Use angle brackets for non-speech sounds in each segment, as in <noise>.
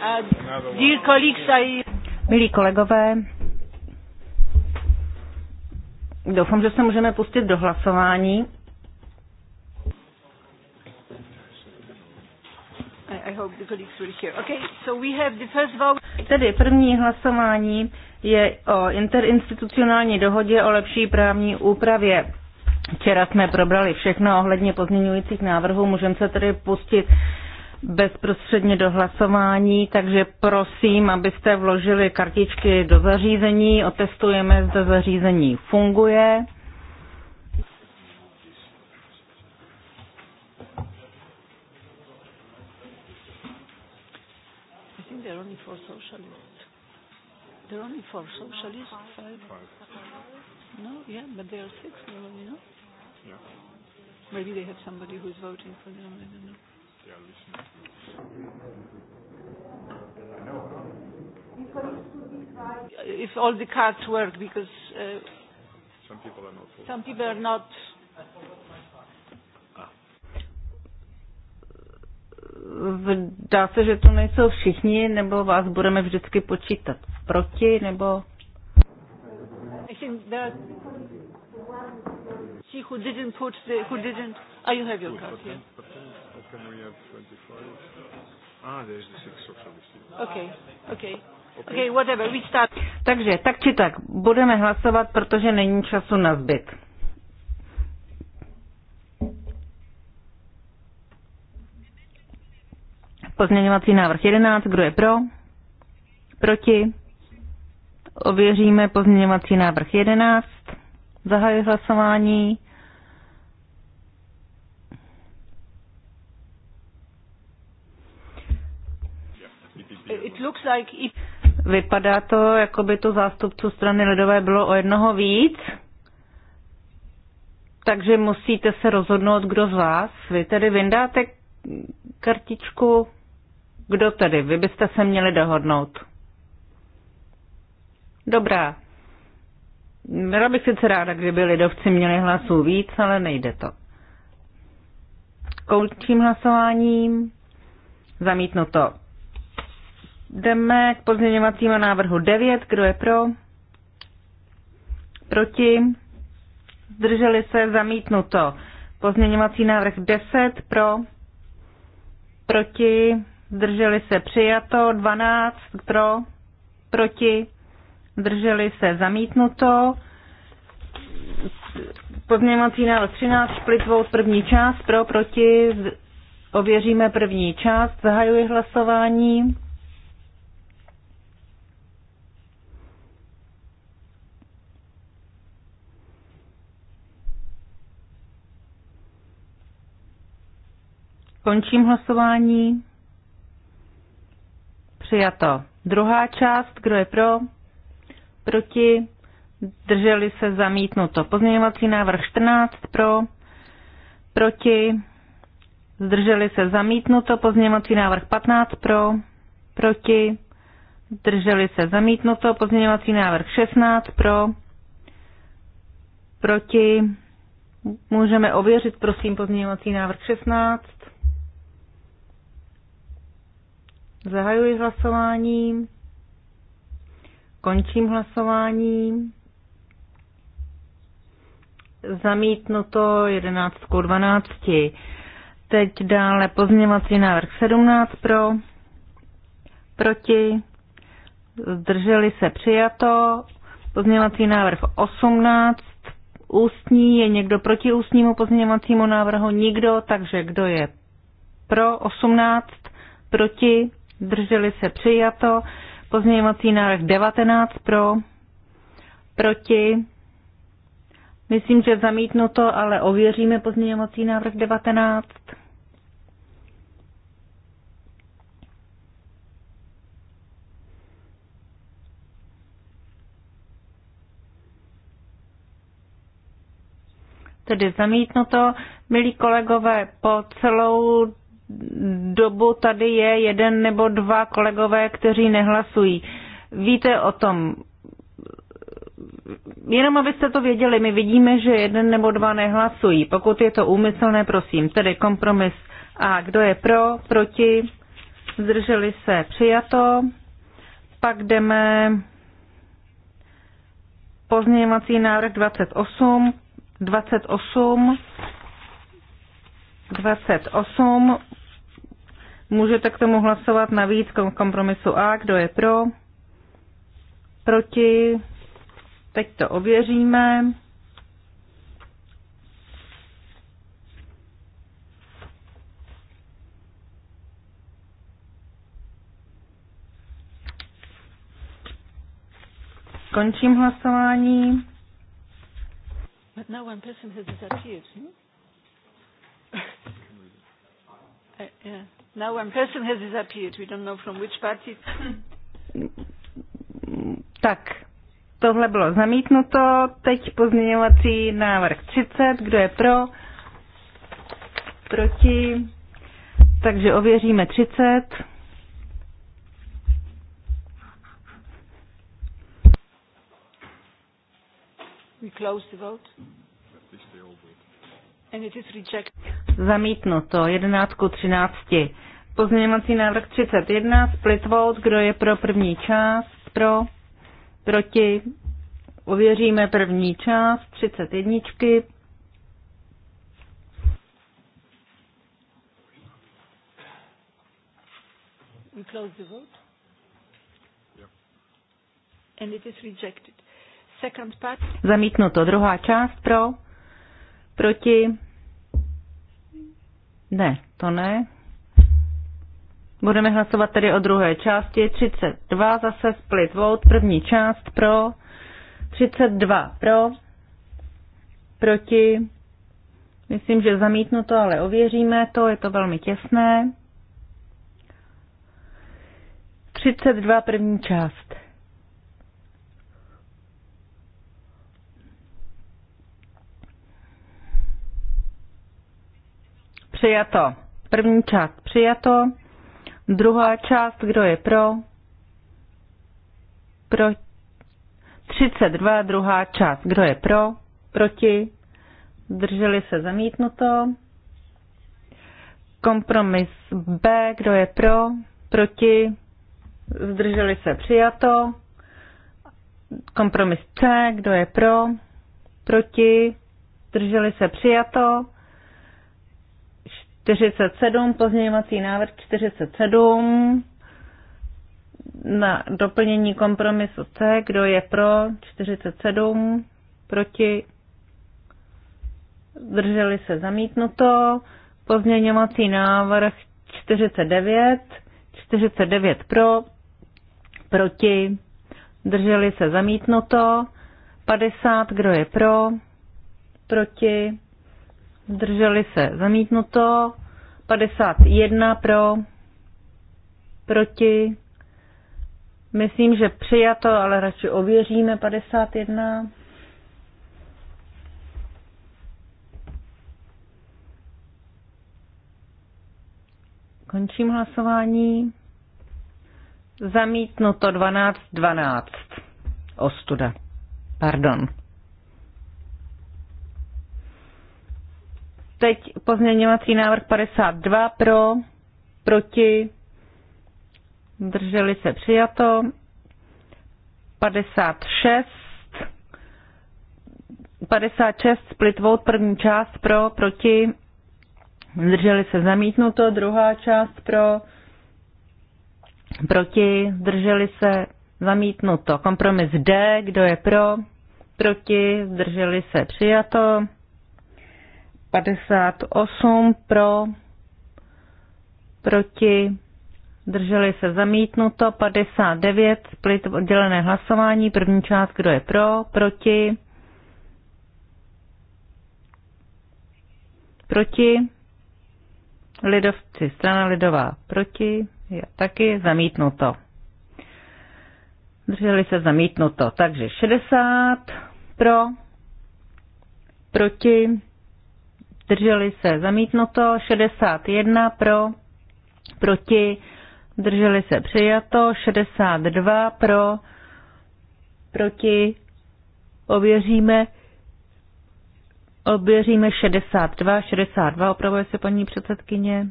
Uh, Milí kolegové, doufám, že se můžeme pustit do hlasování. Tedy první hlasování je o interinstitucionální dohodě o lepší právní úpravě. Včera jsme probrali všechno ohledně pozměňujících návrhů, můžeme se tedy pustit bezprostředně do hlasování, takže prosím, abyste vložili kartičky do zařízení, otestujeme, zda zařízení funguje. No, Maybe they have somebody who's voting for them, I don't know. If all the cards work, because uh, some people are not. Some people are not. Ah. Dá se, že to nejsou všichni, nebo vás budeme vždycky počítat proti, nebo... I think that she who didn't put the, who didn't, oh, you have your card Yeah can we have 25? Ah, there's the six socialists. Okay, okay. Okay, whatever, we start. Takže tak či tak, budeme hlasovat, protože není času na zbyt. Pozměňovací návrh 11, kdo je pro? Proti? Ověříme pozměňovací návrh 11. Zahajuji hlasování. Vypadá to, jako by to zástupců strany lidové bylo o jednoho víc. Takže musíte se rozhodnout, kdo z vás. Vy tedy vyndáte kartičku. Kdo tedy? Vy byste se měli dohodnout. Dobrá. Byla bych sice ráda, kdyby lidovci měli hlasů víc, ale nejde to. Končím hlasováním. Zamítnuto. Jdeme k pozměňovacímu návrhu 9. Kdo je pro? Proti? Zdrželi se? Zamítnuto. Pozměňovací návrh 10. Pro? Proti? Zdrželi se? Přijato. 12. Pro? Proti? Zdrželi se? Zamítnuto. Pozměňovací návrh 13. Split první část. Pro? Proti? Ověříme první část. Zahajuji hlasování. Končím hlasování. Přijato. Druhá část, kdo je pro? Proti? Drželi se zamítnuto. Pozměňovací návrh 14 pro? Proti? Zdrželi se zamítnuto. Pozměňovací návrh 15 pro? Proti? Zdrželi se zamítnuto. Pozměňovací návrh 16 pro? Proti? Můžeme ověřit, prosím, pozměňovací návrh 16. Zahajuji hlasování. Končím hlasování. Zamítnuto 11 k 12. Teď dále pozměňovací návrh 17 pro, proti, zdrželi se přijato. Pozměňovací návrh 18 ústní, je někdo proti ústnímu pozměňovacímu návrhu? Nikdo, takže kdo je pro 18, proti, zdrželi se přijato. Pozměňovací návrh 19 pro, proti. Myslím, že zamítnuto, ale ověříme pozměňovací návrh 19. Tedy zamítnuto. Milí kolegové, po celou dobu tady je jeden nebo dva kolegové, kteří nehlasují. Víte o tom, jenom abyste to věděli, my vidíme, že jeden nebo dva nehlasují. Pokud je to úmyslné, prosím, tedy kompromis. A kdo je pro, proti, zdrželi se, přijato. Pak jdeme pozměňovací návrh 28, 28, 28, Můžete k tomu hlasovat navíc kompromisu A, kdo je pro, proti, teď to ověříme. Končím hlasování. But no, one person has disappeared. Hmm? I, <laughs> uh, yeah. Now one person has disappeared. We don't know from which party. <clears throat> Tak, tohle bylo zamítnuto. Teď pozměňovací návrh 30. Kdo je pro? Proti? Takže ověříme 30. We close the vote. Zamítnuto. jedenáctku třinácti. Pozměňovací návrh 31. Split vote. Kdo je pro první část? Pro? Proti? Ověříme první část 31. We close the vote. Yeah. And it is rejected. Second part. Zamítnuto. Druhá část pro Proti? Ne, to ne. Budeme hlasovat tedy o druhé části. 32 zase split vote. První část pro. 32 pro. Proti. Myslím, že zamítnu to, ale ověříme to. Je to velmi těsné. 32 první část. Přijato. První část přijato. Druhá část, kdo je pro? Pro 32, druhá část, kdo je pro? Proti? Drželi se zamítnuto. Kompromis B, kdo je pro? Proti? Zdrželi se přijato. Kompromis C, kdo je pro? Proti? Zdrželi se přijato. 47, pozměňovací návrh 47 na doplnění kompromisu C. Kdo je pro? 47. Proti? Drželi se zamítnuto. Pozměňovací návrh 49. 49 pro. Proti? Drželi se zamítnuto. 50. Kdo je pro? Proti? Drželi se zamítnuto. 51 pro, proti. Myslím, že přijato, ale radši ověříme 51. Končím hlasování. Zamítnuto 12, 12. Ostuda. Pardon. Teď pozměňovací návrh 52 pro, proti, drželi se přijato. 56, 56 split vote, první část pro, proti, drželi se zamítnuto, druhá část pro, proti, drželi se zamítnuto. Kompromis D, kdo je pro, proti, zdrželi se přijato. 58 pro, proti, drželi se zamítnuto, 59 split oddělené hlasování, první část, kdo je pro, proti, proti, lidovci, strana lidová proti, je taky zamítnuto. Drželi se zamítnuto, takže 60 pro, proti, zdrželi se zamítnuto, 61 pro, proti, drželi se přijato, 62 pro, proti, ověříme, ověříme 62, 62, opravuje se paní předsedkyně.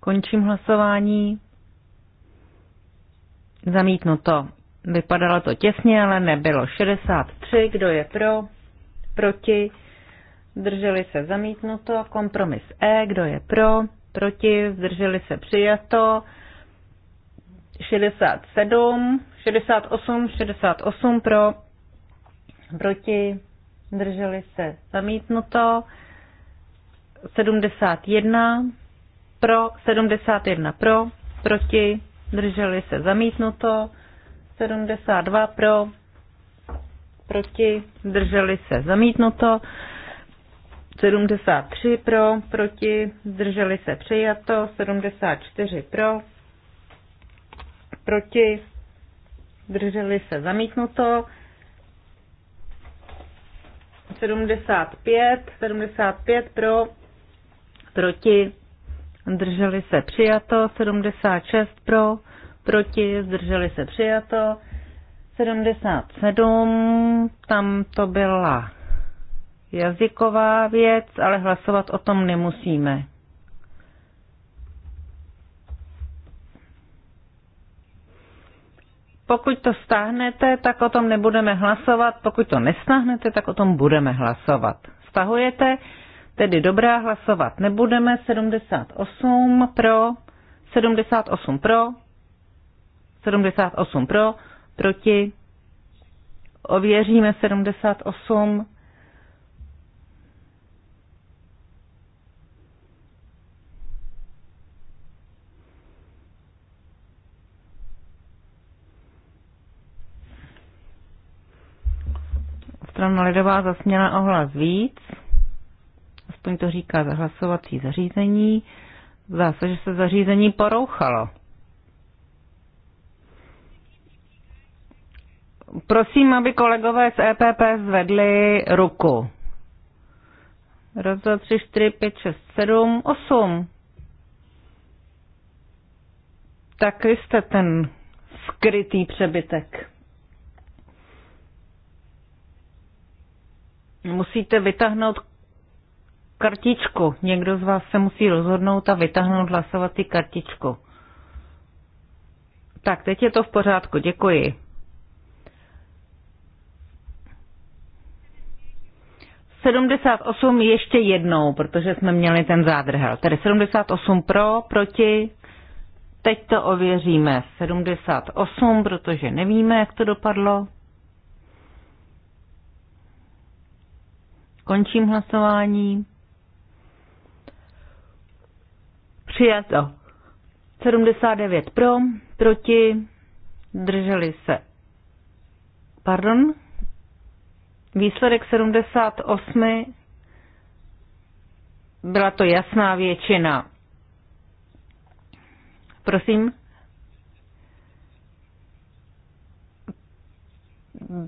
Končím hlasování. Zamítnuto. Vypadalo to těsně, ale nebylo. 63, kdo je pro? proti, zdrželi se zamítnuto, kompromis E, kdo je pro, proti, zdrželi se přijato, 67, 68, 68 pro, proti, zdrželi se zamítnuto, 71 pro, 71 pro, proti, zdrželi se zamítnuto, 72 pro, proti, zdrželi se zamítnuto, 73 pro, proti, zdrželi se přijato, 74 pro, proti, zdrželi se zamítnuto, 75, 75 pro, proti, zdrželi se přijato, 76 pro, proti, zdrželi se přijato, 77, tam to byla jazyková věc, ale hlasovat o tom nemusíme. Pokud to stáhnete, tak o tom nebudeme hlasovat. Pokud to nestáhnete, tak o tom budeme hlasovat. Stahujete, tedy dobrá, hlasovat nebudeme. 78 pro, 78 pro, 78 pro, proti, ověříme 78, strana lidová zasměla ohlas víc, aspoň to říká zahlasovací zařízení, zdá se, že se zařízení porouchalo. Prosím, aby kolegové z EPP zvedli ruku. Raz, dva, tři, čtyři, pět, šest, sedm, osm. Tak vy jste ten skrytý přebytek. Musíte vytáhnout kartičku. Někdo z vás se musí rozhodnout a vytáhnout hlasovací kartičku. Tak, teď je to v pořádku, děkuji. 78 ještě jednou, protože jsme měli ten zádrhel. Tedy 78 pro, proti. Teď to ověříme. 78, protože nevíme, jak to dopadlo. Končím hlasování. Přijato. 79 pro, proti, drželi se. Pardon? Výsledek 78 byla to jasná většina. Prosím?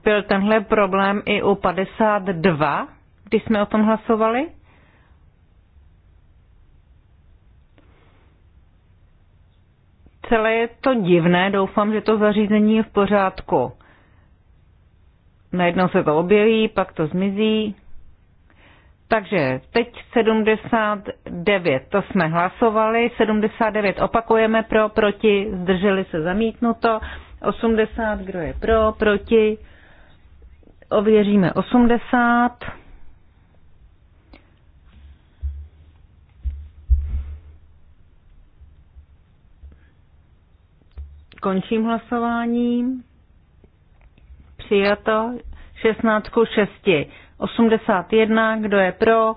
Byl tenhle problém i u 52, když jsme o tom hlasovali? Celé je to divné, doufám, že to zařízení je v pořádku najednou se to objeví, pak to zmizí. Takže teď 79, to jsme hlasovali, 79 opakujeme pro, proti, zdrželi se zamítnuto, 80, kdo je pro, proti, ověříme 80. Končím hlasováním. Přijato 16 ku 6. 81, kdo je pro,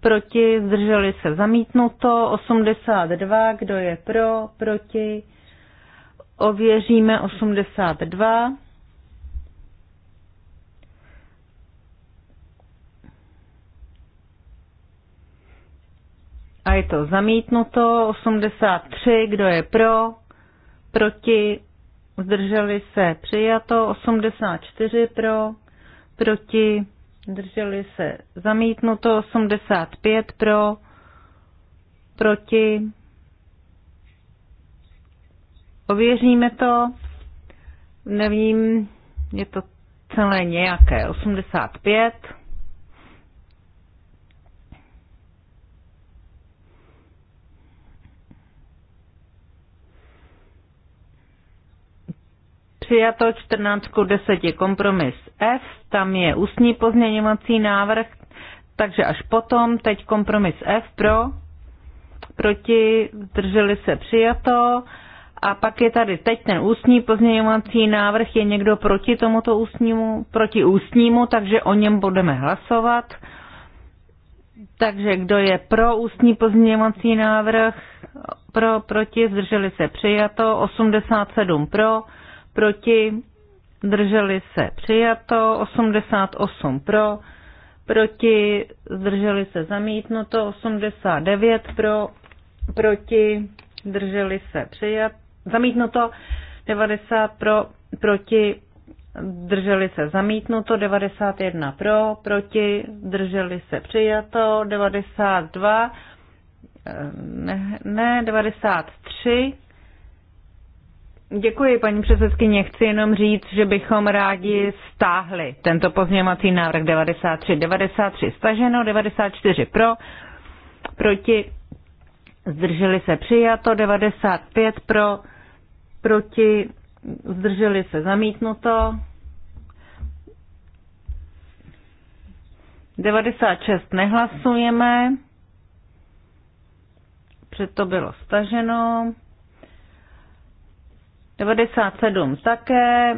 proti, zdrželi se zamítnuto. 82, kdo je pro, proti, ověříme 82. A je to zamítnuto. 83, kdo je pro, proti, zdrželi se přijato, 84 pro, proti, zdrželi se zamítnuto, 85 pro, proti, ověříme to, nevím, je to celé nějaké, 85, Přijato 14 k 10 kompromis F, tam je ústní pozměňovací návrh, takže až potom, teď kompromis F pro, proti, drželi se přijato. A pak je tady teď ten ústní pozměňovací návrh, je někdo proti tomuto ústnímu, proti ústnímu, takže o něm budeme hlasovat. Takže kdo je pro ústní pozměňovací návrh, pro, proti, zdrželi se přijato, 87 pro, proti, zdrželi se přijato, 88 pro, proti, zdrželi se zamítnuto, 89 pro, proti, zdrželi se přijato, zamítnuto, 90 pro, proti, zdrželi se zamítnuto, 91 pro, proti, zdrželi se přijato, 92, ne, ne 93 Děkuji, paní předsedkyně. Chci jenom říct, že bychom rádi stáhli tento pozměňovací návrh 93. 93 staženo, 94 pro, proti, zdrželi se přijato, 95 pro, proti, zdrželi se zamítnuto, 96 nehlasujeme, před to bylo staženo, 97 také.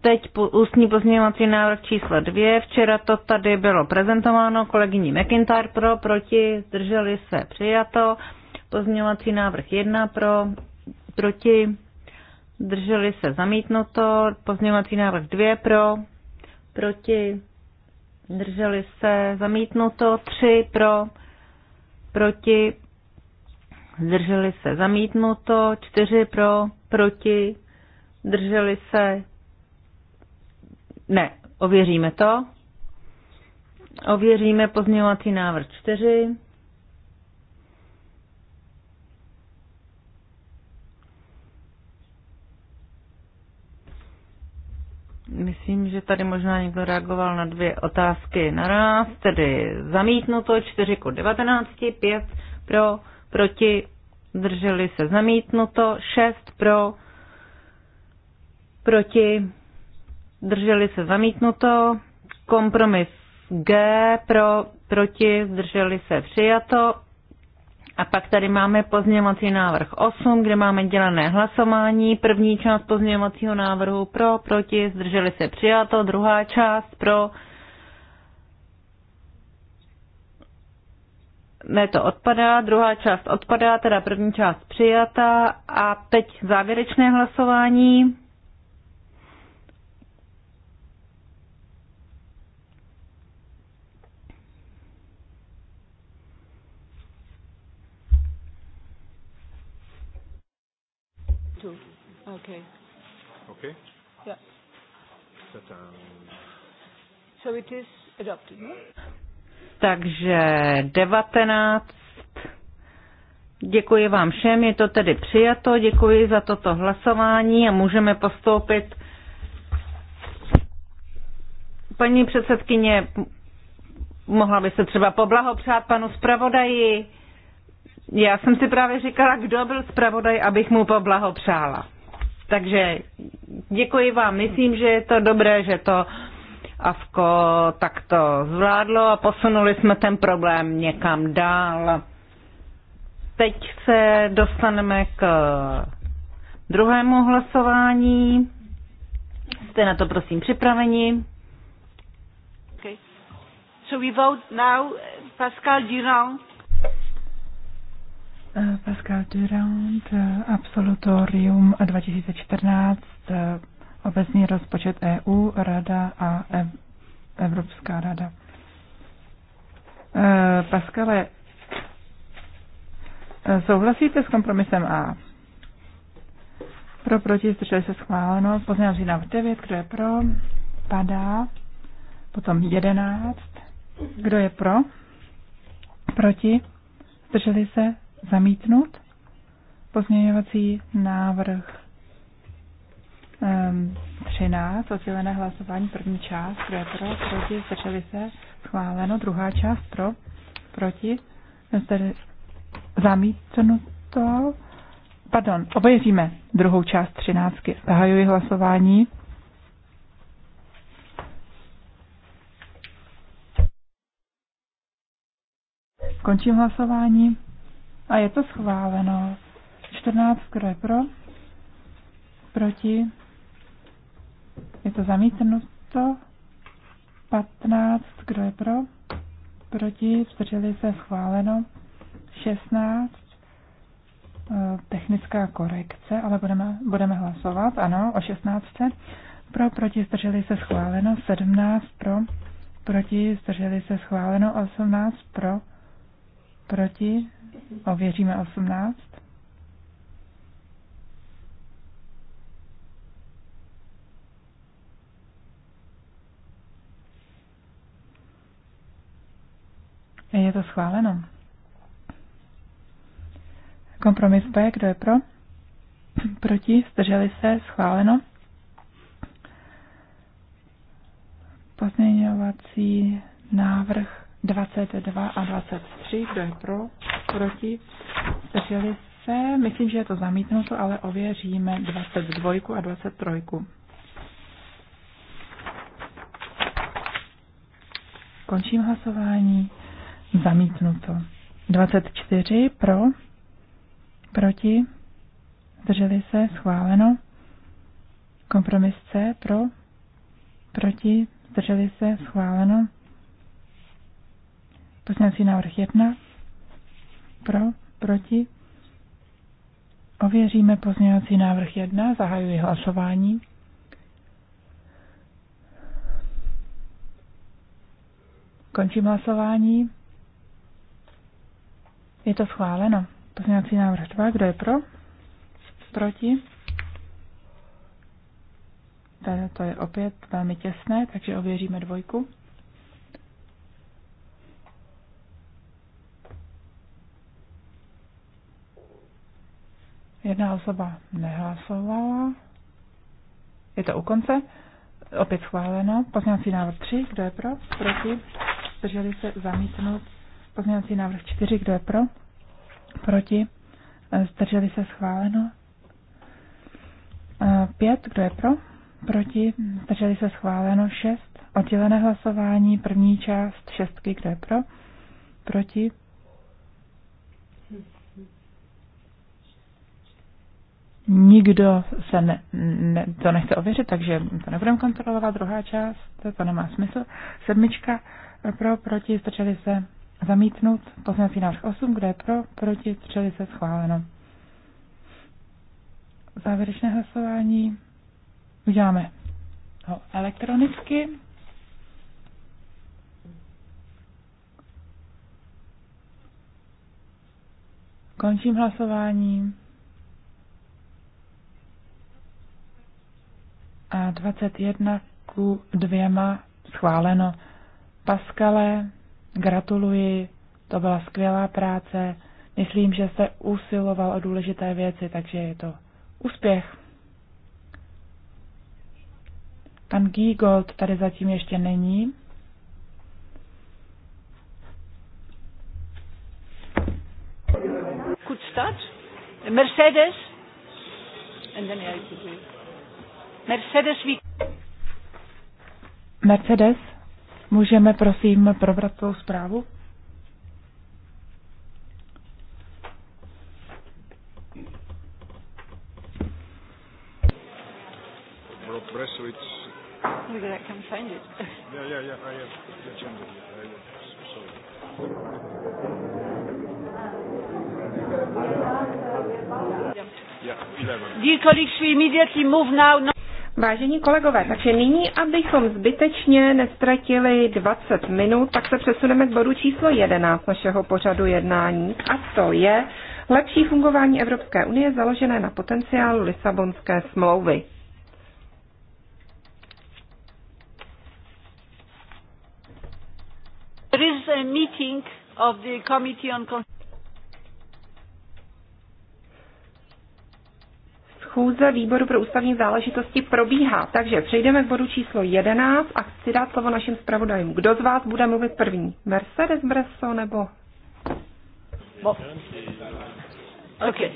Teď ústní pozměňovací návrh číslo 2. Včera to tady bylo prezentováno kolegyní McIntyre pro, proti, zdrželi se, přijato. Pozměňovací návrh 1 pro, proti, zdrželi se, zamítnuto. Pozměňovací návrh 2 pro, proti, zdrželi se, zamítnuto. 3 pro, proti, zdrželi se, zamítnuto. 4 pro, proti, drželi se, ne, ověříme to. Ověříme pozměňovací návrh 4. Myslím, že tady možná někdo reagoval na dvě otázky naraz, tedy zamítnuto 4 ku 19, 5 pro, proti, zdrželi se zamítnuto, 6 pro, proti, zdrželi se zamítnuto, kompromis G pro, proti, zdrželi se přijato. A pak tady máme pozměňovací návrh 8, kde máme dělené hlasování. První část pozměňovacího návrhu pro, proti, zdrželi se přijato, druhá část pro, ne, to odpadá, druhá část odpadá, teda první část přijata a teď závěrečné hlasování. Okay. Okay. Yeah. That, um... So it is adopted. No? Takže 19. Děkuji vám všem, je to tedy přijato, děkuji za toto hlasování a můžeme postoupit. Paní předsedkyně, mohla by se třeba poblahopřát panu zpravodaji. Já jsem si právě říkala, kdo byl zpravodaj, abych mu poblahopřála. Takže děkuji vám, myslím, že je to dobré, že to tak to zvládlo a posunuli jsme ten problém někam dál. Teď se dostaneme k druhému hlasování. Jste na to prosím připraveni? Okay. So we vote now Pascal Durand. Pascal Durand, Absolutorium 2014 obecní rozpočet EU, Rada a Evropská rada. E, Paskale, souhlasíte s kompromisem A? Pro, proti, zdrželi se schváleno. Pozměňovací návrh 9, kdo je pro? Padá. Potom 11. Kdo je pro? Proti? Zdrželi se? Zamítnut? Pozměňovací návrh um, 13, oddělené hlasování, první část, kdo je pro, proti, zdrželi se, schváleno, druhá část pro, proti, zdrželi, zamítnuto, pardon, obejříme druhou část 13. Zahajuji hlasování. Končím hlasování a je to schváleno. 14, kdo je pro? Proti? Je to zamítnuto. 15, kdo je pro? Proti, zdrželi se, schváleno. 16, eh, technická korekce, ale budeme, budeme hlasovat, ano, o 16. Pro, proti, zdrželi se, schváleno. 17, pro, proti, zdrželi se, schváleno. 18, pro, proti, ověříme 18. Je to schváleno. Kompromis B, kdo je pro? Proti, zdrželi se, schváleno. Pozměňovací návrh 22 a 23, kdo je pro? Proti, zdrželi se, myslím, že je to zamítnuto, ale ověříme 22 a 23. Končím hlasování. Zamítnuto. 24 pro, proti, zdrželi se, schváleno. Kompromis C pro, proti, zdrželi se, schváleno. Poslanecí návrh 1 pro, proti. Ověříme pozměňovací návrh 1, zahajuji hlasování. Končím hlasování. Je to schváleno. Pozměňovací návrh 2. Kdo je pro? Proti? Tady to je opět velmi těsné, takže ověříme dvojku. Jedna osoba nehlasovala. Je to u konce. Opět schváleno. Pozměňovací návrh 3. Kdo je pro? Proti? Zdrželi se zamítnout. Pozměňovací návrh 4, e, e, kdo je pro? Proti? Zdrželi se schváleno? 5, kdo je pro? Proti? Zdrželi se schváleno? 6, oddělené hlasování, první část, šestky, kdo je pro? Proti? Nikdo se ne, ne, to nechce ověřit, takže to nebudeme kontrolovat. Druhá část, to nemá smysl. Sedmička pro, proti, zdrželi se Zamítnut poslanecí návrh 8, kde je pro, proti, třeli se schváleno. Závěrečné hlasování uděláme ho elektronicky. Končím hlasování. A 21 ku dvěma schváleno. Paskale, Gratuluji, to byla skvělá práce. Myslím, že jste usiloval o důležité věci, takže je to úspěch. Pan Giegold tady zatím ještě není. Could start. Mercedes. Mercedes. Mercedes. Můžeme prosím probrat svou zprávu? Bressowitz. Maybe I can <laughs> yeah, I have I have, 11. Dear colleagues, we immediately move now. Vážení kolegové, takže nyní, abychom zbytečně nestratili 20 minut, tak se přesuneme k bodu číslo 11 našeho pořadu jednání a to je lepší fungování Evropské unie založené na potenciálu Lisabonské smlouvy. There is a meeting of the Committee on schůze výboru pro ústavní záležitosti probíhá. Takže přejdeme k bodu číslo 11 a chci dát slovo našim zpravodajům. Kdo z vás bude mluvit první? Mercedes Bresso nebo... Bo... Okay.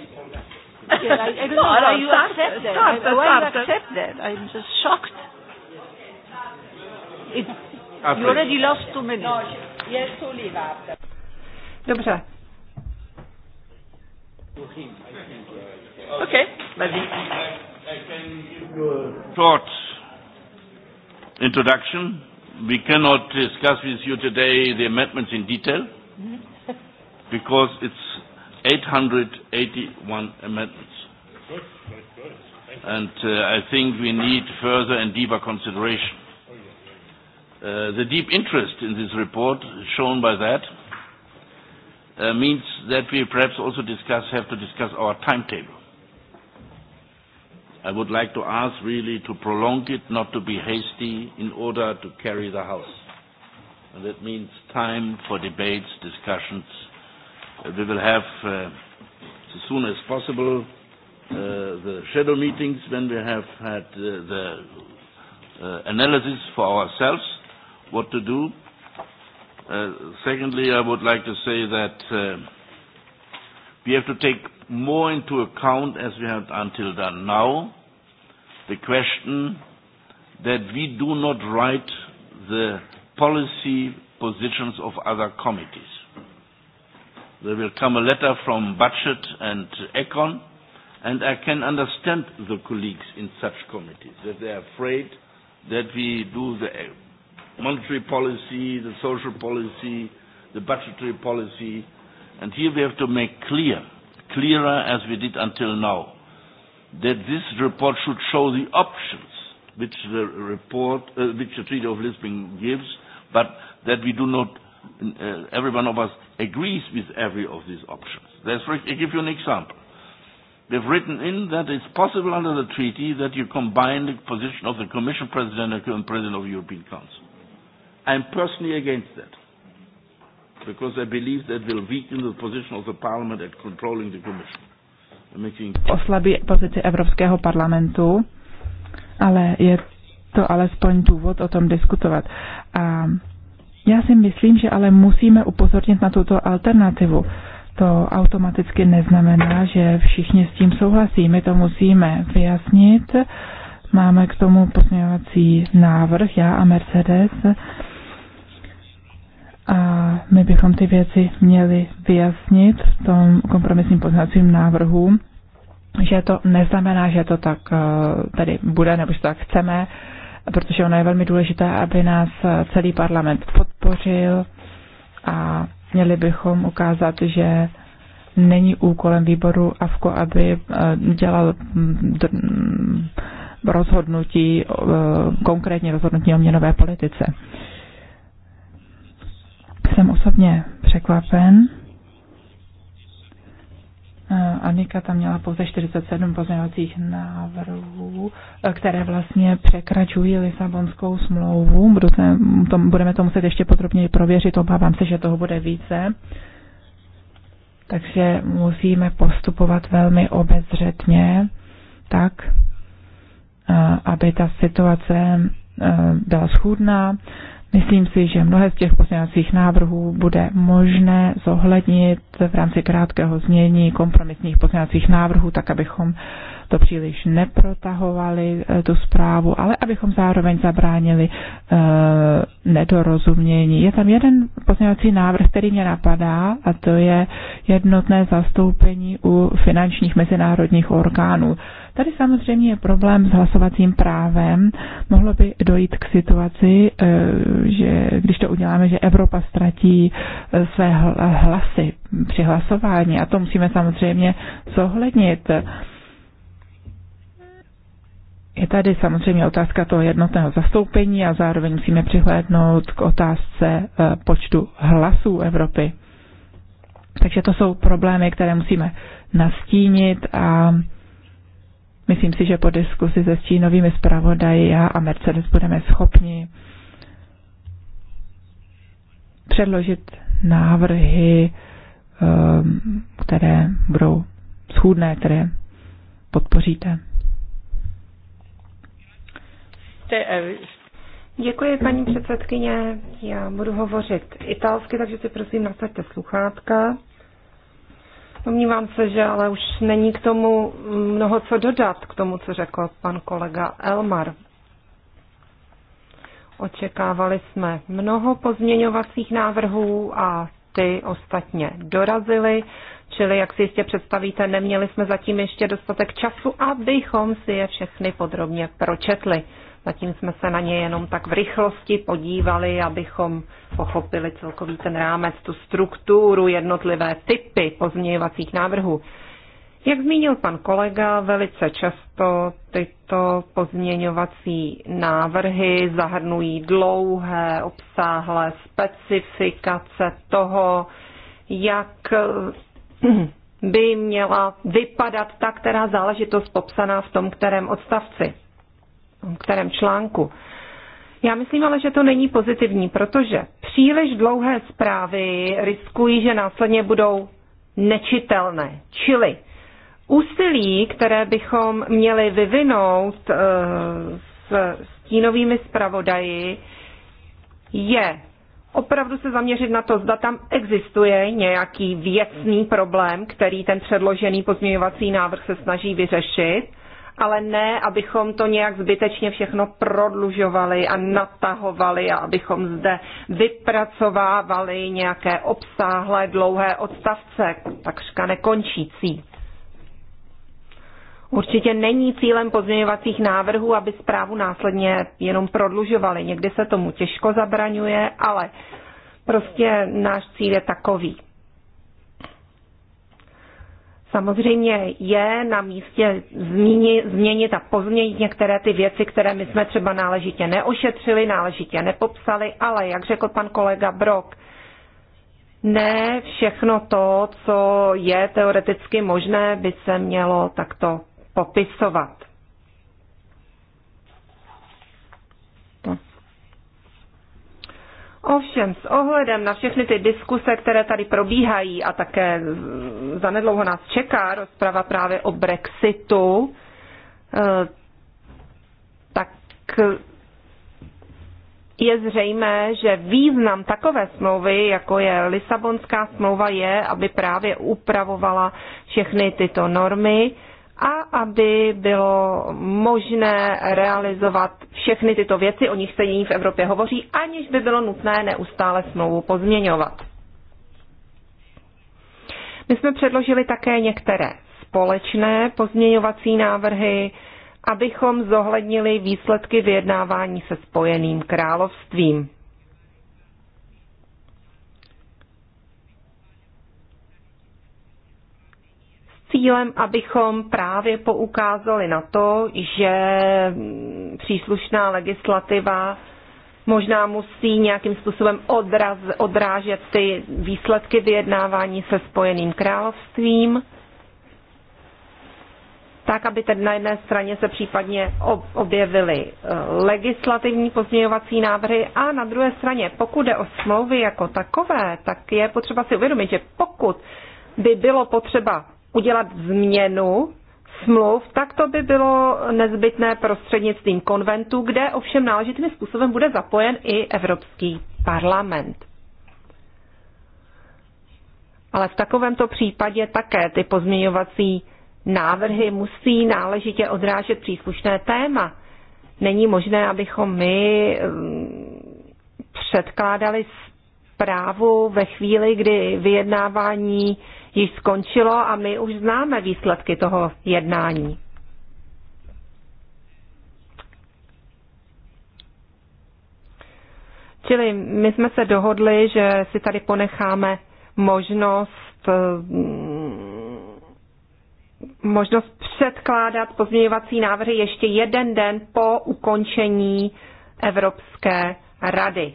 Okay, I, I don't no, know you accept that. Start, start, why you accept that? I'm just shocked. It, you already lost two minutes. No, Dobře, Okay, maybe. Short introduction. We cannot discuss with you today the amendments in detail mm-hmm. because it's 881 amendments. And uh, I think we need further and deeper consideration. Uh, the deep interest in this report shown by that Uh, means that we perhaps also discuss, have to discuss our timetable. I would like to ask really to prolong it, not to be hasty, in order to carry the House. And that means time for debates, discussions. Uh, we will have, uh, as soon as possible, uh, the shadow meetings when we have had uh, the uh, analysis for ourselves, what to do Uh, secondly, I would like to say that uh, we have to take more into account, as we have until done now, the question that we do not write the policy positions of other committees. There will come a letter from Budget and Econ, and I can understand the colleagues in such committees that they are afraid that we do the monetary policy, the social policy, the budgetary policy. And here we have to make clear, clearer as we did until now, that this report should show the options which the report, uh, which the Treaty of Lisbon gives, but that we do not, uh, every one of us agrees with every of these options. That's, I give you an example. We've written in that it's possible under the treaty that you combine the position of the Commission President and the President of the European Council. I'm personally against that because I believe that will weaken the position of the parliament at controlling the commission. Making... Oslabí pozici Evropského parlamentu, ale je to alespoň důvod o tom diskutovat. A já si myslím, že ale musíme upozornit na tuto alternativu. To automaticky neznamená, že všichni s tím souhlasí. My to musíme vyjasnit. Máme k tomu pozměňovací návrh, já a Mercedes a my bychom ty věci měli vyjasnit v tom kompromisním poznacím návrhu, že to neznamená, že to tak eh, tady bude, nebo že to tak chceme, protože ono je velmi důležité, aby nás eh, celý parlament podpořil a měli bychom ukázat, že není úkolem výboru AFKO, aby eh, dělal mm, mm, rozhodnutí, konkrétně rozhodnutí o měnové politice. Jsem osobně překvapen. Anika tam měla pouze 47 pozměňovacích návrhů, které vlastně překračují Lisabonskou smlouvu. Budu se, to, budeme to muset ještě podrobněji prověřit, obávám se, že toho bude více. Takže musíme postupovat velmi obezřetně, tak, aby ta situace byla schůdná Myslím si, že mnohé z těch pozměňovacích návrhů bude možné zohlednit v rámci krátkého změní kompromisních pozměňovacích návrhů, tak abychom to příliš neprotahovali, eh, tu zprávu, ale abychom zároveň zabránili e, nedorozumění. Je tam jeden pozměňovací návrh, který mě napadá, a to je jednotné zastoupení u finančních mezinárodních orgánů. Tady samozřejmě je problém s hlasovacím právem. Mohlo by dojít k situaci, eh, že když to uděláme, že Evropa ztratí eh, své hlasy při hlasování a to musíme samozřejmě zohlednit. Je tady samozřejmě otázka toho jednotného zastoupení a zároveň musíme přihlédnout k otázce eh, počtu hlasů Evropy. Takže to jsou problémy, které musíme nastínit a Myslím si, že po diskusi se stínovými zpravodaji já a Mercedes budeme schopni předložit návrhy, ehm, které budou schůdné, které podpoříte. Děkuji, paní předsedkyně. Já budu hovořit italsky, takže si prosím nasaďte sluchátka. Domnívám se, že ale už není k tomu mnoho co dodat, k tomu, co řekl pan kolega Elmar. Očekávali jsme mnoho pozměňovacích návrhů a ty ostatně dorazily, čili jak si jistě představíte, neměli jsme zatím ještě dostatek času, abychom si je všechny podrobně pročetli. Zatím jsme se na ně jenom tak v rychlosti podívali, abychom pochopili celkový ten rámec, tu strukturu, jednotlivé typy pozměňovacích návrhů. Jak zmínil pan kolega, velice často tyto pozměňovací návrhy zahrnují dlouhé, obsáhlé specifikace toho, jak by měla vypadat ta která záležitost popsaná v tom kterém odstavci kterém článku. Já myslím ale, že to není pozitivní, protože příliš dlouhé zprávy riskují, že následně budou nečitelné. Čili úsilí, které bychom měli vyvinout eh, s stínovými zpravodaji, je opravdu se zaměřit na to, zda tam existuje nějaký věcný problém, který ten předložený pozměňovací návrh se snaží vyřešit ale ne, abychom to nějak zbytečně všechno prodlužovali a natahovali a abychom zde vypracovávali nějaké obsáhlé dlouhé odstavce, takřka nekončící. Určitě není cílem pozměňovacích návrhů, aby zprávu následně jenom prodlužovali. Někdy se tomu těžko zabraňuje, ale prostě náš cíl je takový. Samozřejmě je na místě změnit, změnit a pozměnit některé ty věci, které my jsme třeba náležitě neošetřili, náležitě nepopsali, ale jak řekl pan kolega Brok, ne všechno to, co je teoreticky možné, by se mělo takto popisovat. Ovšem, s ohledem na všechny ty diskuse, které tady probíhají a také zanedlouho nás čeká rozprava právě o Brexitu, eh, tak je zřejmé, že význam takové smlouvy, jako je Lisabonská smlouva, je, aby právě upravovala všechny tyto normy, a aby bylo možné realizovat všechny tyto věci, o nich se nyní v Evropě hovoří, aniž by bylo nutné neustále smlouvu pozměňovat. My jsme předložili také některé společné pozměňovací návrhy, abychom zohlednili výsledky vyjednávání se Spojeným královstvím. cílem, abychom právě poukázali na to, že příslušná legislativa možná musí nějakým způsobem odraz, odrážet ty výsledky vyjednávání se Spojeným královstvím, tak aby tedy na jedné straně se případně objevily eh, legislativní pozměňovací návrhy a na druhé straně, pokud jde o smlouvy jako takové, tak je potřeba si uvědomit, že pokud by bylo potřeba udělat změnu smluv, tak to by bylo nezbytné prostřednictvím konventu, kde ovšem náležitým způsobem bude zapojen i Evropský parlament. Ale v takovémto případě také ty pozměňovací návrhy musí náležitě odrážet příslušné téma. Není možné, abychom my mm, předkládali zprávu ve chvíli, kdy vyjednávání již skončilo a my už známe výsledky toho jednání. Čili my jsme se dohodli, že si tady ponecháme možnost mm, možnost předkládat pozměňovací návrhy ještě jeden den po ukončení Evropské rady.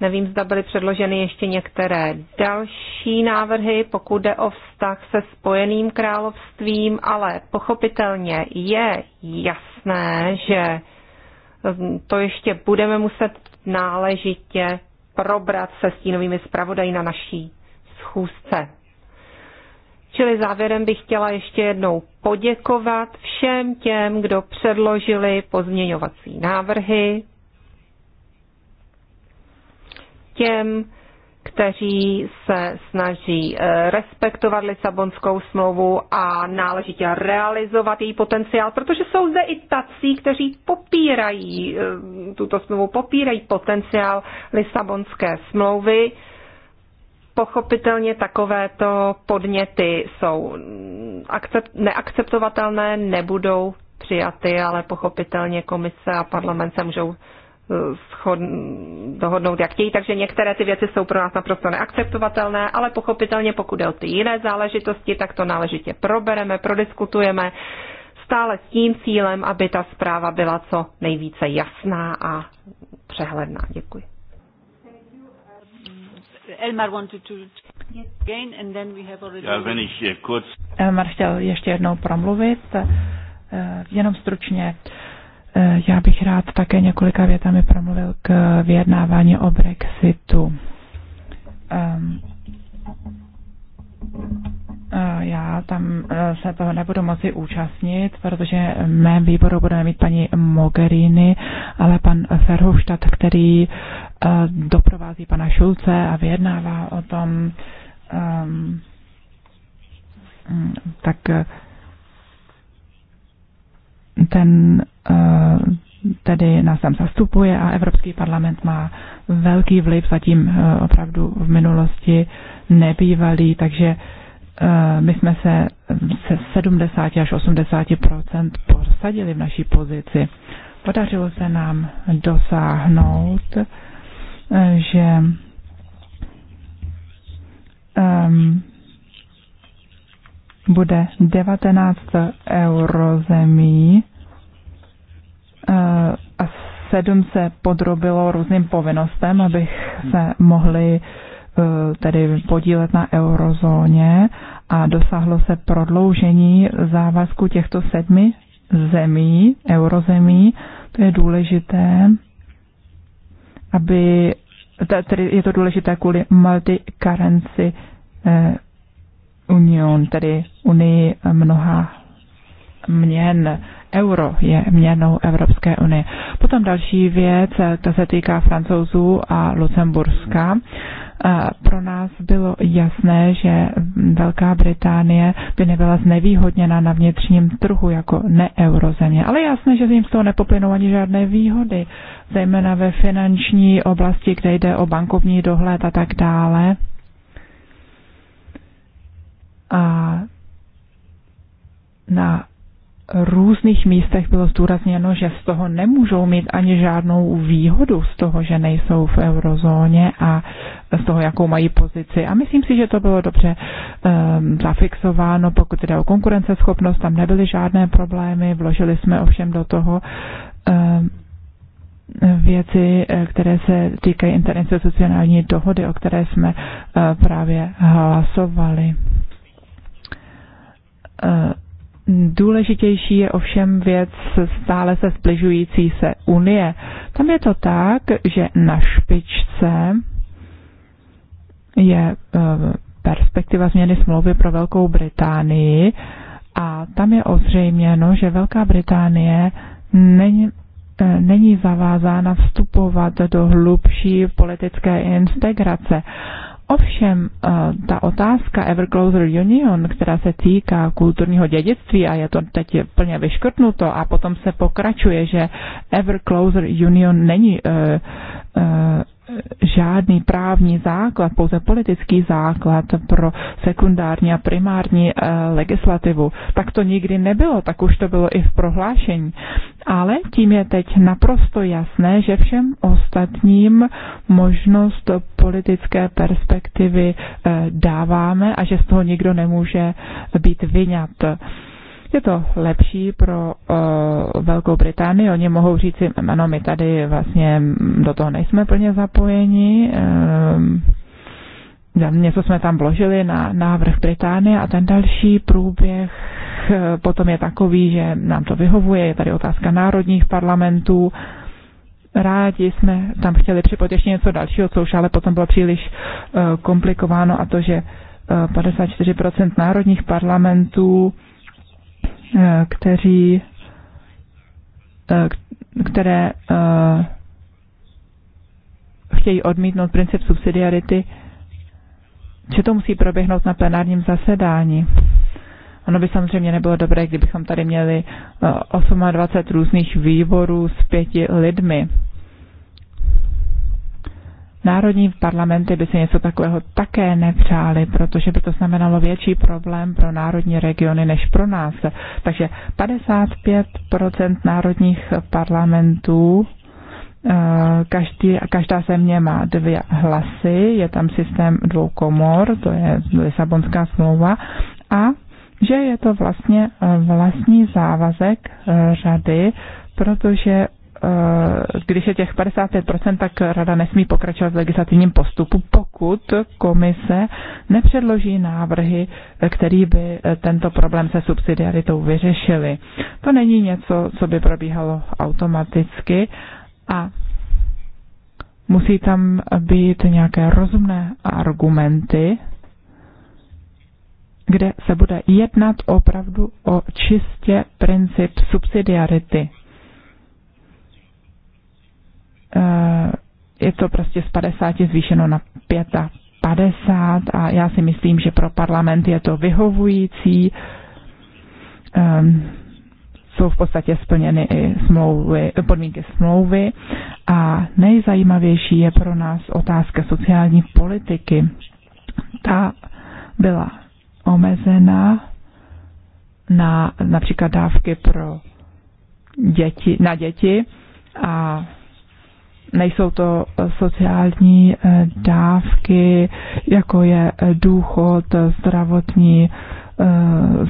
Nevím, zda byly předloženy ještě některé další návrhy, pokud jde o vztah se Spojeným královstvím, ale pochopitelně je jasné, že to ještě budeme muset náležitě probrat se stínovými zpravodají na naší schůzce. Čili závěrem bych chtěla ještě jednou poděkovat všem těm, kdo předložili pozměňovací návrhy, těm, kteří se snaží eh, respektovat Lisabonskou smlouvu a náležitě realizovat její potenciál, protože jsou zde i tací, kteří popírají eh, tuto smlouvu, popírají potenciál Lisabonské smlouvy. Pochopitelně takovéto podněty jsou neakceptovatelné, nebudou přijaty, ale pochopitelně komise a parlament se můžou schod, dohodnout, jak chtějí, takže některé ty věci jsou pro nás naprosto neakceptovatelné, ale pochopitelně pokud jde o ty jiné záležitosti, tak to náležitě probereme, prodiskutujeme, stále s tím cílem, aby ta zpráva byla co nejvíce jasná a přehledná. Děkuji. Elmar Elmar chtěl ještě jednou promluvit, eh, jenom stručně. Eh, já bych rád také několika větami promluvil k vyjednávání o Brexitu. Um, já tam eh, se toho nebudu moci účastnit, protože v mém výboru budeme mít paní Mogherini, ale pan Ferhofstadt, který doprovází pana Šulce a vyjednává o tom, ehm, mm, tak ten Eh, tedy nás tam zastupuje a Evropský parlament má velký vliv, zatím eh, opravdu v minulosti nebývalý, takže eh, my jsme se se 70 až 80 prosadili v naší pozici. Podařilo se nám dosáhnout, že um, bude 19 eurozemí, Eh, a sedm se podrobilo různým povinnostem, abych se mohli eh, tedy podílet na eurozóně a dosáhlo se prodloužení závazku těchto sedmi zemí, eurozemí. To je důležité, aby, tedy je to důležité kvůli multi-currency eh, union, tedy unii mnoha měn euro je měnou Evropské unie. Potom další věc, to se týká francouzů a Lucemburska. Pro nás bylo jasné, že Velká Británie by nebyla znevýhodněna na vnitřním trhu jako neeurozemě. Ale jasné, že ním z toho nepoplynou ani žádné výhody, zejména ve finanční oblasti, kde jde o bankovní dohled a tak dále. A na různých místech bylo zdůrazněno, že z toho nemůžou mít ani žádnou výhodu z toho, že nejsou v eurozóně a z toho, jakou mají pozici. A myslím si, že to bylo dobře um, zafixováno, pokud jde o konkurenceschopnost, tam nebyly žádné problémy, vložili jsme ovšem do toho um, věci, eh, které se týkají interinstitucionální dohody, o které jsme uh, právě hlasovali. Uh, Důležitější je ovšem věc stále se spližující se Unie. Tam je to tak, že na špičce je eh, perspektiva změny smlouvy pro Velkou Británii a tam je ozřejměno, že Velká Británie není, eh, není zavázána vstupovat do hlubší politické integrace. Ovšem, eh, ta otázka Ever Closer Union, která se týká kulturního dědictví a je to teď plně vyškrtnuto a potom se pokračuje, že Ever Closer Union není eh, eh, žádný právní základ, pouze politický základ pro sekundární a primární eh, legislativu. Tak to nikdy nebylo, tak už to bylo i v prohlášení. Ale tím je teď naprosto jasné, že všem ostatním možnost politické perspektivy eh, dáváme a že z toho nikdo nemůže být vyňat. Je to lepší pro uh, Velkou Británii. Oni mohou říci, ano, my tady vlastně do toho nejsme plně zapojeni. Um, něco jsme tam vložili na návrh Británie a ten další průběh eh, potom je takový, že nám to vyhovuje. Je tady otázka národních parlamentů. Rádi jsme tam chtěli připojit ještě něco dalšího, co už ale potom bylo příliš komplikováno a to, že 54% národních parlamentů Eh, kteří, eh, které eh, chtějí odmítnout princip subsidiarity, že to musí proběhnout na plenárním zasedání. Ono by samozřejmě nebylo dobré, kdybychom tady měli 28 různých výborů s pěti lidmi. Národní parlamenty by si něco takového také nepřáli, protože by to znamenalo větší problém pro národní regiony než pro nás. Takže 55 národních parlamentů eh, každý, každá země má dvě hlasy, je tam systém dvou komor, to je Lisabonská smlouva, a že je to vlastně eh, vlastní závazek eh, řady, protože Eh, když je těch 55%, tak rada nesmí pokračovat v legislativním postupu, pokud komise nepředloží návrhy, který by eh, tento problém se subsidiaritou vyřešili. To není něco, co by probíhalo automaticky a musí tam být nějaké rozumné argumenty, kde se bude jednat opravdu o čistě princip subsidiarity Eh, je to prostě z 50 zvýšeno na 55 a já si myslím, že pro parlament je to vyhovující. Ehm, jsou v podstatě splněny i smlouvy, podmínky smlouvy a nejzajímavější je pro nás otázka sociální politiky. Ta byla omezena na například dávky pro děti, na děti a Nejsou to eh, sociální eh, dávky, jako je eh, důchod, zdravotní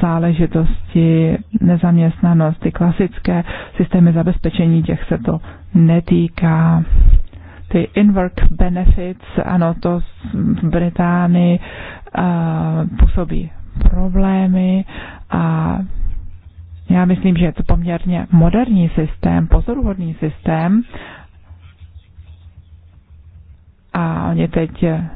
záležitosti, nezaměstnanost, ty klasické systémy zabezpečení, těch se to netýká. Ty in-work benefits, ano, to v Británii působí problémy a já myslím, že je to poměrně moderní systém, pozoruhodný systém a oni teď eh,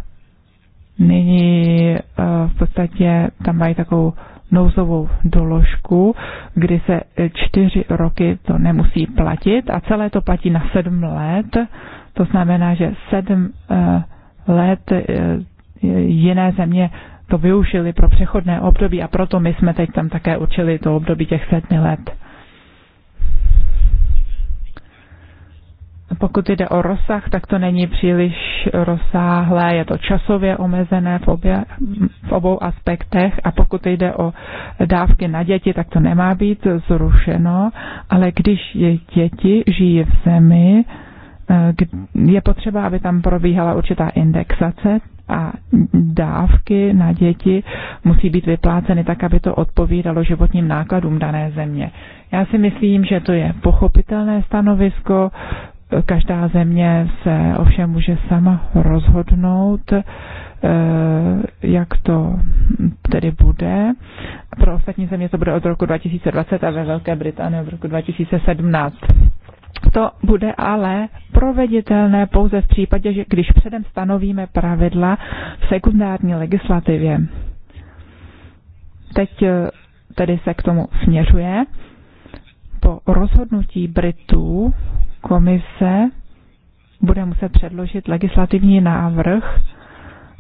nyní eh, v podstatě tam mají takovou nouzovou doložku, kdy se eh, čtyři roky to nemusí platit a celé to platí na sedm let. To znamená, že sedm let jiné země to využili pro přechodné období a proto my jsme teď tam také určili to období těch sedmi let. Pokud jde o rozsah, tak to není příliš rozsáhlé, je to časově omezené v, obě, v obou aspektech a pokud jde o dávky na děti, tak to nemá být zrušeno, ale když je děti žijí v zemi, eh, je potřeba, aby tam probíhala určitá indexace a dávky na děti musí být vypláceny tak, aby to odpovídalo životním nákladům dané země. Já si myslím, že to je pochopitelné stanovisko, Každá země se ovšem může sama rozhodnout, eh, jak to tedy bude. Pro ostatní země to bude od roku 2020 a ve Velké Británii od roku 2017. To bude ale proveditelné pouze v případě, že když předem stanovíme pravidla v sekundární legislativě. Teď eh, tedy se k tomu směřuje. Po rozhodnutí Britů komise bude muset předložit legislativní návrh,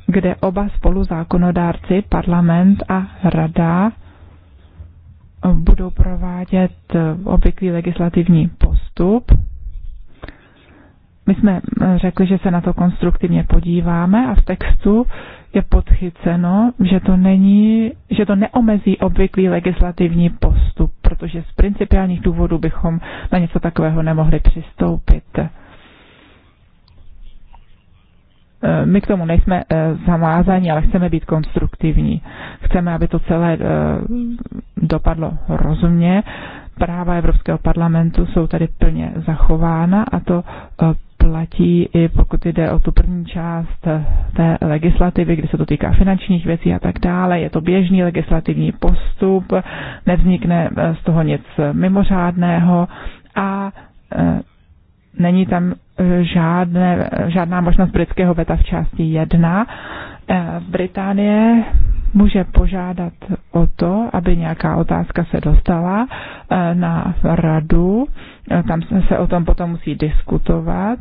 kde oba spoluzákonodárci, parlament a rada, budou provádět eh, obvyklý legislativní postup my jsme eh, řekli, že se na to konstruktivně podíváme a v textu je podchyceno, že to, není, že to neomezí obvyklý legislativní postup, protože z principiálních důvodů bychom na něco takového nemohli přistoupit. Eh, my k tomu nejsme eh, zamázaní, ale chceme být konstruktivní. Chceme, aby to celé dopadlo rozumně práva Evropského parlamentu jsou tady plně zachována a to eh, platí i pokud jde o tu první část eh, té legislativy, kdy se to týká finančních věcí a tak dále. Je to běžný legislativní postup, nevznikne eh, z toho nic mimořádného a není tam žádné, žádná možnost britského veta v části 1. Británie může požádat o to, aby nějaká otázka se dostala eh, na radu. Eh, tam se o tom potom musí diskutovat.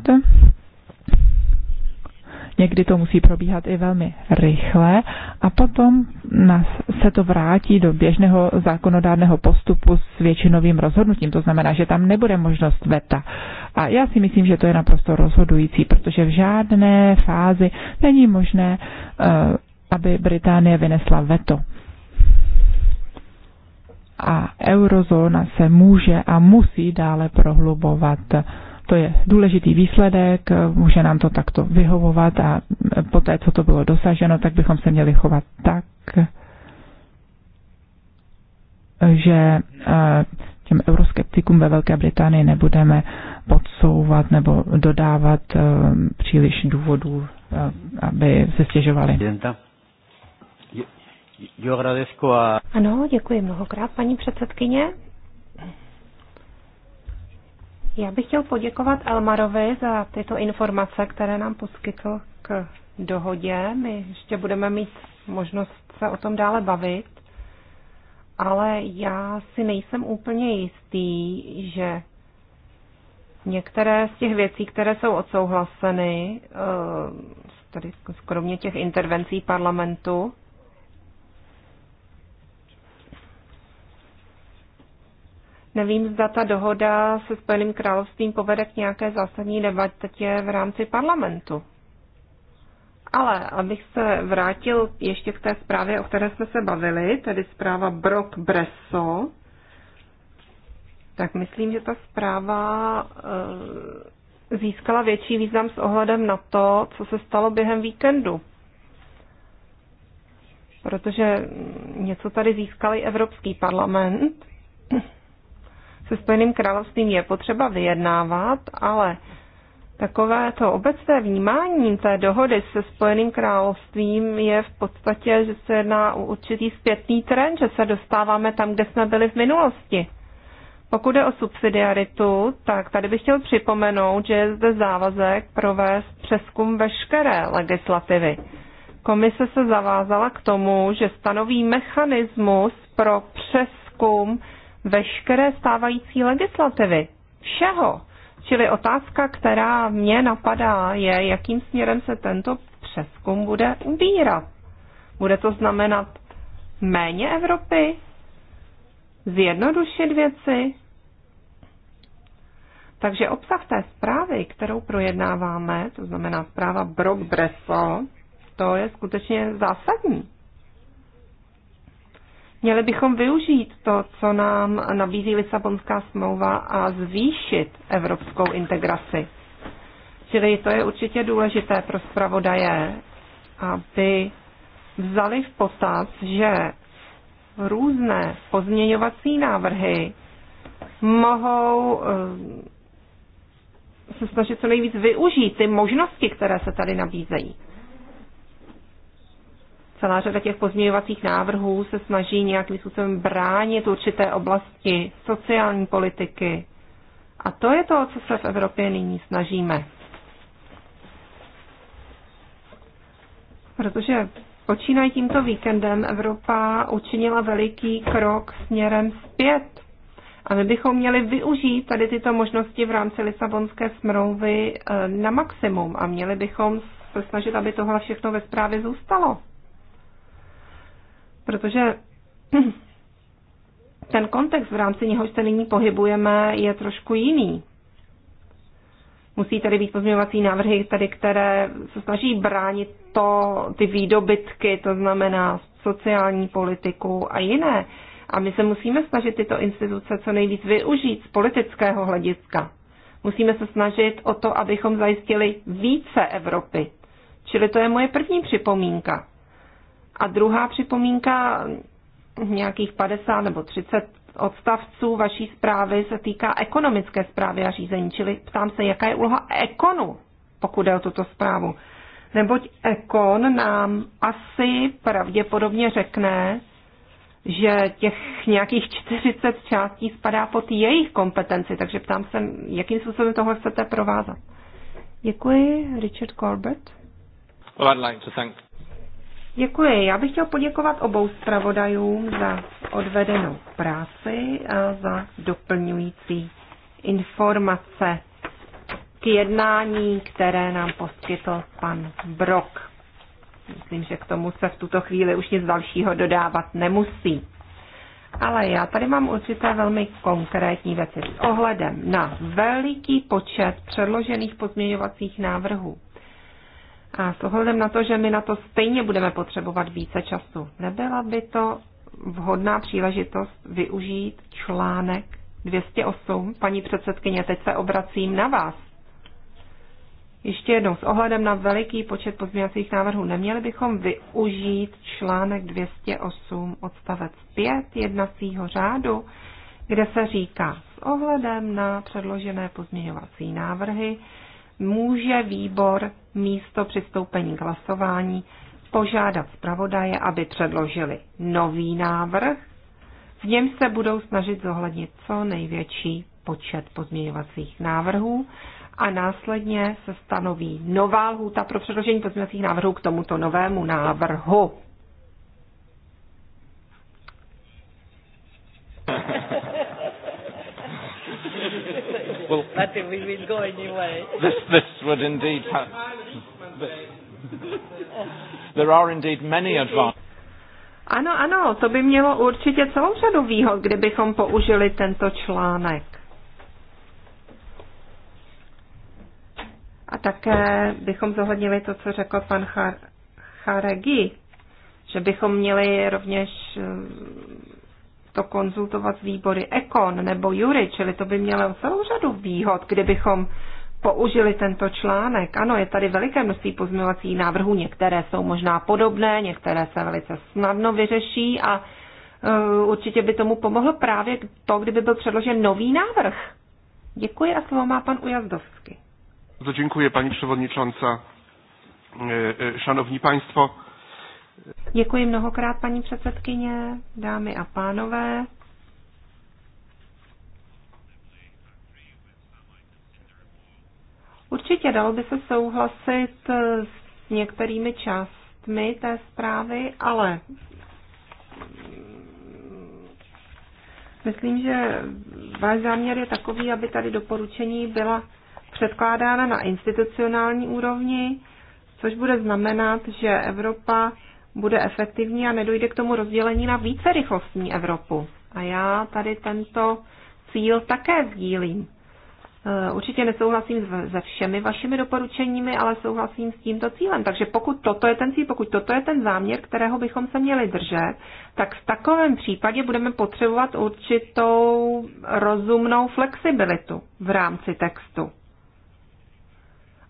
Někdy to musí probíhat i velmi rychle a potom nás se to vrátí do běžného zákonodárného postupu s většinovým rozhodnutím. To znamená, že tam nebude možnost veta. A já si myslím, že to je naprosto rozhodující, protože v žádné fázi není možné eh, aby Británie vynesla veto. A eurozóna se může a musí dále prohlubovat. To je důležitý výsledek, může nám to takto vyhovovat a poté, co to bylo dosaženo, tak bychom se měli chovat tak, že eh, těm euroskeptikům ve Velké Británii nebudeme podsouvat nebo dodávat eh, příliš důvodů, eh, aby se stěžovali. Jo, agradezco a... Ano, děkuji mnohokrát, paní předsedkyně. Já bych chtěl poděkovat Elmarovi za tyto informace, které nám poskytl k dohodě. My ještě budeme mít možnost se o tom dále bavit, ale já si nejsem úplně jistý, že některé z těch věcí, které jsou odsouhlaseny, eh, tady skromně těch intervencí parlamentu, Nevím, zda ta dohoda se Spojeným královstvím povede k nějaké zásadní debatě v rámci parlamentu. Ale abych se vrátil ještě k té zprávě, o které jsme se bavili, tedy zpráva Brock Bresso, tak myslím, že ta zpráva eh, získala větší význam s ohledem na to, co se stalo během víkendu. Protože něco tady získal i Evropský parlament se Spojeným královstvím je potřeba vyjednávat, ale takové to obecné vnímání té dohody se Spojeným královstvím je v podstatě, že se jedná o určitý zpětný trend, že se dostáváme tam, kde jsme byli v minulosti. Pokud je o subsidiaritu, tak tady bych chtěl připomenout, že je zde závazek provést přeskum veškeré legislativy. Komise se zavázala k tomu, že stanoví mechanismus pro přeskum veškeré stávající legislativy. Všeho. Čili otázka, která mě napadá, je, jakým směrem se tento přeskum bude ubírat. Bude to znamenat méně Evropy? Zjednodušit věci? Takže obsah té zprávy, kterou projednáváme, to znamená zpráva Brock Bresso, to je skutečně zásadní. Měli bychom využít to, co nám nabízí Lisabonská smlouva a zvýšit evropskou integraci. Čili to je určitě důležité pro zpravodaje, aby vzali v potaz, že různé pozměňovací návrhy mohou eh, se snažit co nejvíc využít ty možnosti, které se tady nabízejí. Celá řada těch pozměňovacích návrhů se snaží nějakým způsobem bránit určité oblasti sociální politiky. A to je to, co se v Evropě nyní snažíme. Protože počínají tímto víkendem Evropa učinila veliký krok směrem zpět. A my bychom měli využít tady tyto možnosti v rámci Lisabonské smlouvy eh, na maximum a měli bychom se snažit, aby tohle všechno ve zprávě zůstalo protože <clears throat> ten kontext, v rámci něhož se nyní pohybujeme, je trošku jiný. Musí tady být pozměňovací návrhy, tady, které se snaží bránit to, ty výdobytky, to znamená sociální politiku a jiné. A my se musíme snažit tyto instituce co nejvíc využít z politického hlediska. Musíme se snažit o to, abychom zajistili více Evropy. Čili to je moje první připomínka. A druhá připomínka, nějakých 50 nebo 30 odstavců vaší zprávy se týká ekonomické zprávy a řízení, čili ptám se, jaká je úloha ekonu, pokud jde o tuto zprávu. Neboť ekon nám asi pravděpodobně řekne, že těch nějakých 40 částí spadá pod jejich kompetenci, takže ptám se, jakým způsobem tohle chcete provázat. Děkuji, Richard Corbett. Well, I'd like to thank Děkuji. Já bych chtěl poděkovat obou zpravodajům za odvedenou práci a za doplňující informace k jednání, které nám poskytl pan Brok. Myslím, že k tomu se v tuto chvíli už nic dalšího dodávat nemusí. Ale já tady mám určité velmi konkrétní věci s ohledem na veliký počet předložených pozměňovacích návrhů a s ohledem na to, že my na to stejně budeme potřebovat více času, nebyla by to vhodná příležitost využít článek 208? Paní předsedkyně, teď se obracím na vás. Ještě jednou, s ohledem na veliký počet pozměňovacích návrhů, neměli bychom využít článek 208 odstavec 5 jednacího řádu, kde se říká, s ohledem na předložené pozměňovací návrhy může výbor místo přistoupení k hlasování požádat zpravodaje, aby předložili nový návrh, v něm se budou snažit zohlednit co největší počet pozměňovacích návrhů a následně se stanoví nová lhůta pro předložení pozměňovacích návrhů k tomuto novému návrhu. <laughs> well, but we will go anyway. This, this would indeed happen. There are indeed many advantages. Ano, ano, to by mělo určitě celou řadu výhod, kdybychom použili tento článek. A také bychom zohlednili to, co řekl pan Char Charegi, že bychom měli rovněž eh, to konzultovat s výbory Ekon nebo Jury, čili to by mělo celou řadu výhod, kdybychom použili tento článek. Ano, je tady veliké množství pozměňovacích návrhů, některé jsou možná podobné, některé se velice snadno vyřeší a uh, určitě by tomu pomohlo právě to, kdyby byl předložen nový návrh. Děkuji a slovo má pan Ujazdovský. Bardzo dziękuję pani przewodnicząca. E, e, szanowni państwo. Děkuji mnohokrát paní předsedkyně, dámy a pánové. Určitě dalo by se souhlasit s některými částmi té zprávy, ale myslím, že váš záměr je takový, aby tady doporučení byla předkládána na institucionální úrovni, což bude znamenat, že Evropa bude efektivní a nedojde k tomu rozdělení na více rychlostní Evropu. A já tady tento cíl také sdílím. Eh, určitě nesouhlasím se všemi vašimi doporučeními, ale souhlasím s tímto cílem. Takže pokud toto je ten cíl, pokud toto je ten záměr, kterého bychom se měli držet, tak v takovém případě budeme potřebovat určitou rozumnou flexibilitu v rámci textu.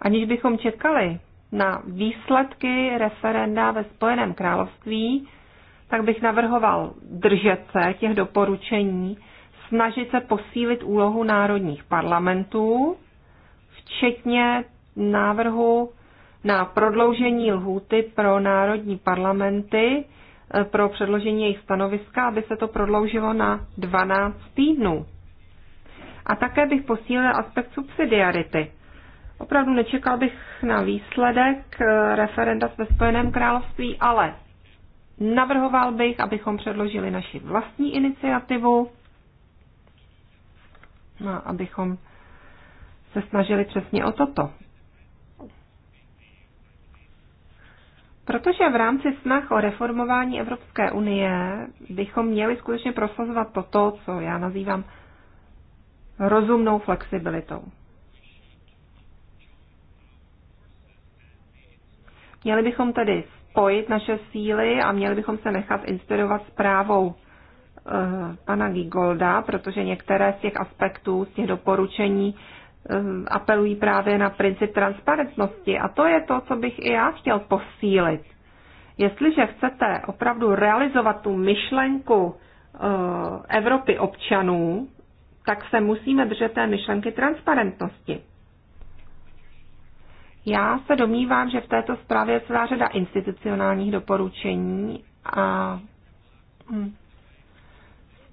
Aniž bychom čekali na výsledky referenda ve Spojeném království, tak bych navrhoval držet se těch doporučení snažit se posílit úlohu národních parlamentů, včetně návrhu na prodloužení lhůty pro národní parlamenty eh, pro předložení jejich stanoviska, aby se to prodloužilo na 12 týdnů. A také bych posílil aspekt subsidiarity. Opravdu nečekal bych na výsledek eh, referenda ve Spojeném království, ale navrhoval bych, abychom předložili naši vlastní iniciativu No, abychom se snažili přesně o toto. Protože v rámci snah o reformování Evropské unie bychom měli skutečně prosazovat toto, co já nazývám rozumnou flexibilitou. Měli bychom tedy spojit naše síly a měli bychom se nechat inspirovat zprávou Eh, pana Gigolda, protože některé z těch aspektů, z těch doporučení eh, apelují právě na princip transparentnosti a to je to, co bych i já chtěl posílit. Jestliže chcete opravdu realizovat tu myšlenku eh, Evropy občanů, tak se musíme držet té myšlenky transparentnosti. Já se domnívám, že v této zprávě je celá řada institucionálních doporučení a hm,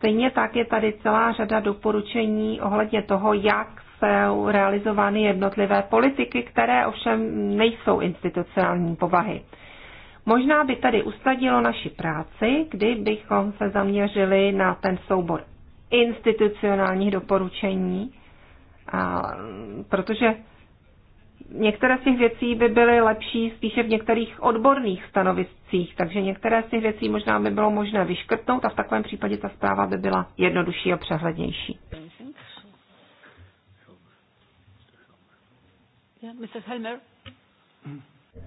Stejně tak je tady celá řada doporučení ohledně toho, jak jsou realizovány jednotlivé politiky, které ovšem nejsou institucionální povahy. Možná by tady usadilo naši práci, kdybychom se zaměřili na ten soubor institucionálních doporučení, a, protože některé z těch věcí by byly lepší spíše v některých odborných stanoviscích, takže některé z těch věcí možná by bylo možné vyškrtnout a v takovém případě ta zpráva by byla jednodušší a přehlednější. Helmer.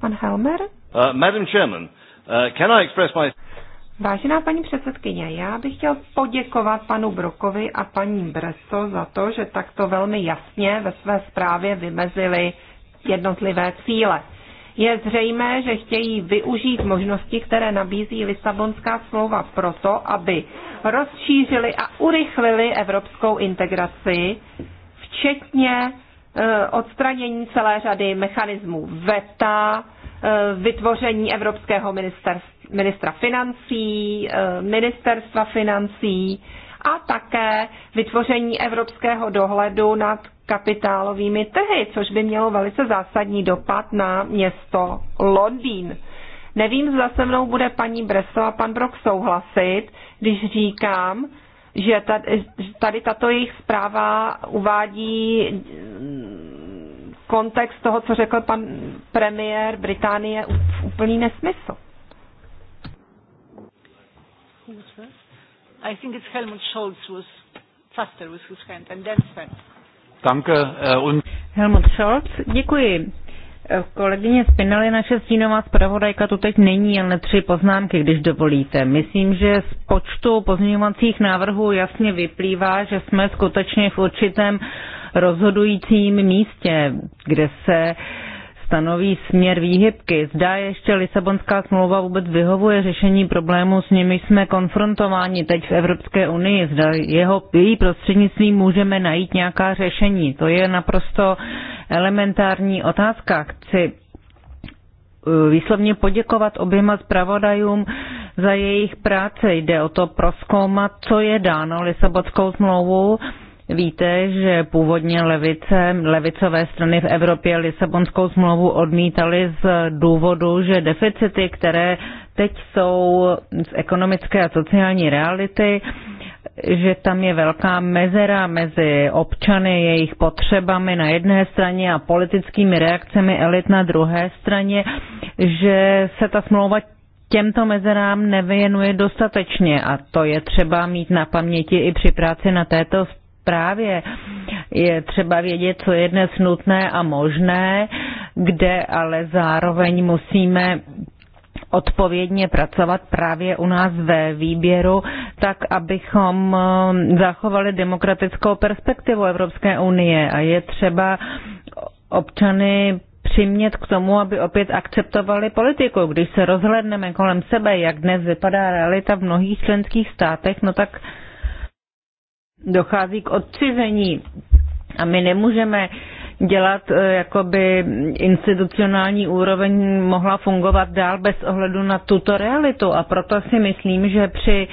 Pan Helmer? Uh, Madam Chairman, uh, can I express my... Vážená paní předsedkyně, já bych chtěl poděkovat panu Brokovi a paní Breso za to, že takto velmi jasně ve své zprávě vymezili jednotlivé cíle. Je zřejmé, že chtějí využít možnosti, které nabízí Lisabonská slova proto, aby rozšířili a urychlili evropskou integraci, včetně e, odstranění celé řady mechanismů VETA, e, vytvoření Evropského ministra financí, e, ministerstva financí a také vytvoření evropského dohledu nad kapitálovými trhy, což by mělo velice zásadní dopad na město Londýn. Nevím, zda se mnou bude paní Breso a pan Brok souhlasit, když říkám, že tady tato jejich zpráva uvádí mm, kontext toho, co řekl pan premiér Británie, úplný nesmysl. I think it's Helmut Scholz was faster with his hand and then Sven. Danke, äh, und... Helmut Scholz, děkuji. Eh, kolegyně Spinelli, naše stínová zpravodajka tu teď není, ale tři poznámky, když dovolíte. Myslím, že z počtu pozměňovacích návrhů jasně vyplývá, že jsme skutečně v určitém rozhodujícím místě, kde se uh, stanoví směr výhybky. Zdá ještě Lisabonská smlouva vůbec vyhovuje řešení problémů, s nimi jsme konfrontováni teď v Evropské unii. Zda jeho, její prostřednictvím můžeme najít nějaká řešení. To je naprosto elementární otázka. Chci eh, výslovně poděkovat oběma zpravodajům za jejich práci. Jde o to proskoumat, co je dáno Lisabonskou smlouvou Víte, že původně levice, levicové strany v Evropě Lisabonskou smlouvu odmítaly z důvodu, že deficity, které teď jsou z ekonomické a sociální reality, že tam je velká mezera mezi občany, jejich potřebami na jedné straně a politickými reakcemi elit na druhé straně, že se ta smlouva těmto mezerám nevěnuje dostatečně a to je třeba mít na paměti i při práci na této správě. Je třeba vědět, co je dnes nutné a možné, kde ale zároveň musíme odpovědně pracovat právě u nás ve výběru, tak abychom eh, zachovali demokratickou perspektivu Evropské unie a je třeba občany přimět k tomu, aby opět akceptovali politiku. Když se rozhledneme kolem sebe, jak dnes vypadá realita v mnohých členských státech, no tak dochází k odcizení. A my nemůžeme dělat, eh, jako by institucionální úroveň mohla fungovat dál bez ohledu na tuto realitu. A proto si myslím, že při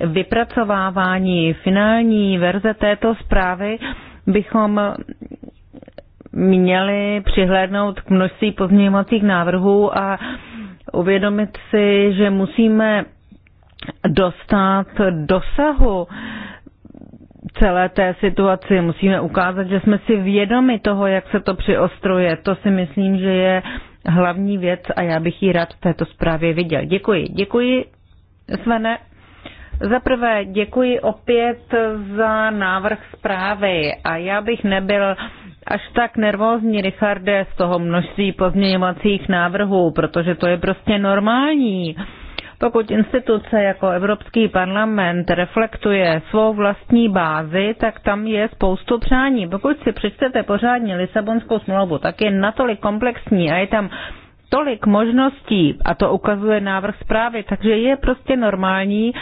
vypracovávání finální verze této zprávy bychom měli přihlédnout k množství pozměňovacích návrhů a uvědomit si, že musíme dostat dosahu celé té situaci. Musíme ukázat, že jsme si vědomi toho, jak se to přiostruje. To si myslím, že je hlavní věc a já bych ji rád v této zprávě viděl. Děkuji. Děkuji, Svene. Za prvé děkuji opět za návrh zprávy a já bych nebyl až tak nervózní, Richarde, z toho množství pozměňovacích návrhů, protože to je prostě normální. Uh, pokud instituce jako Evropský parlament reflektuje svou vlastní bázi, tak tam je spoustu přání. Pokud si přečtete pořádně Lisabonskou smlouvu, tak je natolik komplexní a je tam tolik možností, a to ukazuje návrh zprávy, takže je prostě normální,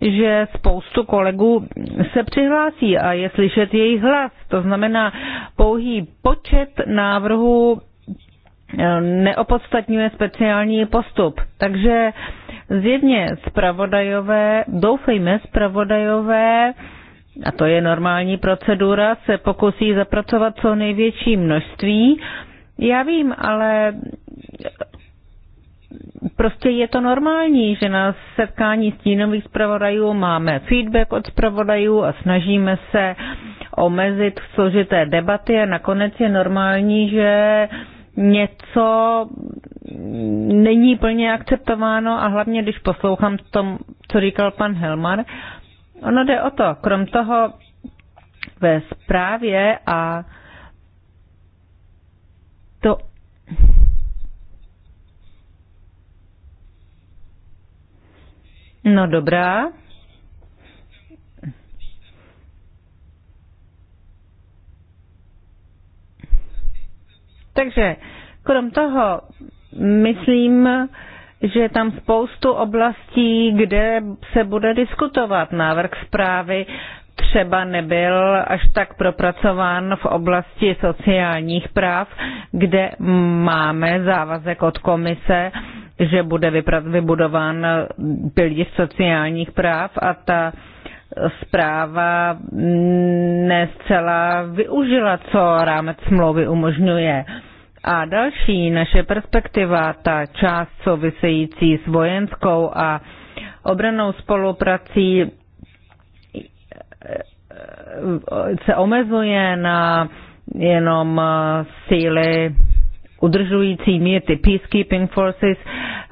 že spoustu kolegů se přihlásí a je slyšet jejich hlas. To znamená, pouhý počet návrhů eh, neopodstatňuje speciální postup. Takže Zjevně zpravodajové, doufejme zpravodajové, a to je normální procedura, se pokusí zapracovat co největší množství. Já vím, ale prostě je to normální, že na setkání stínových zpravodajů máme feedback od zpravodajů a snažíme se omezit složité debaty a nakonec je normální, že něco není plně akceptováno a hlavně, když poslouchám tom, co říkal pan Helmar, ono jde o to, krom toho ve zprávě a to No dobrá. Takže krom toho myslím, že je tam spoustu oblastí, kde se bude diskutovat. Návrh zprávy třeba nebyl až tak propracován v oblasti sociálních práv, kde máme závazek od komise, že bude vybudován pilíř sociálních práv a ta zpráva ne zcela využila, co rámec smlouvy umožňuje. A další naše perspektiva, ta část související s vojenskou a obranou spoluprací, se omezuje na jenom síly udržující mír, ty peacekeeping forces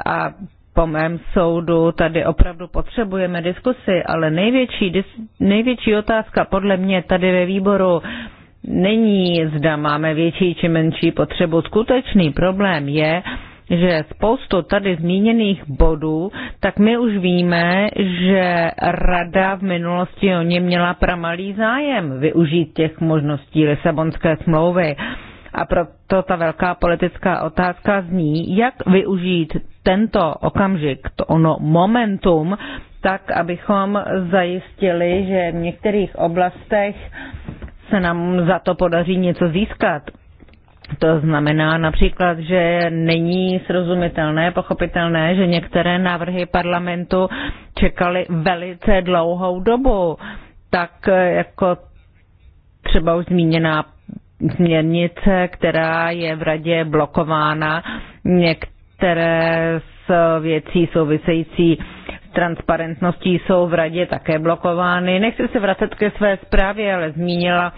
a po mém soudu tady opravdu potřebujeme diskusy, ale největší, největší otázka podle mě tady ve výboru není, zda máme větší či menší potřebu. Skutečný problém je, že spoustu tady zmíněných bodů, tak my už víme, že rada v minulosti o ně měla pramalý zájem využít těch možností Lisabonské smlouvy. A proto ta velká politická otázka zní, jak využít tento okamžik, to ono momentum, tak, abychom zajistili, že v některých oblastech se nám za to podaří něco získat. To znamená například, že není srozumitelné, pochopitelné, že některé návrhy parlamentu čekaly velice dlouhou dobu. Tak eh, jako třeba už zmíněná směrnice, která je v radě blokována, některé z věcí související transparentností jsou v radě také blokovány. Nechci se vracet ke své zprávě, ale zmínila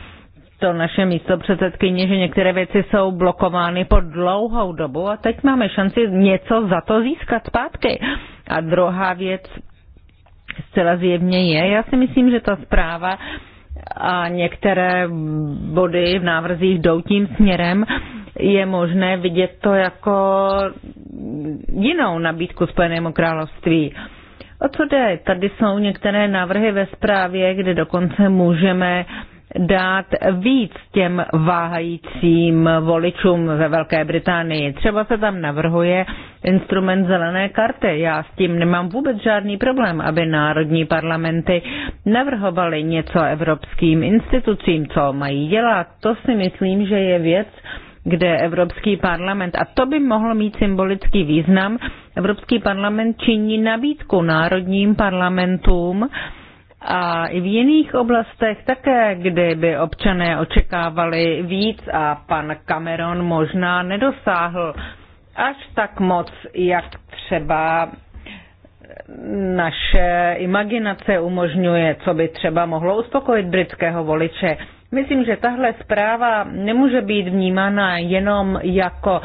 to naše místo předsedkyně, že některé věci jsou blokovány po dlouhou dobu a teď máme šanci něco za to získat zpátky. A druhá věc zcela zjevně je, já si myslím, že ta zpráva a některé body v návrzích jdou tím směrem, je možné vidět to jako jinou nabídku Spojenému království. O co jde? Tady jsou některé návrhy ve zprávě, kde dokonce můžeme dát víc těm váhajícím voličům ve Velké Británii. Třeba se tam navrhuje instrument zelené karty. Já s tím nemám vůbec žádný problém, aby národní parlamenty navrhovaly něco evropským institucím, co mají dělat. To si myslím, že je věc, kde Evropský parlament, a to by mohlo mít symbolický význam, Evropský parlament činí nabídku národním parlamentům a i v jiných oblastech také, kde by občané očekávali víc a pan Cameron možná nedosáhl až tak moc, jak třeba naše imaginace umožňuje, co by třeba mohlo uspokojit britského voliče. Myslím, že tahle zpráva nemůže být vnímána jenom jako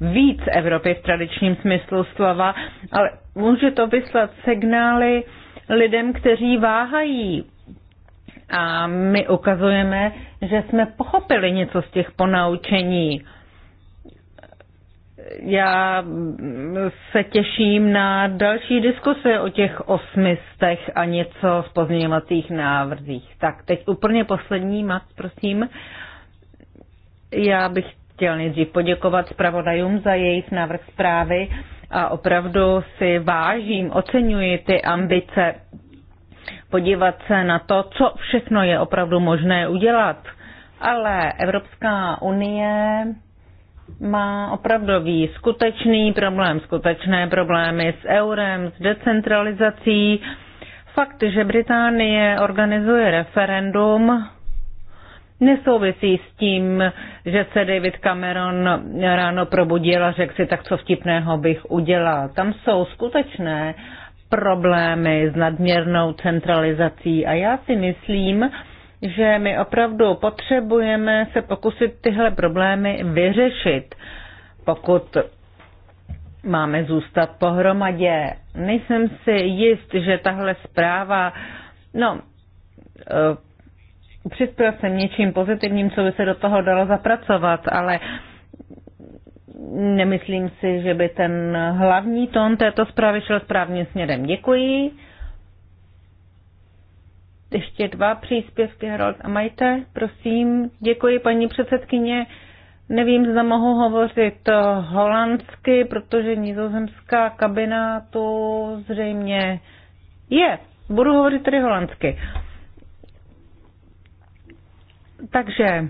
víc Evropy v tradičním smyslu slova, ale může to vyslat signály lidem, kteří váhají. A my ukazujeme, že jsme pochopili něco z těch ponaučení. Já se těším na další diskuse o těch osmistech a něco z pozměňovacích návrzích. Tak teď úplně poslední, Mat, prosím. Já bych chtěl nejdřív poděkovat zpravodajům za jejich návrh zprávy a opravdu si vážím, oceňuji ty ambice podívat se na to, co všechno je opravdu možné udělat. Ale Evropská unie má opravdový skutečný problém, skutečné problémy s eurem, s decentralizací. Fakt, že Británie organizuje referendum, nesouvisí s tím, že se David Cameron ráno probudil a řekl si, tak co vtipného bych udělal. Tam jsou skutečné problémy s nadměrnou centralizací a já si myslím, že my opravdu potřebujeme se pokusit tyhle problémy vyřešit, pokud máme zůstat pohromadě. Nejsem si jist, že tahle zpráva, no, přispěl jsem něčím pozitivním, co by se do toho dalo zapracovat, ale nemyslím si, že by ten hlavní tón této zprávy šel správným směrem. Děkuji. Ještě dva příspěvky, Harold a Majte, prosím. Děkuji, paní předsedkyně. Nevím, zda mohu hovořit holandsky, protože nizozemská kabina tu zřejmě je. Budu hovořit tedy holandsky. Uh, takže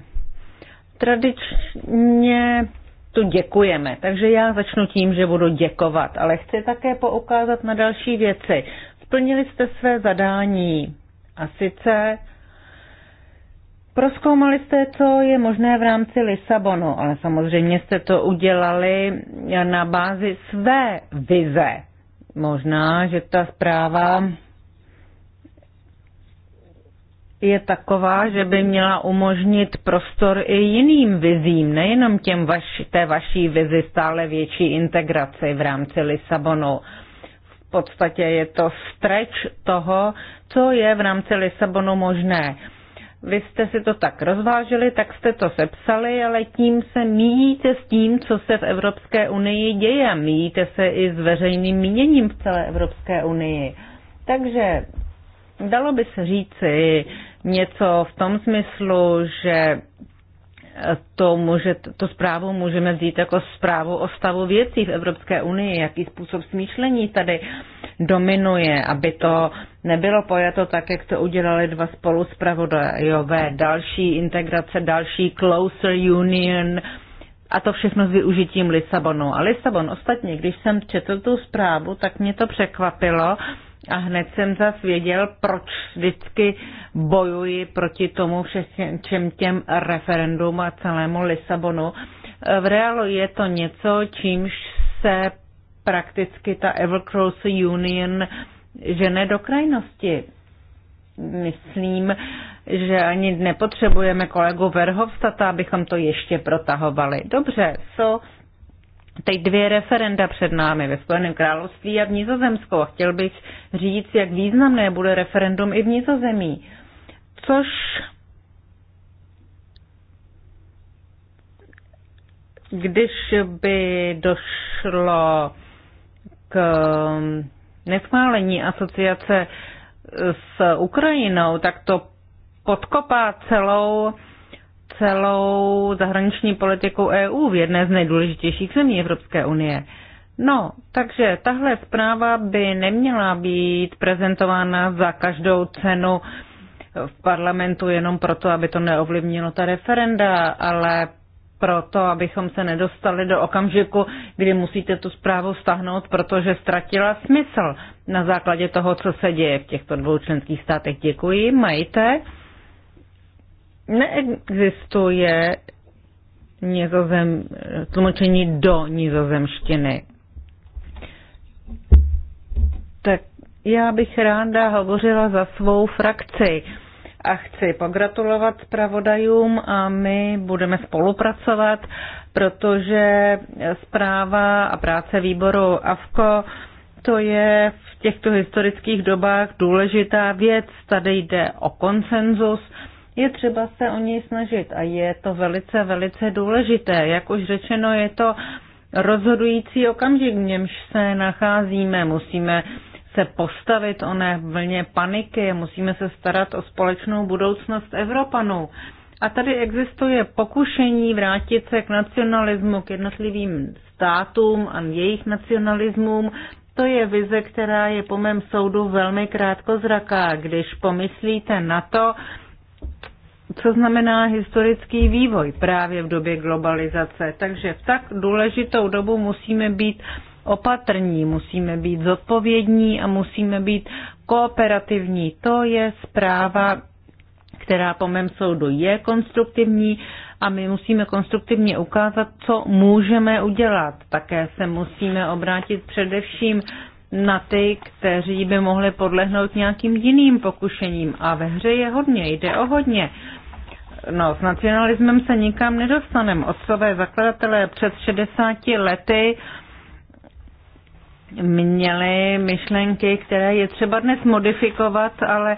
tradičně tu děkujeme, takže já začnu tím, že budu děkovat, ale chci také poukázat na další věci. Splnili jste své zadání a sice Proskoumali jste, co je možné v rámci Lisabonu, ale samozřejmě jste to udělali na bázi své vize. Možná, že ta zpráva je taková, že by měla umožnit prostor i jiným vizím, nejenom těm vaš, té vaší vizi stále větší integraci v rámci Lisabonu. V podstatě je to streč toho, co je v rámci Lisabonu možné. Vy jste si to tak rozvážili, tak jste to sepsali, ale tím se míjíte s tím, co se v Evropské unii děje. Míjíte se i s veřejným míněním v celé Evropské unii. Takže dalo by se říci, něco v tom smyslu, že eh, to, může, to zprávu můžeme vzít jako zprávu o stavu věcí v Evropské unii, jaký způsob smýšlení tady dominuje, aby to nebylo pojato tak, jak to udělali dva spolu zpravodajové, další integrace, další closer union a to všechno s využitím Lisabonu. A Lisabon ostatně, když jsem četl tu zprávu, tak mě to překvapilo, a hned jsem zas věděl, proč vždycky bojuji proti tomu všem těm referendum a celému Lisabonu. V reálu je to něco, čímž se prakticky ta Evercross Union žene do krajnosti. Myslím, že ani nepotřebujeme kolegu Verhofstata, abychom to ještě protahovali. Dobře, co so teď dvě referenda před námi ve Spojeném království a v Nizozemsku. A chtěl bych říct, jak významné bude referendum i v Nizozemí. Což když by došlo k um, neschválení asociace s Ukrajinou, tak to podkopá celou celou zahraniční politiku EU v jedné z nejdůležitějších zemí Evropské unie. No, takže tahle zpráva by neměla být prezentována za každou cenu v parlamentu jenom proto, aby to neovlivnilo ta referenda, ale proto, abychom se nedostali do okamžiku, kdy musíte tu zprávu stahnout, protože ztratila smysl na základě toho, co se děje v těchto dvou členských státech. Děkuji, majte neexistuje nizozem, eh, tlumočení do nizozemštiny. Tak já bych ráda hovořila za svou frakci a chci pogratulovat zpravodajům a my budeme spolupracovat, protože zpráva a práce výboru AFKO to je v těchto historických dobách důležitá věc. Tady jde o konsenzus je třeba se o něj snažit a je to velice, velice důležité. Jak už řečeno, je to rozhodující okamžik, v němž se nacházíme. Musíme se postavit o ne vlně paniky, musíme se starat o společnou budoucnost Evropanů. A tady existuje pokušení vrátit se k nacionalismu, k jednotlivým státům a jejich nacionalismům. To je vize, která je po mém soudu velmi krátkozraká. Když pomyslíte na to, co znamená historický vývoj právě v době globalizace. Takže v tak důležitou dobu musíme být opatrní, musíme být zodpovědní a musíme být kooperativní. To je zpráva, která po mém soudu je konstruktivní a my musíme konstruktivně ukázat, co můžeme udělat. Také se musíme obrátit především na ty, kteří by mohli podlehnout nějakým jiným pokušením. A ve hře je hodně, jde o hodně. No, s nacionalismem se nikam nedostaneme. Otcové zakladatelé před 60 lety měli myšlenky, které je třeba dnes modifikovat, ale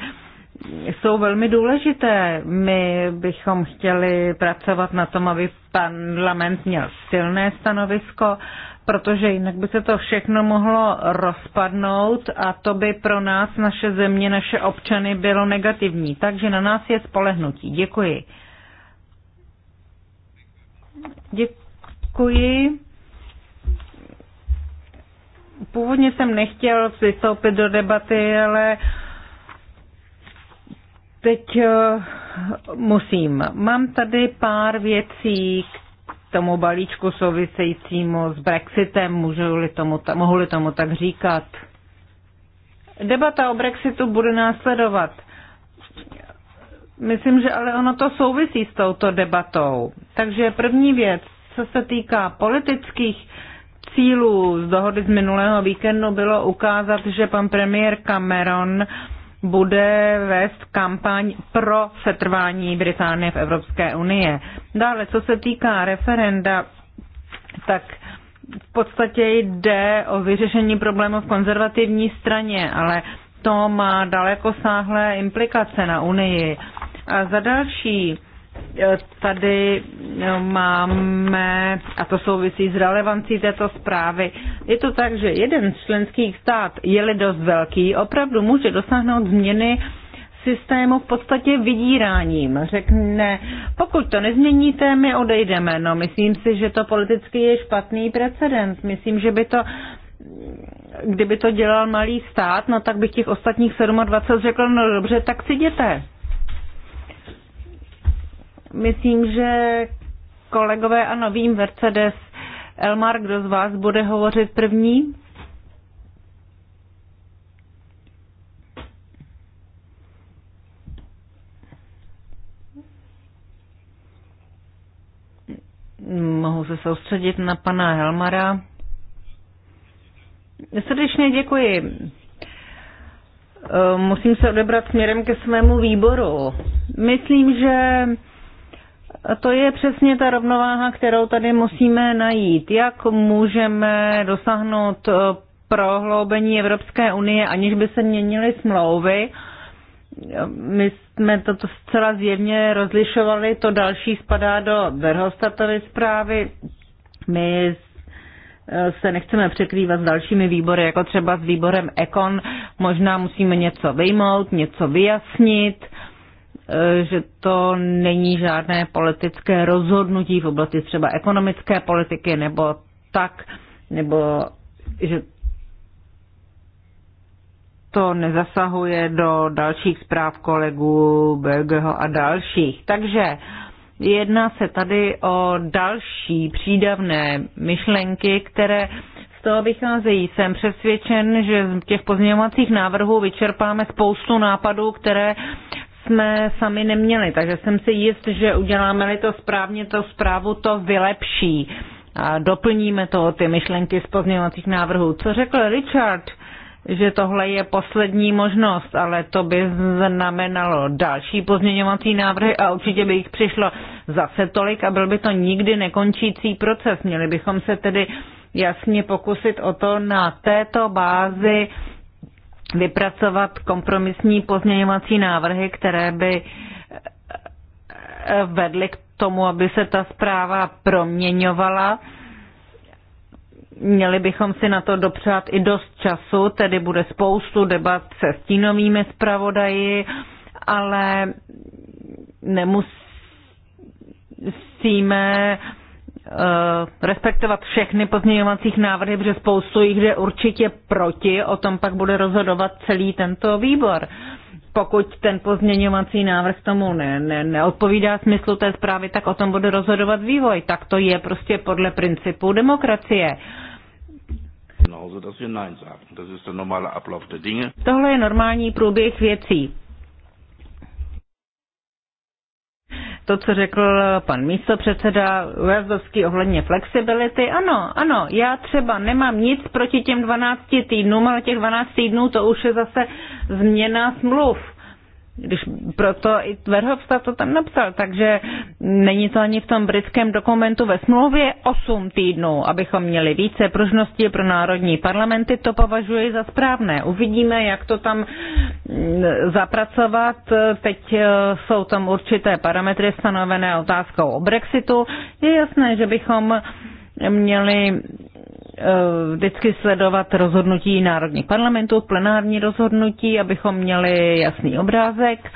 jsou velmi důležité. My bychom chtěli pracovat na tom, aby parlament měl silné stanovisko, protože jinak by se to všechno mohlo rozpadnout a to by pro nás, naše země, naše občany bylo negativní. Takže na nás je spolehnutí. Děkuji. Děkuji. Původně jsem nechtěl přistoupit do debaty, ale uh, Teď eh, musím. Mám tady pár věcí k tomu balíčku souvisejícímu s Brexitem, můžu-li tomu, mohu-li tomu tak říkat. Debata o Brexitu bude následovat. Myslím, že ale ono to souvisí s touto debatou. Takže první věc, co se týká politických cílů z dohody z minulého víkendu, bylo ukázat, že pan premiér Cameron uh, bude vést kampaň pro setrvání Británie v Evropské unie. Dále, co se týká referenda, tak v podstatě jde o vyřešení problému v konzervativní straně, ale to má daleko sáhlé implikace na Unii. A za další, Eh, tady eh, máme, a to souvisí s relevancí této zprávy, je to tak, že jeden z členských stát, je-li dost velký, opravdu může dosáhnout změny systému v podstatě vydíráním. Řekne, pokud to nezměníte, my odejdeme. No, myslím si, že to politicky je špatný precedens. Myslím, že by to kdyby to dělal malý stát, no tak bych těch ostatních 27 řekl, no dobře, tak si jděte. Myslím, že kolegové, a novým Mercedes, Elmar, kdo z vás bude hovořit první? Mohu se soustředit na pana Helmara. Srdečně děkuji. Musím se odebrat směrem ke svému výboru. Myslím, že to je přesně ta rovnováha, kterou tady musíme najít. Jak můžeme dosáhnout eh, prohloubení Evropské unie, aniž by se měnily smlouvy? My jsme toto zcela zjevně rozlišovali, to další spadá do Verhostatovy zprávy. My se nechceme překrývat s dalšími výbory, jako třeba s výborem Ekon. Možná musíme něco vyjmout, něco vyjasnit Eh, že to není žádné politické rozhodnutí v oblasti třeba ekonomické politiky nebo tak, nebo že to nezasahuje do dalších zpráv kolegů Belgeho a dalších. Takže jedná se tady o další přídavné myšlenky, které z toho vycházejí. Jsem přesvědčen, že z těch pozměňovacích návrhů vyčerpáme spoustu nápadů, které jsme sami neměli, takže jsem si jist, že uděláme-li to správně, to zprávu to vylepší. A doplníme to ty myšlenky z pozměňovacích návrhů. Co řekl Richard, že tohle je poslední možnost, ale to by znamenalo další pozměňovací návrhy a určitě by jich přišlo zase tolik a byl by to nikdy nekončící proces. Měli bychom se tedy jasně pokusit o to na této bázi vypracovat kompromisní pozměňovací návrhy, které by eh, vedly k tomu, aby se ta zpráva proměňovala. Měli bychom si na to dopřát i dost času, tedy bude spoustu debat se stínovými zpravodaji, ale nemusíme Eh, respektovat všechny pozměňovacích návrhy, protože spoustu jich jde určitě proti, o tom pak bude rozhodovat celý tento výbor. Pokud ten pozměňovací návrh tomu ne, ne, neodpovídá smyslu té zprávy, tak o tom bude rozhodovat vývoj. Tak to je prostě podle principu demokracie. No, Tohle je normální průběh věcí. to, co řekl pan místopředseda Ujazdovský ohledně flexibility. Ano, ano, já třeba nemám nic proti těm 12 týdnům, ale těch 12 týdnů to už je zase změna smluv když proto i Verhofstadt to tam napsal, takže není to ani v tom britském dokumentu ve smlouvě 8 týdnů, abychom měli více pružnosti pro národní parlamenty, to považuji za správné. Uvidíme, jak to tam mm, zapracovat. Teď eh, jsou tam určité parametry stanovené otázkou o Brexitu. Je jasné, že bychom měli eh, vždycky sledovat rozhodnutí národních parlamentů, plenární rozhodnutí, abychom měli jasný obrázek.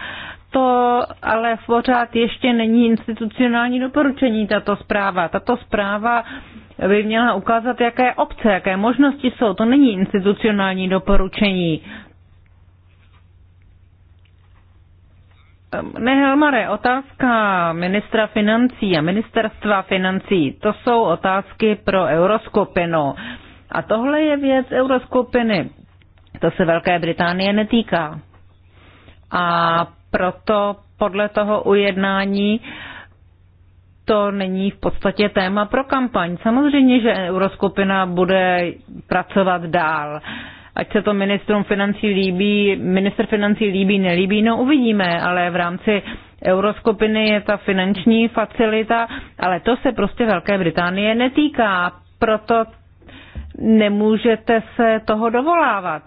To ale pořád ještě není institucionální doporučení tato zpráva. Tato zpráva by měla ukázat, jaké obce, jaké možnosti jsou. To není institucionální doporučení. Ne, Helmare, otázka ministra financí a ministerstva financí, to jsou otázky pro euroskupinu. A tohle je věc euroskupiny. To se Velké Británie netýká. A proto podle toho ujednání to není v podstatě téma pro kampaň. Samozřejmě, že euroskupina bude pracovat dál. Uh, ať se to ministrům financí líbí, minister financí líbí, nelíbí, no uvidíme, ale v rámci euroskupiny je ta finanční facilita, ale to se prostě Velké Británie netýká, proto nemůžete se toho dovolávat.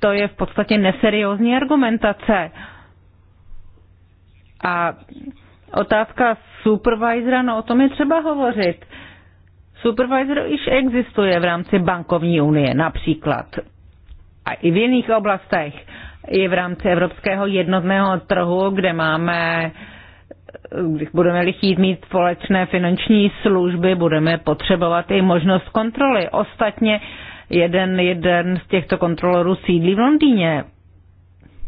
To je v podstatě neseriózní argumentace. A otázka supervisora, no o tom je třeba hovořit. Supervisor již existuje v rámci bankovní unie například a i v jiných oblastech, i v rámci evropského jednotného trhu, kde máme když budeme chtít mít společné finanční služby, budeme potřebovat i možnost kontroly. Ostatně jeden, jeden z těchto kontrolorů sídlí v Londýně.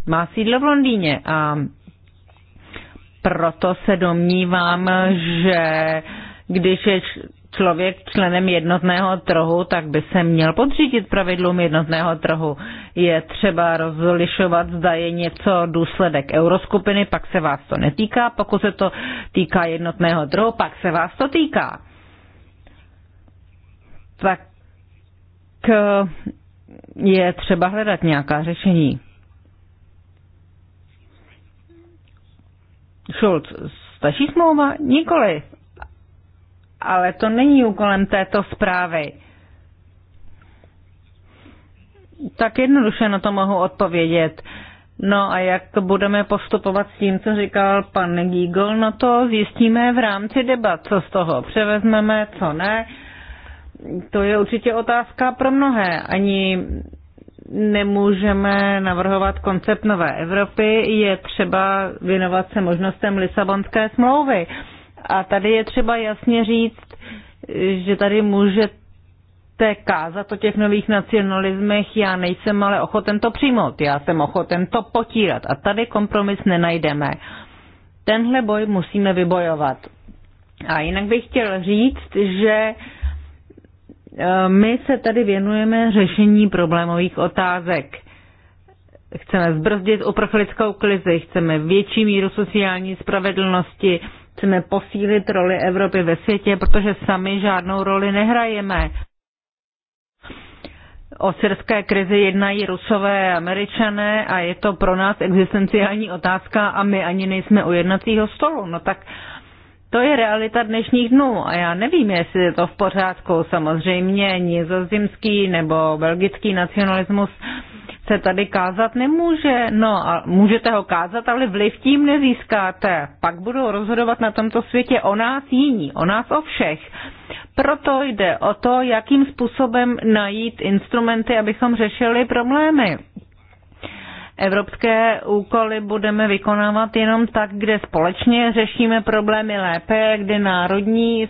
Má sídlo v Londýně a proto se domnívám, že když je člověk členem jednotného trhu, tak by se měl podřídit pravidlům jednotného trhu. Je třeba rozlišovat, zda je něco důsledek euroskupiny, pak se vás to netýká, pokud se to týká jednotného trhu, pak se vás to týká. Tak eh, je třeba hledat nějaká řešení. Schulz, stačí smlouva? Nikoliv ale to není úkolem této zprávy. Tak jednoduše na to mohu odpovědět. No a jak budeme postupovat s tím, co říkal pan Gígol, no to zjistíme v rámci debat, co z toho převezmeme, co ne. To je určitě otázka pro mnohé. Ani nemůžeme navrhovat koncept nové Evropy, je třeba věnovat se možnostem Lisabonské smlouvy. A tady je třeba jasně říct, že tady můžete kázat o těch nových nacionalismech, já nejsem ale ochoten to přijmout, já jsem ochoten to potírat. A tady kompromis nenajdeme. Tenhle boj musíme vybojovat. A jinak bych chtěl říct, že e, my se tady věnujeme řešení problémových otázek. Chceme zbrzdit uprchlickou krizi, chceme větší míru sociální spravedlnosti, Chceme posílit roli Evropy ve světě, protože sami žádnou roli nehrajeme. O syrské krizi jednají rusové a američané a je to pro nás existenciální otázka a my ani nejsme u jednacího stolu. No tak to je realita dnešních dnů a já nevím, jestli je to v pořádku. Samozřejmě nizozemský nebo belgický nacionalismus se tady kázat nemůže. No a můžete ho kázat, ale vliv tím nezískáte. Pak budou rozhodovat na tomto světě o nás jiní, o nás o všech. Proto jde o to, jakým způsobem najít instrumenty, abychom řešili problémy. Evropské úkoly budeme vykonávat jenom tak, kde společně řešíme problémy lépe, kde národní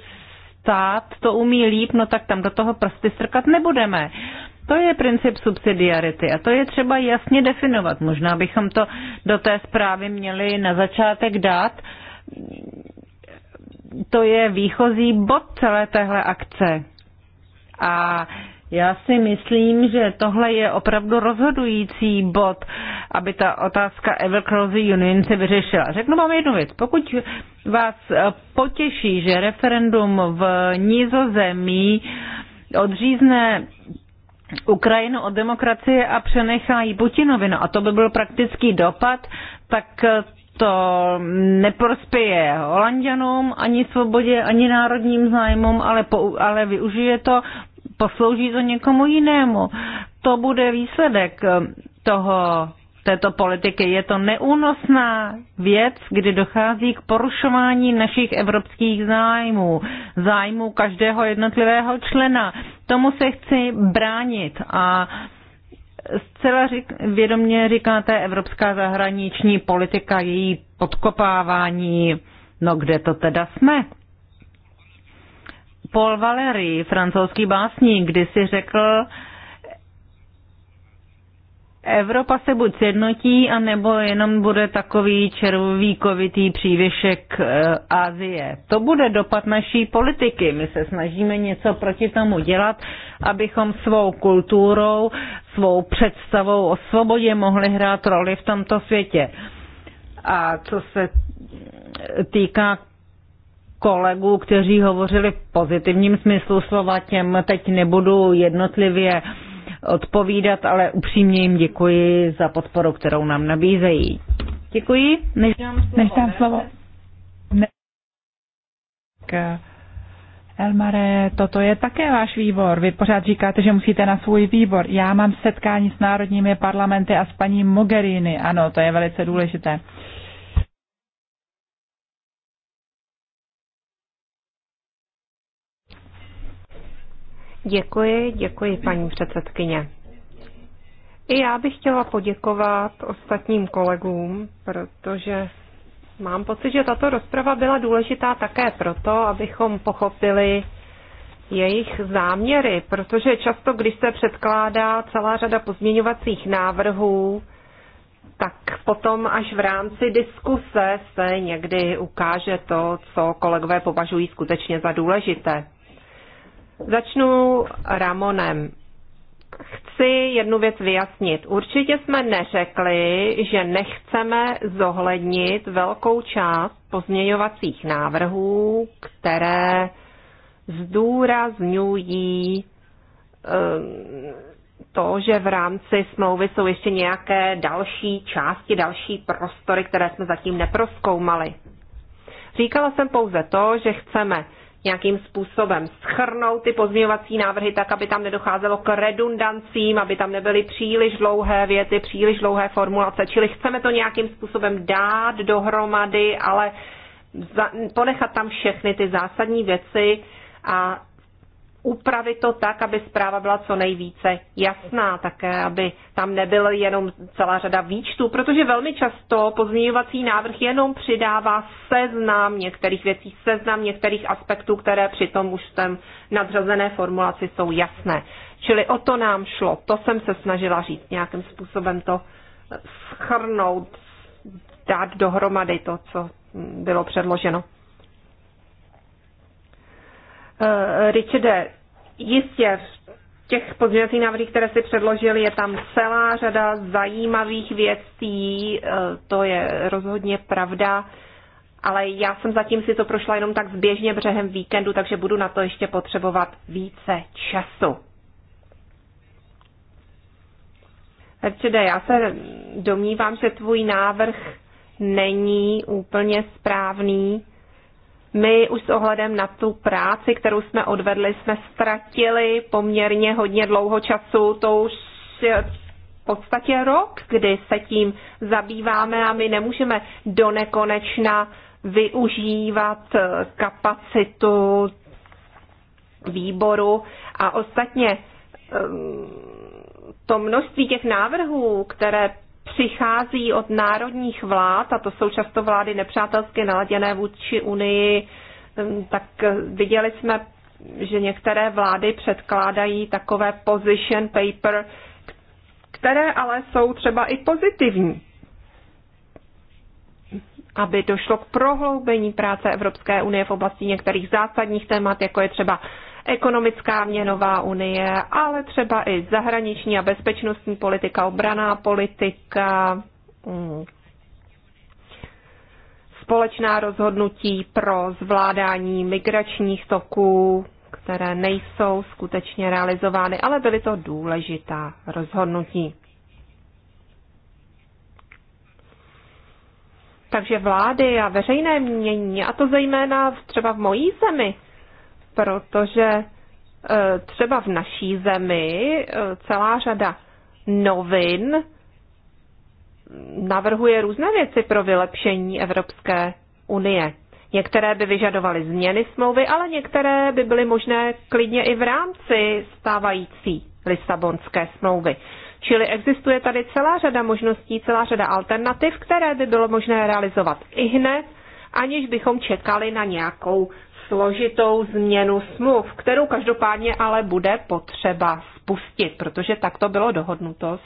stát to umí líp, no tak tam do toho prsty strkat nebudeme. To je princip subsidiarity a to je třeba jasně definovat. Možná bychom to do té zprávy měli na začátek dát. To je výchozí bod celé téhle akce. A já si myslím, že tohle je opravdu rozhodující bod, aby ta otázka Evercrossy Union se vyřešila. Řeknu vám jednu věc. Pokud vás potěší, že referendum v Nízozemí odřízne Ukrajinu od demokracie a přenechá ji Putinovi. No a to by byl praktický dopad, tak to neprospěje Holandianům ani svobodě, ani národním zájmům, ale, po, ale využije to, poslouží to někomu jinému. To bude výsledek toho této politiky. Je to neúnosná věc, kdy dochází k porušování našich evropských zájmů, zájmů každého jednotlivého člena. Tomu se chci bránit a zcela řík, vědomě říkáte evropská zahraniční politika, její podkopávání, no kde to teda jsme? Paul Valéry, francouzský básník, kdysi řekl, Evropa se buď sjednotí, anebo jenom bude takový kovitý přívěšek eh, Asie. To bude dopad naší politiky. My se snažíme něco proti tomu dělat, abychom svou kulturou, svou představou o svobodě mohli hrát roli v tomto světě. A co se týká kolegů, kteří hovořili v pozitivním smyslu slova, těm teď nebudu jednotlivě uh, odpovídat, ale upřímně jim děkuji za podporu, kterou nám nabízejí. Děkuji. Než, než dám slovo. Ne. Elmare, toto je také váš výbor. Vy pořád říkáte, že musíte na svůj výbor. Já mám setkání s národními parlamenty a s paní Mogherini. Ano, to je velice důležité. Děkuji, děkuji paní předsedkyně. I já bych chtěla poděkovat ostatním kolegům, protože mám pocit, že tato rozprava byla důležitá také proto, abychom pochopili jejich záměry, protože často, když se předkládá celá řada pozměňovacích návrhů, tak potom až v rámci diskuse se někdy ukáže to, co kolegové považují skutečně za důležité. Začnu Ramonem. Chci jednu věc vyjasnit. Určitě jsme neřekli, že nechceme zohlednit velkou část pozměňovacích návrhů, které zdůrazňují eh, to, že v rámci smlouvy jsou ještě nějaké další části, další prostory, které jsme zatím neproskoumali. Říkala jsem pouze to, že chceme nějakým způsobem schrnout ty pozměňovací návrhy tak, aby tam nedocházelo k redundancím, aby tam nebyly příliš dlouhé věty, příliš dlouhé formulace. Čili chceme to nějakým způsobem dát dohromady, ale ponechat tam všechny ty zásadní věci a upravit to tak, aby zpráva byla co nejvíce jasná, také aby tam nebyl jenom celá řada výčtů, protože velmi často pozměňovací návrh jenom přidává seznam některých věcí, seznam některých aspektů, které přitom už v té nadřazené formulaci jsou jasné. Čili o to nám šlo, to jsem se snažila říct, nějakým způsobem to schrnout, dát dohromady to, co bylo předloženo. Eh, Richarde, jistě v těch pozměňovacích návrhů, které si předložili, je tam celá řada zajímavých věcí, eh, to je rozhodně pravda, ale já jsem zatím si to prošla jenom tak zběžně břehem víkendu, takže budu na to ještě potřebovat více času. Richarde, já se domnívám, že tvůj návrh není úplně správný my už s ohledem na tu práci, kterou jsme odvedli, jsme ztratili poměrně hodně dlouho času, to už v podstatě rok, kdy se tím zabýváme a my nemůžeme do nekonečna využívat eh, kapacitu výboru a ostatně ehm, to množství těch návrhů, které přichází od národních vlád, a to jsou často vlády nepřátelsky naladěné vůči Unii, hm, tak eh, viděli jsme, že některé vlády předkládají takové position paper, které ale jsou třeba i pozitivní, aby došlo k prohloubení práce Evropské unie v oblasti některých zásadních témat, jako je třeba ekonomická měnová unie, ale třeba i zahraniční a bezpečnostní politika, obraná politika, mm, společná rozhodnutí pro zvládání migračních toků, které nejsou skutečně realizovány, ale byly to důležitá rozhodnutí. Takže vlády a veřejné mění, a to zejména třeba v mojí zemi, protože e, třeba v naší zemi e, celá řada novin navrhuje různé věci pro vylepšení Evropské unie. Některé by vyžadovaly změny smlouvy, ale některé by byly možné klidně i v rámci stávající Lisabonské smlouvy. Čili existuje tady celá řada možností, celá řada alternativ, které by bylo možné realizovat i hned, aniž bychom čekali na nějakou složitou změnu smluv, kterou každopádně ale bude potřeba spustit, protože tak to bylo dohodnuto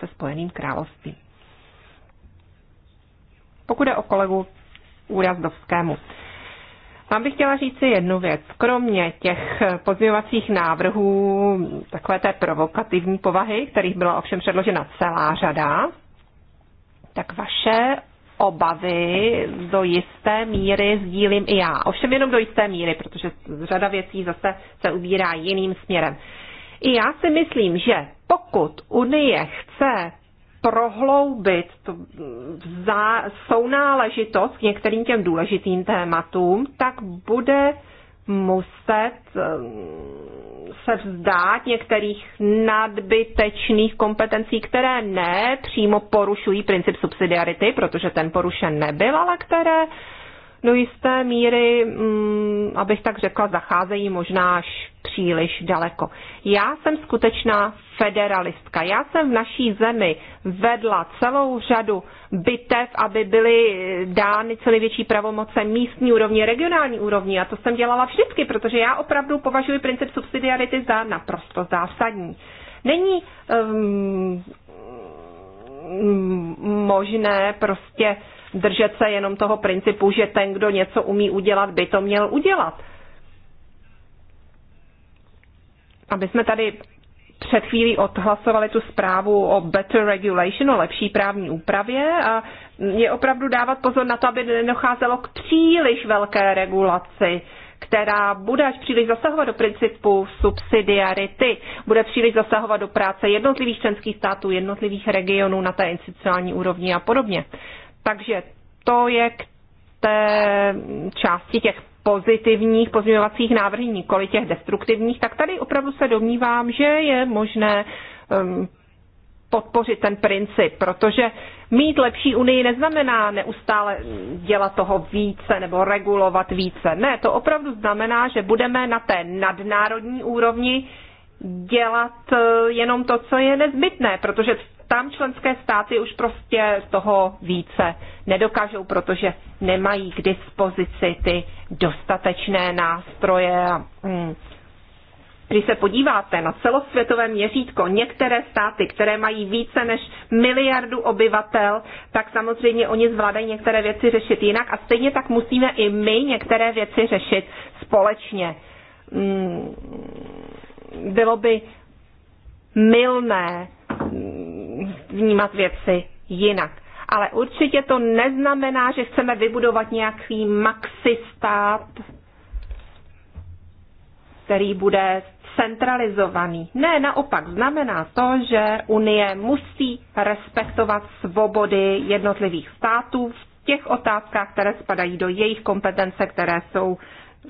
se Spojeným královstvím. Pokud je o kolegu Úrazdovskému. Vám bych chtěla říci jednu věc. Kromě těch pozměňovacích návrhů takové té provokativní povahy, kterých byla ovšem předložena celá řada, tak vaše obavy do jisté míry sdílím i já. Ovšem jenom do jisté míry, protože řada věcí zase se ubírá jiným směrem. I já si myslím, že pokud Unie chce prohloubit sounáležitost k některým těm důležitým tématům, tak bude muset ehm, se vzdát některých nadbytečných kompetencí, které ne přímo porušují princip subsidiarity, protože ten porušen nebyl, ale které do jisté míry, mm, abych tak řekla, zacházejí možná až příliš daleko. Já jsem skutečná federalistka. Já jsem v naší zemi vedla celou řadu bitev, aby byly dány co největší pravomoce místní úrovni, regionální úrovni. A to jsem dělala vždycky, protože já opravdu považuji princip subsidiarity za naprosto zásadní. Není um, možné prostě uh, držet se jenom toho principu, že ten, kdo něco umí udělat, by to měl udělat. Aby jsme tady před chvílí odhlasovali tu zprávu o better regulation, o lepší právní úpravě a je opravdu dávat pozor na to, aby nedocházelo k příliš velké regulaci, která bude až příliš zasahovat do principu subsidiarity, bude příliš zasahovat do práce jednotlivých členských států, jednotlivých regionů na té institucionální úrovni a podobně. Takže to je k té části těch pozitivních pozměňovacích návrhů, nikoli těch destruktivních, tak tady opravdu se domnívám, že je možné um, podpořit ten princip, protože mít lepší unii neznamená neustále dělat toho více nebo regulovat více. Ne, to opravdu znamená, že budeme na té nadnárodní úrovni dělat eh, jenom to, co je nezbytné, protože tam členské státy už prostě z toho více nedokážou, protože nemají k dispozici ty dostatečné nástroje. Hm. Když se podíváte na celosvětové měřítko, některé státy, které mají více než miliardu obyvatel, tak samozřejmě oni zvládají některé věci řešit jinak a stejně tak musíme i my některé věci řešit společně hm bylo by milné vnímat věci jinak. Ale určitě to neznamená, že chceme vybudovat nějaký maxistát, který bude centralizovaný. Ne, naopak znamená to, že Unie musí respektovat svobody jednotlivých států v těch otázkách, které spadají do jejich kompetence, které jsou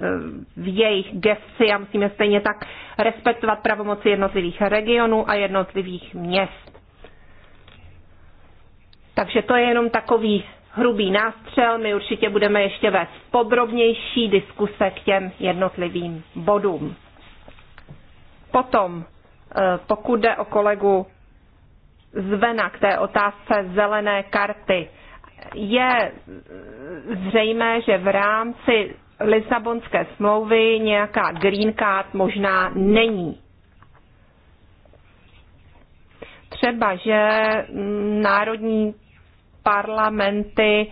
Eh, v jejich gesci a musíme stejně tak respektovat pravomoci jednotlivých regionů a jednotlivých měst. Takže to je jenom takový hrubý nástřel. My určitě budeme ještě vést podrobnější diskuse k těm jednotlivým bodům. Potom, eh, pokud jde o kolegu Zvena k té otázce zelené karty, je eh, zřejmé, že v rámci Lisabonské smlouvy nějaká green card možná není. Třeba, že národní parlamenty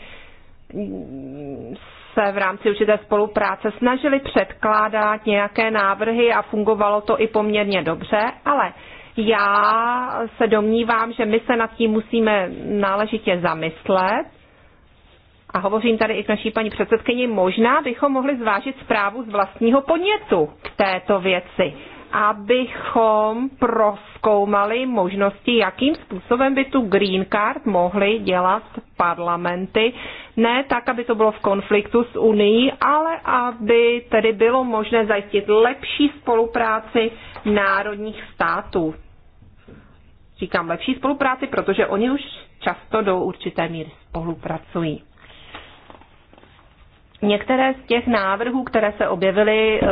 se v rámci určité spolupráce snažili předkládat nějaké návrhy a fungovalo to i poměrně dobře, ale já se domnívám, že my se nad tím musíme náležitě zamyslet a hovořím tady i k naší paní předsedkyni, možná bychom mohli zvážit zprávu z vlastního podnětu k této věci, abychom proskoumali možnosti, jakým způsobem by tu green card mohly dělat parlamenty, ne tak, aby to bylo v konfliktu s Unii, ale aby tedy bylo možné zajistit lepší spolupráci národních států. Říkám lepší spolupráci, protože oni už často do určité míry spolupracují. Některé z těch návrhů, které se objevily eh,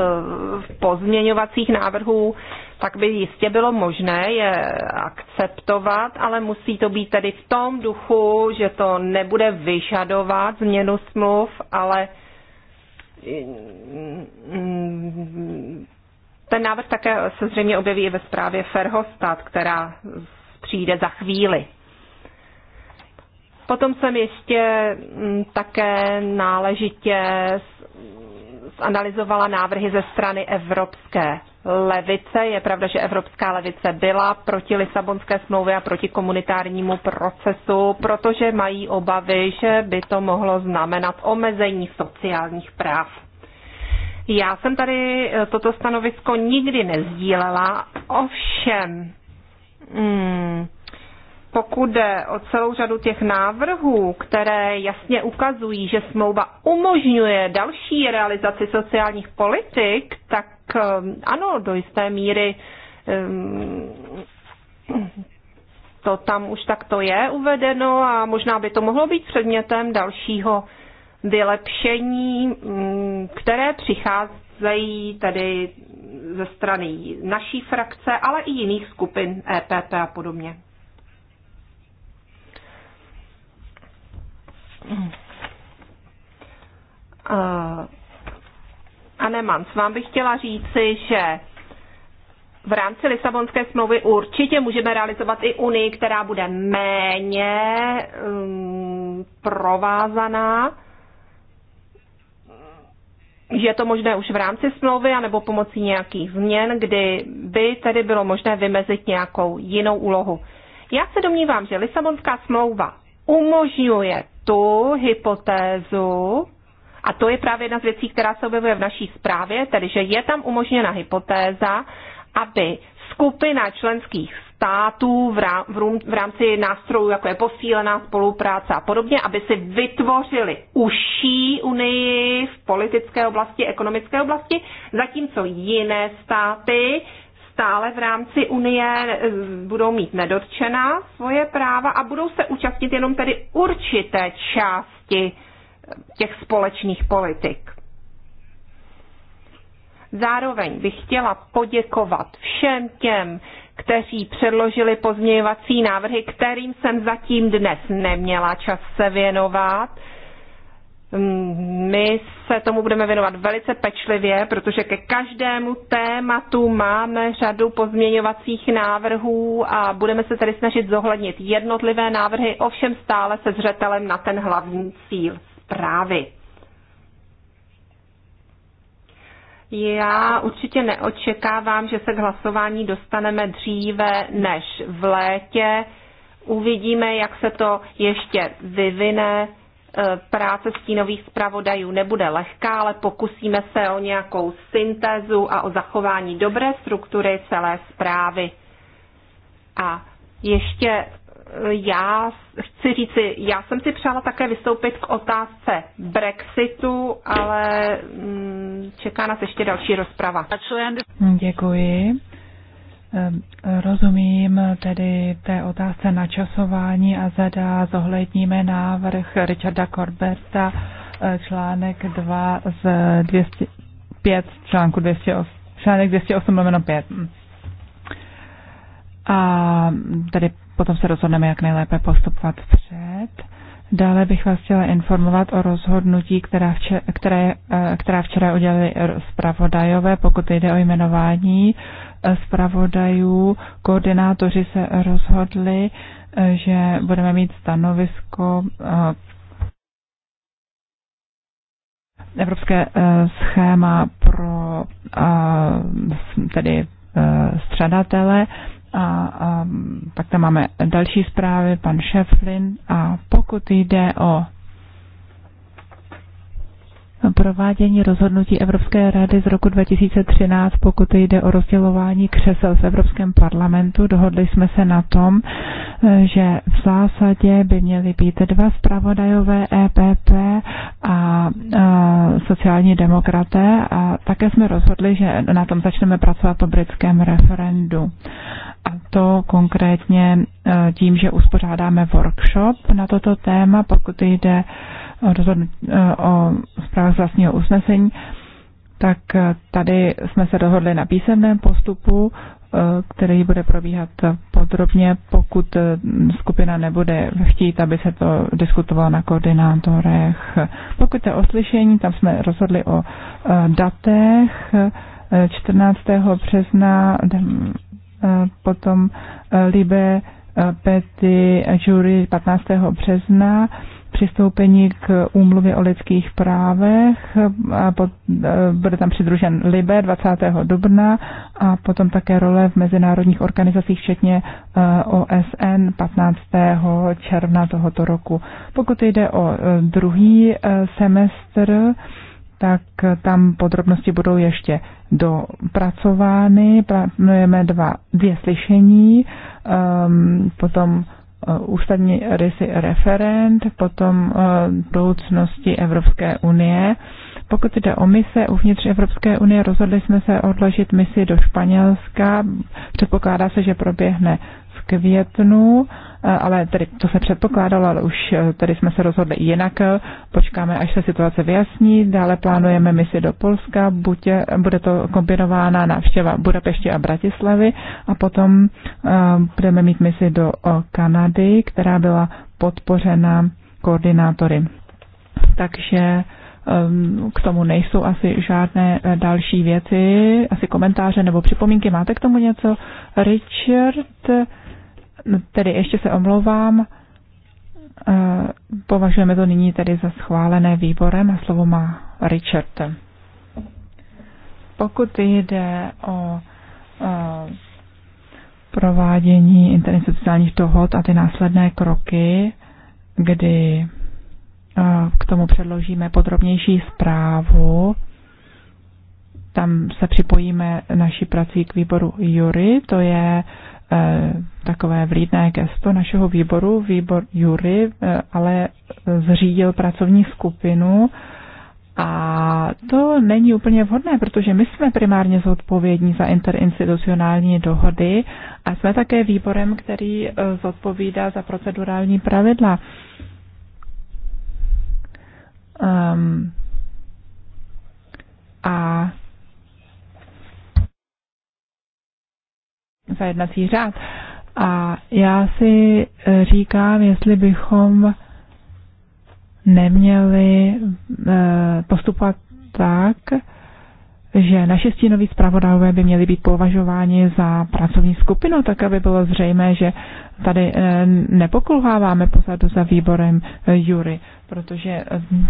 v pozměňovacích návrhů, tak by jistě bylo možné je akceptovat, ale musí to být tedy v tom duchu, že to nebude vyžadovat změnu smluv, ale mm, ten návrh také se zřejmě objeví i ve zprávě Ferhostat, která přijde za chvíli. Potom jsem ještě mm, také náležitě zanalizovala návrhy ze strany Evropské levice. Je pravda, že Evropská levice byla proti Lisabonské smlouvě a proti komunitárnímu procesu, protože mají obavy, že by to mohlo znamenat omezení sociálních práv. Já jsem tady e, toto stanovisko nikdy nezdílela, ovšem. Hmm, pokud jde o celou řadu těch návrhů, které jasně ukazují, že smlouva umožňuje další realizaci sociálních politik, tak um, ano, do jisté míry um, to tam už takto je uvedeno a možná by to mohlo být předmětem dalšího vylepšení, um, které přicházejí tady ze strany naší frakce, ale i jiných skupin EPP a podobně. Anemans, vám bych chtěla říci, že v rámci Lisabonské smlouvy určitě můžeme realizovat i Unii, která bude méně um, provázaná. Je to možné už v rámci smlouvy anebo pomocí nějakých změn, kdy by tedy bylo možné vymezit nějakou jinou úlohu. Já se domnívám, že Lisabonská smlouva umožňuje tu hypotézu, a to je právě jedna z věcí, která se objevuje v naší zprávě, tedy že je tam umožněna hypotéza, aby skupina členských států v rámci nástrojů, jako je posílená spolupráce a podobně, aby si vytvořili užší unii v politické oblasti, ekonomické oblasti, zatímco jiné státy stále v rámci Unie eh, budou mít nedotčená svoje práva a budou se účastnit jenom tedy určité části eh, těch společných politik. Zároveň bych chtěla poděkovat všem těm, kteří předložili pozměňovací návrhy, kterým jsem zatím dnes neměla čas se věnovat Mm, my se tomu budeme věnovat velice pečlivě, protože ke každému tématu máme řadu pozměňovacích návrhů a budeme se tedy snažit zohlednit jednotlivé návrhy, ovšem stále se zřetelem na ten hlavní cíl zprávy. Já určitě neočekávám, že se k hlasování dostaneme dříve než v létě. Uvidíme, jak se to ještě vyvine Eh, práce stínových zpravodajů nebude lehká, ale pokusíme se o nějakou syntézu a o zachování dobré struktury celé zprávy. A ještě eh, já chci říci, já jsem si přála také vystoupit k otázce Brexitu, ale mm, čeká nás ještě další rozprava. Děkuji. Ehm, rozumím tedy té otázce na časování a zada zohledníme návrh Richarda Corberta eh, článek 2 z 205 článku 208, článek 208 lomeno 5. Hm. A tedy potom se rozhodneme, jak nejlépe postupovat vpřed. Dále bych vás chtěla informovat o rozhodnutí, která včera, které, eh, která včera udělali zpravodajové, pokud jde o jmenování eh, zpravodajů. Koordinátoři se rozhodli, eh, že budeme mít stanovisko Evropské schéma pro tedy střadatele a, a pak tam máme další zprávy, pan Šeflin. A pokud jde o provádění rozhodnutí Evropské rady z roku 2013, pokud jde o rozdělování křesel v Evropském parlamentu. Dohodli jsme se na tom, že v zásadě by měly být dva zpravodajové EPP a, sociální demokraté a také jsme rozhodli, že na tom začneme pracovat po britském referendu. A to konkrétně eh, tím, že uspořádáme workshop na toto téma, pokud jde o, eh, o z vlastního usnesení, tak eh, tady jsme se dohodli na písemném postupu, který bude probíhat podrobně, pokud skupina nebude chtít, aby se to diskutovalo na koordinátorech. Pokud je o slyšení, tam jsme rozhodli o datech 14. března Eh, potom eh, Libe eh, Pety Jury 15. března přistoupení k úmluvě o lidských právech. A pod, bude tam přidružen Libe 20. dubna a potom také role v mezinárodních organizacích, včetně OSN 15. června tohoto roku. Pokud jde o druhý semestr, tak tam podrobnosti budou ještě dopracovány. Plánujeme dva, dvě slyšení, um, potom eh, ústavní rysy referent, potom eh, budoucnosti Evropské unie. Pokud jde o mise uvnitř Evropské unie, rozhodli jsme se odložit misi do Španělska. Předpokládá se, že proběhne v květnu. Eh, ale tedy to se předpokládalo, ale už eh, tady jsme se rozhodli jinak. Eh, počkáme, až se situace vyjasní. Dále plánujeme misi do Polska, buď, bude to kombinována návštěva Budapešti a Bratislavy a potom budeme mít misi do Kanady, která byla podpořena koordinátory. Takže ehm, k tomu nejsou asi žádné další věci, asi komentáře nebo připomínky. Máte k tomu něco? Richard No, tedy ještě se omlouvám. Eh, považujeme to nyní tedy za schválené výborem a slovo má Richard. Pokud jde o eh, provádění interinstitucionálních dohod a ty následné kroky, kdy eh, k tomu předložíme podrobnější zprávu. Tam se připojíme naší prací k výboru Jury, to je Eh, takové vlídné gesto našeho výboru, výbor Jury, eh, ale zřídil pracovní skupinu a to není úplně vhodné, protože my jsme primárně zodpovědní za interinstitucionální dohody a jsme také výborem, který eh, zodpovídá za procedurální pravidla. Um, a za jednací řád. A já si eh, říkám, jestli bychom neměli eh, postupovat tak, že naši stínoví zpravodajové by měli být považováni za pracovní skupinu, tak aby bylo zřejmé, že tady eh, nepokulháváme pozadu za výborem jury, protože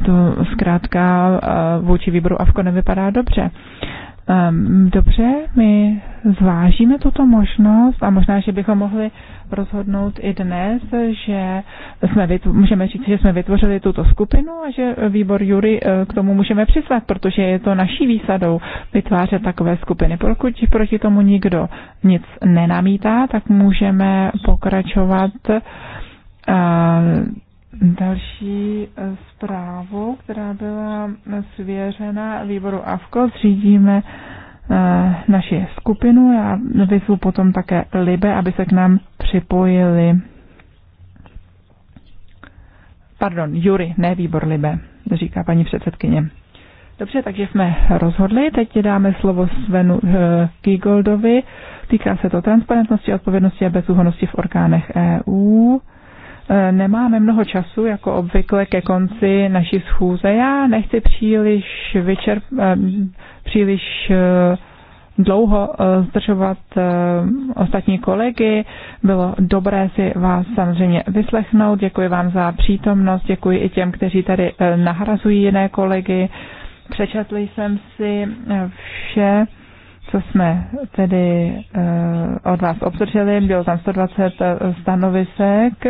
to zkrátka vůči výboru Avko nevypadá dobře. Ehm, dobře, my zvážíme tuto možnost a možná, že bychom mohli rozhodnout i dnes, že jsme můžeme říct, že jsme vytvořili tuto skupinu a že výbor Jury eh, k tomu můžeme přizvat, protože je to naší výsadou vytvářet takové skupiny. Pokud proti tomu nikdo nic nenamítá, tak můžeme pokračovat eh, další eh, zprávu, která byla svěřena výboru AFKO. Zřídíme eh, naši skupinu. Já vyzvu potom také Libe, aby se k nám připojili. Pardon, Jury, ne výbor Libe, říká paní předsedkyně. Dobře, takže jsme rozhodli. Teď dáme slovo Svenu Kigoldovi. Eh, Týká se to transparentnosti, odpovědnosti a bezúhonosti v orgánech EU. E, nemáme mnoho času, jako obvykle ke konci naší schůze. Já nechci příliš vyčerp, e, příliš e, dlouho zdržovat ostatní kolegy. Bylo dobré si vás samozřejmě vyslechnout. Děkuji vám za přítomnost, děkuji i těm, kteří tady nahrazují jiné kolegy. Přečetli jsem si vše, co jsme tedy od vás obdrželi. Bylo tam 120 stanovisek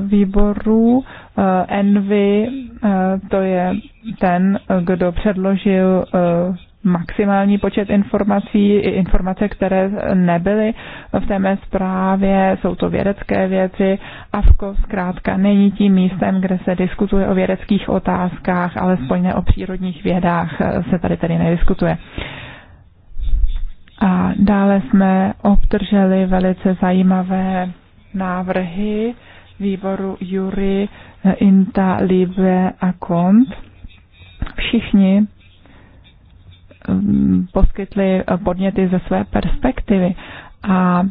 výborů. Eh, Envy eh, to je ten, kdo předložil eh, maximální počet informací i informace, které nebyly v té mé zprávě, jsou to vědecké věci. Avko zkrátka není tím místem, kde se diskutuje o vědeckých otázkách, alespoň ne o přírodních vědách se tady tady nediskutuje. A dále jsme obdrželi velice zajímavé návrhy výboru Jury, eh, Inta, Libe a Kont. Všichni mm, poskytli eh, podněty ze své perspektivy a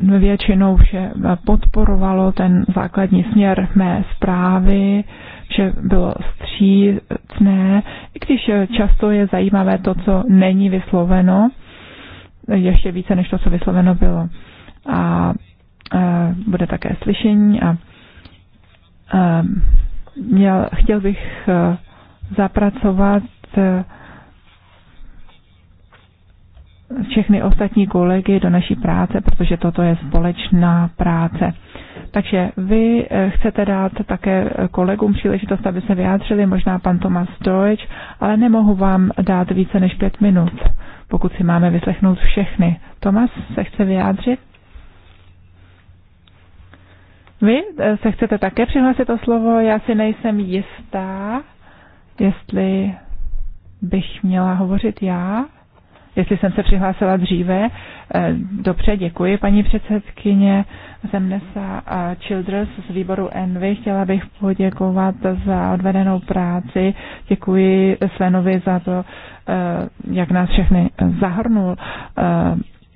mm, většinou vše eh, podporovalo ten základní směr mé zprávy, že bylo střícné, i když často je zajímavé to, co není vysloveno, ještě více než to, co vysloveno bylo a e, bude také slyšení a e, měl, chtěl bych e, zapracovat všechny ostatní kolegy do naší práce, protože toto je společná práce. Takže vy chcete dát také kolegům příležitost, aby se vyjádřili, možná pan Tomas Deutsch, ale nemohu vám dát více než pět minut, pokud si máme vyslechnout všechny. Tomas se chce vyjádřit? Vy eh, se chcete také přihlásit o slovo? Já si nejsem jistá, jestli bych měla hovořit já, jestli jsem se přihlásila dříve. Eh, dobře, děkuji, paní předsedkyně. Jsem Nessa Childress z výboru Envy. Chtěla bych poděkovat za odvedenou práci. Děkuji Svenovi za to, eh, jak nás všechny zahrnul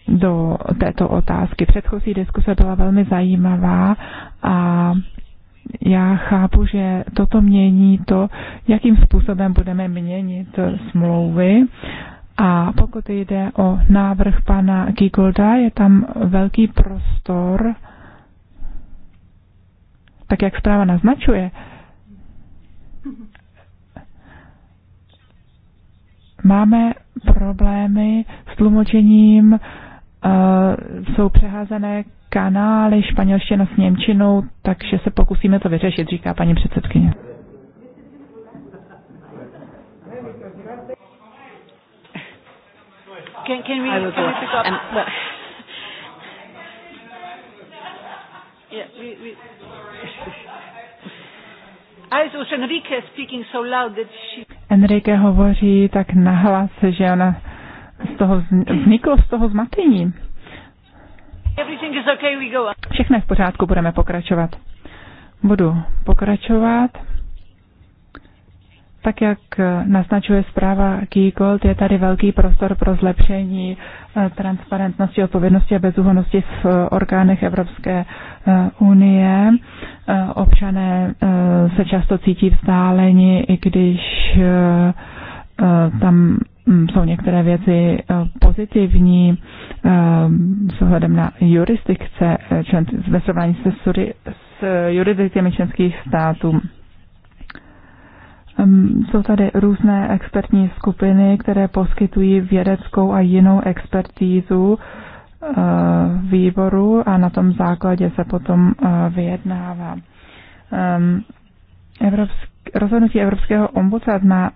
do této otázky. Předchozí diskuse byla velmi zajímavá a já chápu, že toto mění to, jakým způsobem budeme měnit smlouvy. A pokud jde o návrh pana Gigolda, je tam velký prostor, tak jak zpráva naznačuje, máme problémy s tlumočením Eh, jsou přeházené kanály španělština s Němčinou, takže se pokusíme to vyřešit, říká paní předsedkyně. Can, can we, can we Enrique hovoří tak nahlas, že ona z toho vzniklo z toho zmatení. Všechno je v pořádku, budeme pokračovat. Budu pokračovat. Tak jak naznačuje zpráva Keygold, je tady velký prostor pro zlepšení eh, transparentnosti, odpovědnosti a bezúhonosti v eh, orgánech Evropské eh, unie. Občané se často cítí vzdáleni, i když tam Mm, jsou některé věci eh, pozitivní eh, s ohledem na jurisdikce eh, ve srovnání se sury, s jurisdikcemi členských států. Mm, jsou tady různé expertní skupiny, které poskytují vědeckou a jinou expertízu výboru a na tom základě se potom vyjednává. Ehm, Evropský, rozhodnutí Evropského ombudsmana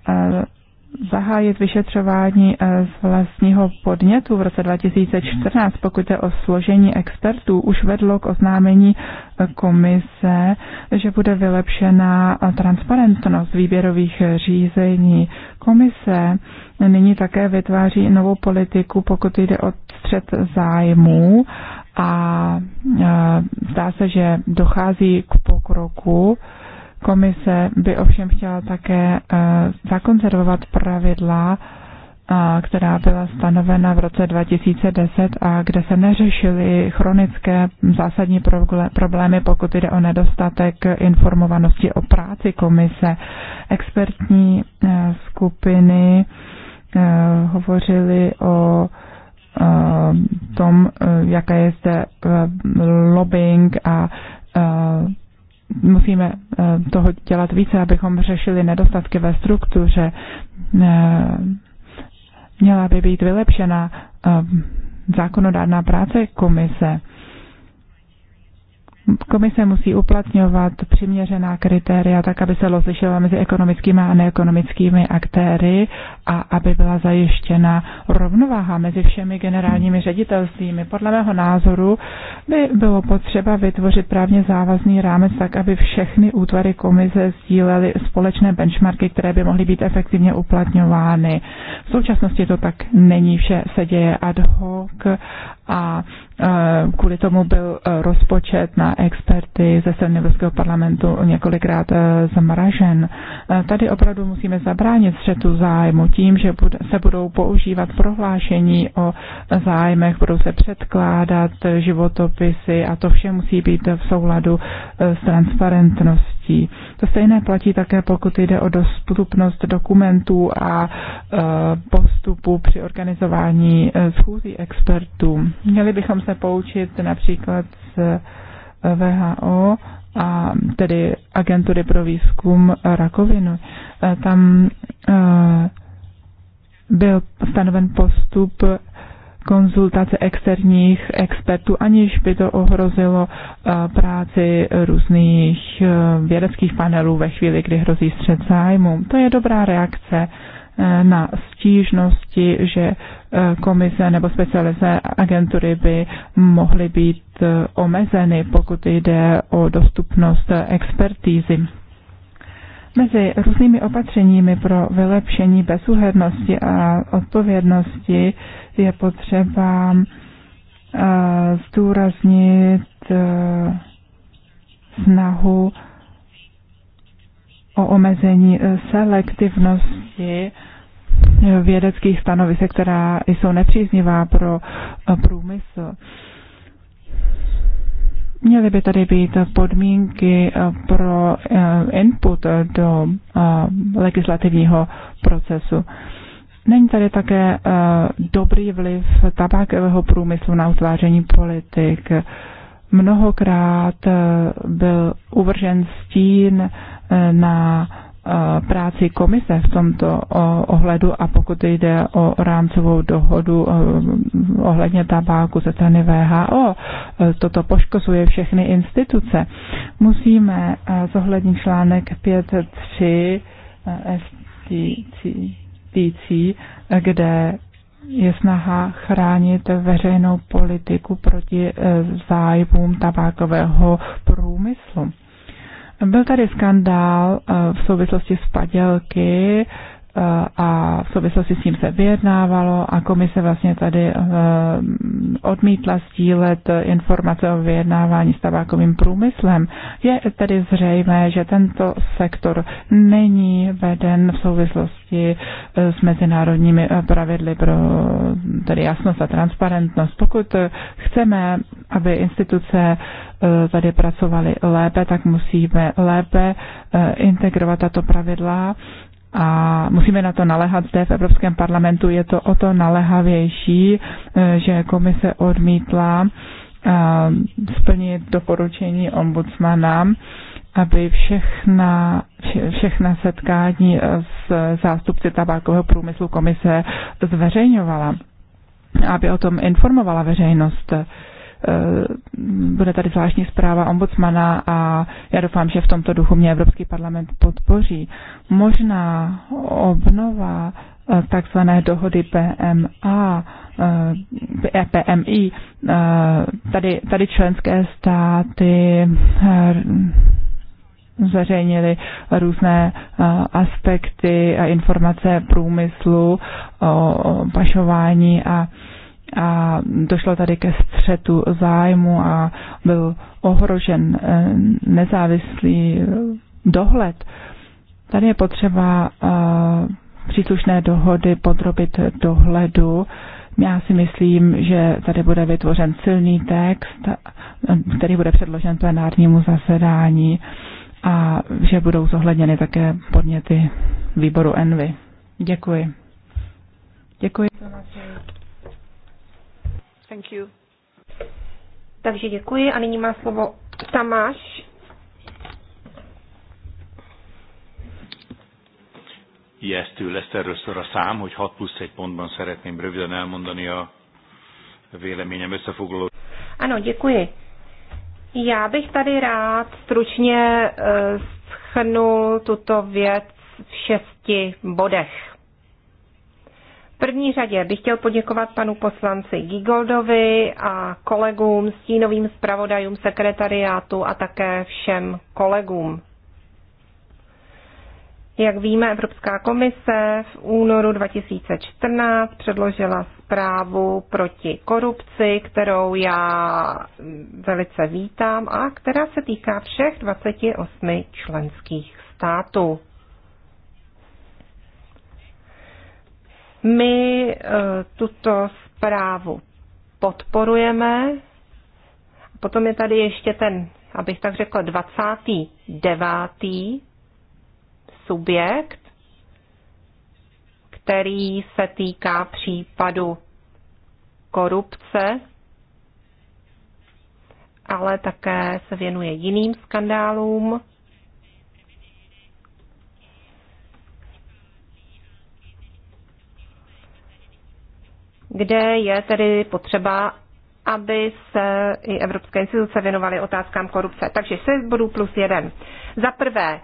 zahájit vyšetřování eh, z vlastního podnětu v roce 2014, mhm. pokud je o složení expertů, už vedlo k oznámení eh, komise, že bude vylepšena eh, transparentnost výběrových řízení. Komise nyní také vytváří novou politiku, pokud jde o střed zájmů a zdá se, že dochází k pokroku Komise by ovšem chtěla také eh, zakonzervovat pravidla, eh, která byla stanovena v roce 2010 a kde se neřešily chronické zásadní problémy, pokud jde o nedostatek informovanosti o práci komise. Expertní eh, skupiny hovořily o tom, jaké je zde lobbying a musíme eh, toho dělat více, abychom řešili nedostatky ve struktuře. Eh, měla by být vylepšena eh, zákonodárná práce komise Komise musí uplatňovat přiměřená kritéria, tak aby se rozlišila mezi ekonomickými a neekonomickými aktéry a aby byla zajištěna rovnováha mezi všemi generálními ředitelstvími. Podle mého názoru by bylo potřeba vytvořit právně závazný rámec tak, aby všechny útvary komise sdílely společné benchmarky, které by mohly být efektivně uplatňovány. V současnosti to tak není, vše se děje ad hoc a e, kvůli tomu byl e, rozpočet na experty ze strany Evropského parlamentu několikrát eh, zmražen. Eh, tady opravdu musíme zabránit střetu zájmu tím, že se budou používat prohlášení o zájmech, budou se předkládat životopisy a to vše musí být v souladu eh, s transparentností. To stejné platí také, pokud jde o dostupnost dokumentů a postupu při organizování schůzí expertů. Měli bychom se poučit například z VHO a tedy agentury pro výzkum rakovinu. Eh, tam eh, byl stanoven postup konzultace externích expertů, aniž by to ohrozilo eh, práci různých vědeckých panelů ve chvíli, kdy hrozí střed zájmu. To je dobrá reakce Eh, na stížnosti, že eh, komise nebo specializé agentury by mohly být eh, omezeny, pokud jde o dostupnost expertízy. Mezi různými opatřeními pro vylepšení bezúhernosti a odpovědnosti je potřeba zdůraznit snahu o omezení eh, selektivnosti eh, vědeckých stanovisek, která jsou nepříznivá pro eh, průmysl. Měly by tady být podmínky pro input do legislativního procesu. Není tady také dobrý vliv tabákového průmyslu na utváření politik. Mnohokrát byl uvržen stín na eh, práci komise v tomto ohledu a pokud jde o rámcovou dohodu eh, ohledně tabáku ze strany VHO, eh, toto poškozuje všechny instituce. Musíme zohlednit článek 5.3 FTC, kde je snaha chránit veřejnou politiku proti zájmům tabákového průmyslu. Byl tady skandál eh, v souvislosti s padělky Eh, a v souvislosti s tím se vyjednávalo a komise vlastně tady eh, odmítla stílet informace o vyjednávání s tabákovým průmyslem. Je tedy zřejmé, že tento sektor není veden v souvislosti eh, s mezinárodními pravidly pro tedy jasnost a transparentnost. Pokud chceme, aby instituce tady pracovali lépe, tak musíme lépe integrovat tato pravidla a musíme na to naléhat zde v Evropském parlamentu. Je to o to naléhavější, eh, že komise odmítla eh, splnit doporučení ombudsmana, aby všechna, všechna setkání eh, s zástupci tabákového průmyslu komise zveřejňovala, aby o tom informovala veřejnost. Eh, bude tady zvláštní zpráva ombudsmana a já doufám, že v tomto duchu mě Evropský parlament podpoří. Možná obnova eh, takzvané dohody PMA, eh, PMI, e tady, tady členské státy zveřejnili různé aspekty a informace průmyslu o pašování a a došlo tady ke střetu zájmu a byl ohrožen eh, nezávislý eh, dohled. Tady je potřeba eh, příslušné dohody podrobit dohledu. Já si myslím, že tady bude vytvořen silný text, který bude předložen plenárnímu zasedání a že budou zohledněny také podněty výboru Envy. Děkuji. Děkuji. Thank you. Takže děkuji a nyní má slovo Tamáš. ijesztő lesz először a szám, hogy 6 plusz 1 pontban szeretném röviden elmondani a véleményem összefoglaló. Ano, děkuji. Já bych tady rád stručně uh, eh, schnul tuto věc v šesti bodech. V první řadě bych chtěl poděkovat panu poslanci Gigoldovi a kolegům, stínovým zpravodajům sekretariátu a také všem kolegům. Jak víme, Evropská komise v únoru 2014 předložila zprávu proti korupci, kterou já velice vítám a která se týká všech 28 členských států. My eh, tuto zprávu podporujeme. Potom je tady ještě ten, abych tak řekla, 29. subjekt, který se týká případu korupce, ale také se věnuje jiným skandálům. kde je tedy potřeba, aby se i evropské instituce věnovaly otázkám korupce. Takže 6 bodů plus 1. Za prvé,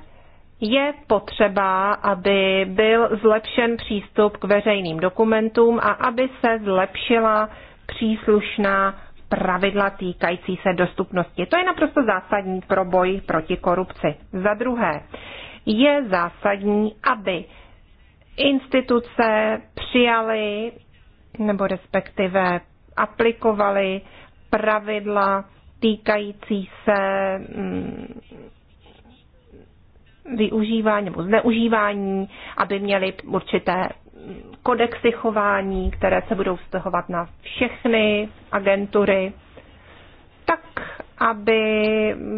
je potřeba, aby byl zlepšen přístup k veřejným dokumentům a aby se zlepšila příslušná pravidla týkající se dostupnosti. To je naprosto zásadní pro boj proti korupci. Za druhé, je zásadní, aby instituce přijaly nebo respektive aplikovali pravidla týkající se mm, využívání nebo zneužívání, aby měli určité kodexy chování, které se budou vztahovat na všechny agentury, tak aby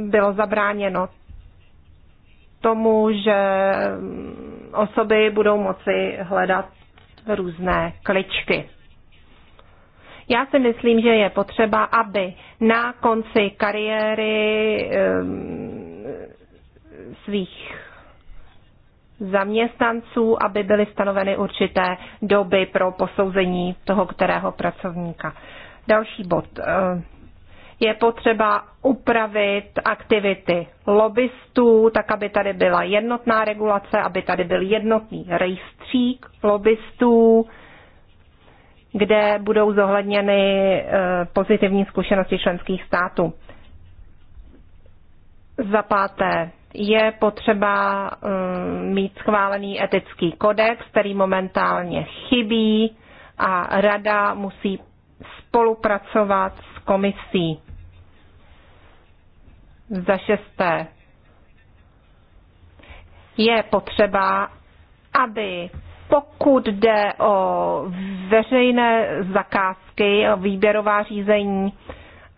bylo zabráněno tomu, že osoby budou moci hledat různé kličky. Já si myslím, že je potřeba, aby na konci kariéry ehm, svých zaměstnanců, aby byly stanoveny určité doby pro posouzení toho kterého pracovníka. Další bod. Ehm, je potřeba upravit aktivity lobbystů, tak aby tady byla jednotná regulace, aby tady byl jednotný rejstřík lobbystů, kde budou zohledněny eh, pozitivní zkušenosti členských států. Za páté, je potřeba eh, mít schválený etický kodex, který momentálně chybí a rada musí spolupracovat s komisí. Za šesté, je potřeba, aby pokud jde o veřejné zakázky, o výběrová řízení,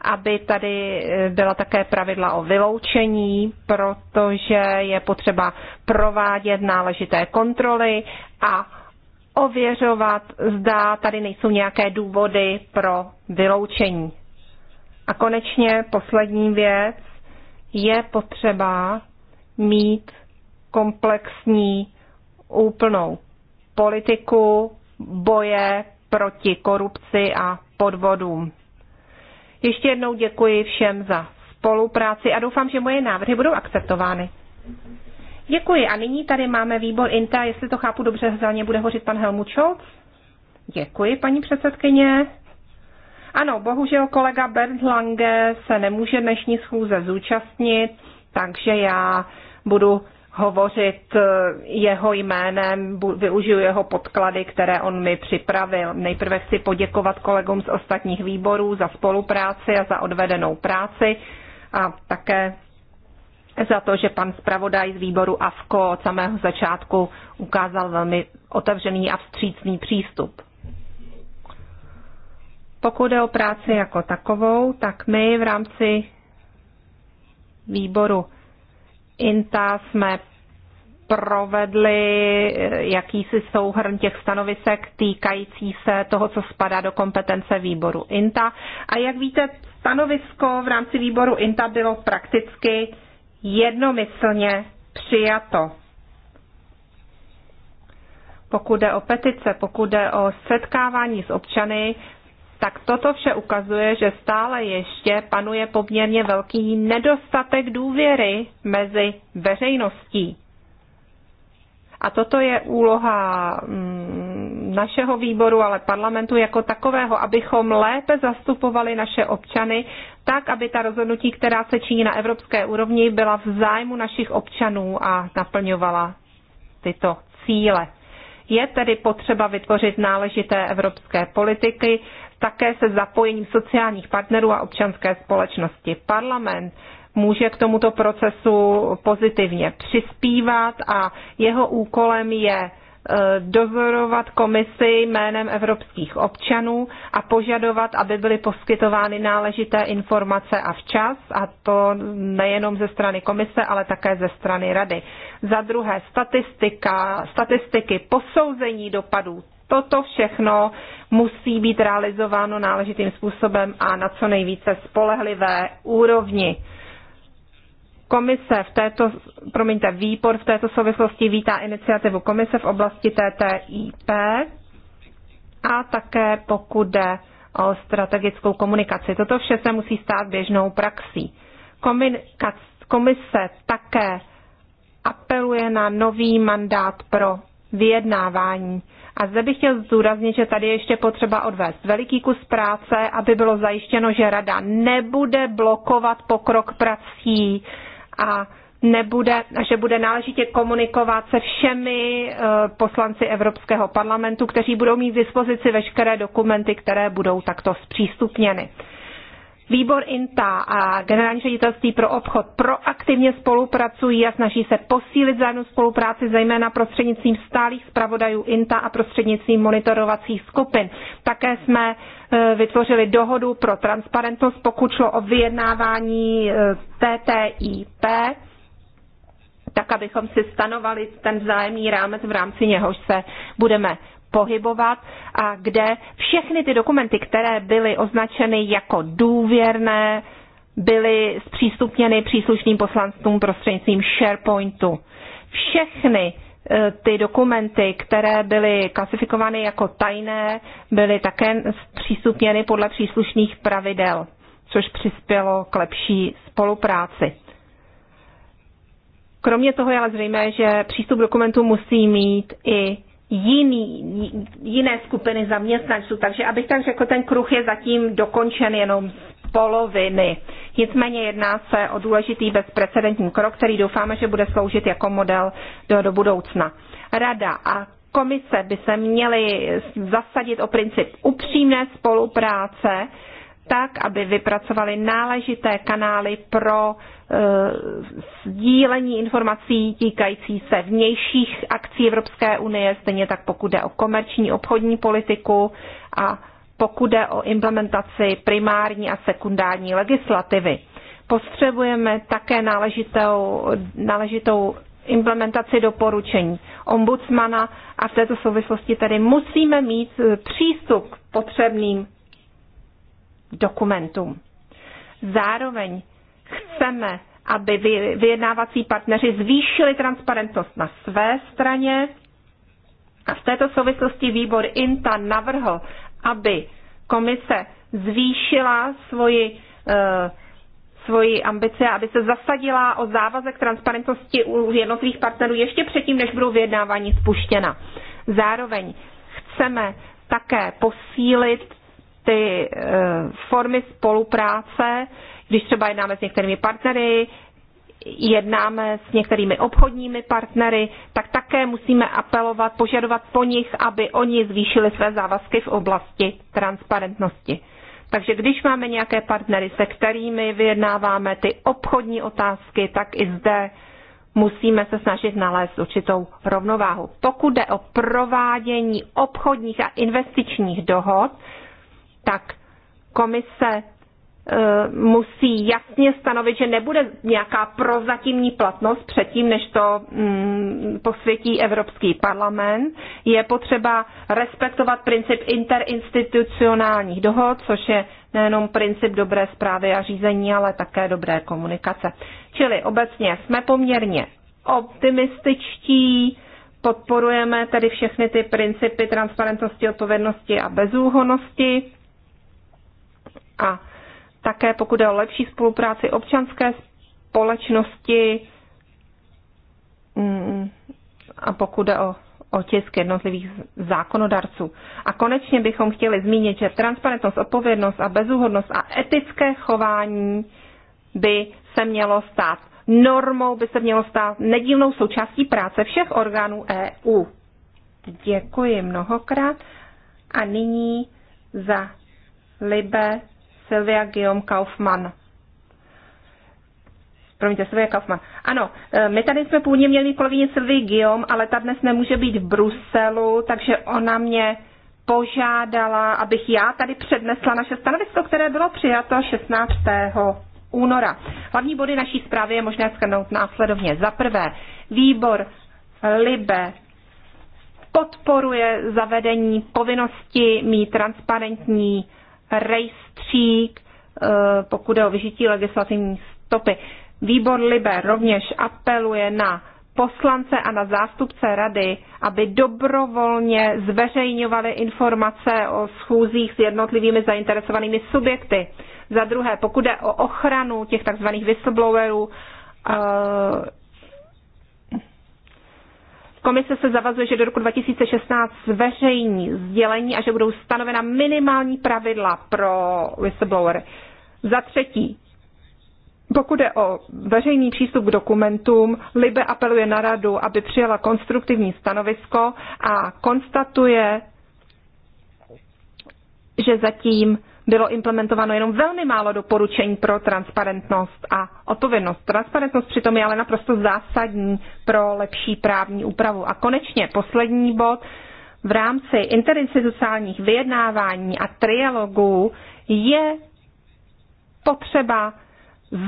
aby tady eh, byla také pravidla o vyloučení, protože je potřeba provádět náležité kontroly a ověřovat, zda tady nejsou nějaké důvody pro vyloučení. A konečně poslední věc, je potřeba mít komplexní úplnou politiku boje proti korupci a podvodům. Ještě jednou děkuji všem za spolupráci a doufám, že moje návrhy budou akceptovány. Děkuji. A nyní tady máme výbor INTA, jestli to chápu dobře, za ně bude hořit pan Helmut Scholz. Děkuji, paní předsedkyně. Ano, bohužel kolega Bernd Lange se nemůže dnešní schůze zúčastnit, takže já budu hovořit eh, jeho jménem, využiju jeho podklady, které on mi připravil. Nejprve chci poděkovat kolegům z ostatních výborů za spolupráci a za odvedenou práci a také za to, že pan zpravodaj z výboru AFKO od samého začátku ukázal velmi otevřený a vstřícný přístup. Pokud jde o práci jako takovou, tak my v rámci výboru INTA jsme provedli eh, jakýsi souhrn těch stanovisek týkající se toho, co spadá do kompetence výboru INTA. A jak víte, stanovisko v rámci výboru INTA bylo prakticky jednomyslně přijato. Pokud jde o petice, pokud jde o setkávání s občany, tak toto vše ukazuje, že stále ještě panuje poměrně velký nedostatek důvěry mezi veřejností. A toto je úloha mm, našeho výboru, ale parlamentu jako takového, abychom lépe zastupovali naše občany tak, aby ta rozhodnutí, která se činí na evropské úrovni, byla v zájmu našich občanů a naplňovala tyto cíle. Je tedy potřeba vytvořit náležité evropské politiky, také se zapojením sociálních partnerů a občanské společnosti. Parlament může k tomuto procesu pozitivně přispívat a jeho úkolem je e, dozorovat komisi jménem evropských občanů a požadovat, aby byly poskytovány náležité informace a včas, a to nejenom ze strany komise, ale také ze strany rady. Za druhé, statistika, statistiky posouzení dopadů, Toto všechno musí být realizováno náležitým způsobem a na co nejvíce spolehlivé úrovni. Komise v této, promiňte, výbor v této souvislosti vítá iniciativu komise v oblasti TTIP a také pokud jde o strategickou komunikaci. Toto vše se musí stát běžnou praxí. Komise také apeluje na nový mandát pro vyjednávání a zde bych chtěl zdůraznit, že tady je ještě potřeba odvést veliký kus práce, aby bylo zajištěno, že rada nebude blokovat pokrok prací a nebude, že bude náležitě komunikovat se všemi eh, poslanci Evropského parlamentu, kteří budou mít v dispozici veškeré dokumenty, které budou takto zpřístupněny. Výbor INTA a generální ředitelství pro obchod proaktivně spolupracují a snaží se posílit zájemnou spolupráci, zejména prostřednictvím stálých zpravodajů INTA a prostřednictvím monitorovacích skupin. Také jsme e, vytvořili dohodu pro transparentnost, pokud šlo o vyjednávání e, TTIP, tak abychom si stanovali ten vzájemný rámec, v rámci něhož se budeme pohybovat a kde všechny ty dokumenty, které byly označeny jako důvěrné, byly zpřístupněny příslušným poslancům prostřednictvím SharePointu. Všechny eh, ty dokumenty, které byly klasifikovány jako tajné, byly také zpřístupněny podle příslušných pravidel, což přispělo k lepší spolupráci. Kromě toho je ale zřejmé, že přístup dokumentů dokumentu musí mít i jiný, jiné skupiny zaměstnanců. Takže abych tak řekl, ten kruh je zatím dokončen jenom z poloviny. Nicméně jedná se o důležitý bezprecedentní krok, který doufáme, že bude sloužit jako model do, do budoucna. Rada a komise by se měly zasadit o princip upřímné spolupráce, tak, aby vypracovali náležité kanály pro eh, sdílení informací týkající se vnějších akcí Evropské unie, stejně tak pokud jde o komerční obchodní politiku a pokud jde o implementaci primární a sekundární legislativy. Potřebujeme také náležitou, náležitou implementaci doporučení ombudsmana a v této souvislosti tedy musíme mít eh, přístup k potřebným dokumentům. Zároveň chceme, aby vyjednávací partneři zvýšili transparentnost na své straně. A v této souvislosti výbor INTA navrhl, aby komise zvýšila svoji, e, svoji ambice, aby se zasadila o závazek transparentnosti u jednotlivých partnerů ještě předtím, než budou vyjednávání spuštěna. Zároveň chceme také posílit ty eh, formy spolupráce, když třeba jednáme s některými partnery, jednáme s některými obchodními partnery, tak také musíme apelovat, požadovat po nich, aby oni zvýšili své závazky v oblasti transparentnosti. Takže když máme nějaké partnery, se kterými vyjednáváme ty obchodní otázky, tak i zde musíme se snažit nalézt určitou rovnováhu. Pokud jde o provádění obchodních a investičních dohod, tak komise eh, musí jasně stanovit, že nebude nějaká prozatímní platnost předtím, než to mm, posvětí Evropský parlament. Je potřeba respektovat princip interinstitucionálních dohod, což je nejenom princip dobré zprávy a řízení, ale také dobré komunikace. Čili obecně jsme poměrně optimističtí, podporujeme tedy všechny ty principy transparentnosti, odpovědnosti a bezúhonosti a také pokud je o lepší spolupráci občanské společnosti mm, a pokud je o otisk jednotlivých zákonodarců. A konečně bychom chtěli zmínit, že transparentnost, odpovědnost a bezúhodnost a etické chování by se mělo stát normou, by se mělo stát nedílnou součástí práce všech orgánů EU. Děkuji mnohokrát a nyní za Libe Silvia Guillaume Kaufmann. Promiňte, Silvia Kaufmann. Ano, eh, my tady jsme původně měli kolegyně Silvii Guillaume, ale ta dnes nemůže být v Bruselu, takže ona mě požádala, abych já tady přednesla naše stanovisko, které bylo přijato 16. února. Hlavní body naší zprávy je možné shrnout následovně. Za prvé, výbor Libe podporuje zavedení povinnosti mít transparentní rejstřík, eh, pokud je o vyžití legislativní stopy. Výbor Libe rovněž apeluje na poslance a na zástupce rady, aby dobrovolně zveřejňovali informace o schůzích s jednotlivými zainteresovanými subjekty. Za druhé, pokud jde o ochranu těch tzv. whistleblowerů, eh, Komise se zavazuje, že do roku 2016 zveřejní sdělení a že budou stanovena minimální pravidla pro whistleblowery. Za třetí, pokud je o veřejný přístup k dokumentům, Libe apeluje na radu, aby přijala konstruktivní stanovisko a konstatuje, že zatím bylo implementováno jenom velmi málo doporučení pro transparentnost a odpovědnost. Transparentnost přitom je ale naprosto zásadní pro lepší právní úpravu. A konečně poslední bod. V rámci interinstitucionálních vyjednávání a trialogů je potřeba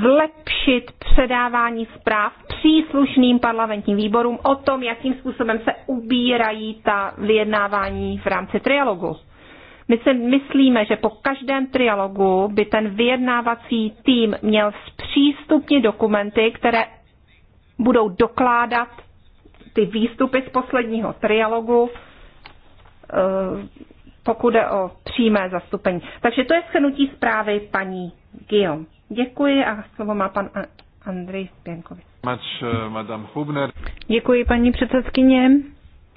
zlepšit předávání zpráv příslušným parlamentním výborům o tom, jakým způsobem se ubírají ta vyjednávání v rámci trialogu. My si myslíme, že po každém trialogu by ten vyjednávací tým měl zpřístupnit dokumenty, které budou dokládat ty výstupy z posledního trialogu, eh, pokud jde o přímé zastupení. Takže to je schrnutí zprávy paní Guillaume. Děkuji a slovo má pan Andrej Pěnkovič. Eh, Děkuji paní předsedkyně.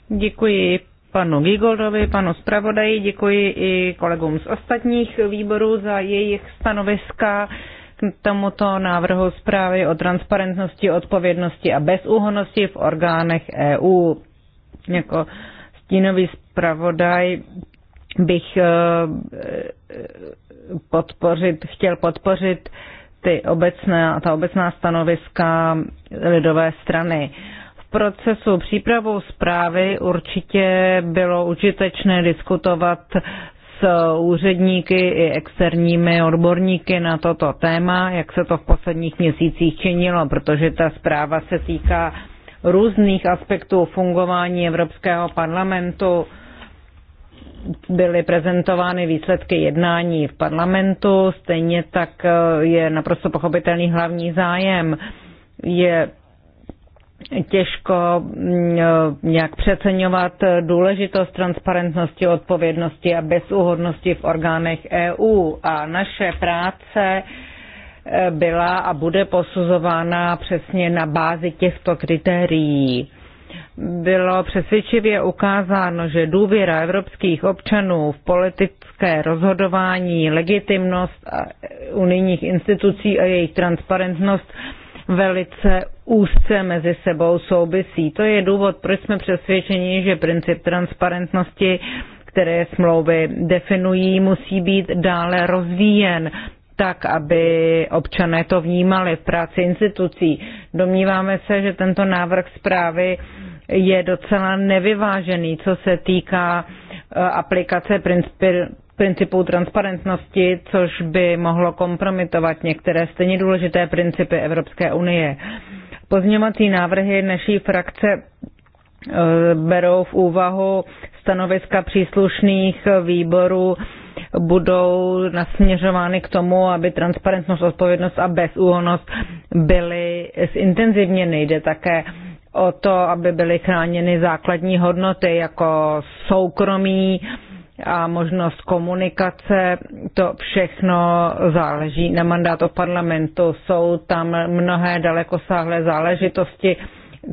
Děkuji panu Gigoldovi, panu zpravodaji, děkuji i kolegům z ostatních výborů za jejich stanoviska k tomuto návrhu zprávy o transparentnosti, odpovědnosti a bezúhonosti v orgánech EU. Jako stínový zpravodaj bych eh, podpořit, chtěl podpořit ty obecné, ta obecná stanoviska lidové strany. Uh, procesu přípravou zprávy určitě bylo užitečné diskutovat s úředníky i externími odborníky na toto téma, jak se to v posledních měsících činilo, protože ta zpráva se týká různých aspektů fungování Evropského parlamentu. Byly prezentovány výsledky jednání v parlamentu, stejně tak je naprosto pochopitelný hlavní zájem. Je těžko mm, e, nějak přeceňovat důležitost transparentnosti, odpovědnosti a bezúhodnosti v orgánech EU. A naše práce e, byla a bude posuzována přesně na bázi těchto kritérií. Bylo přesvědčivě ukázáno, že důvěra evropských občanů v politické rozhodování, legitimnost unijních institucí a jejich transparentnost velice úzce mezi sebou souvisí. To je důvod, proč jsme přesvědčeni, že princip transparentnosti, které smlouvy definují, musí být dále rozvíjen tak, aby občané to vnímali v práci institucí. Domníváme se, že tento návrh zprávy je docela nevyvážený, co se týká eh, aplikace principů transparentnosti, což by mohlo kompromitovat některé stejně důležité principy Evropské unie. Pozměňovací návrhy naší frakce e, berou v úvahu stanoviska příslušných výborů, budou nasměřovány k tomu, aby transparentnost, odpovědnost a bezúhonost byly zintenzivněny. Jde také o to, aby byly chráněny základní hodnoty jako soukromí, a možnost komunikace, to všechno záleží na mandátu parlamentu. Jsou tam mnohé dalekosáhlé záležitosti,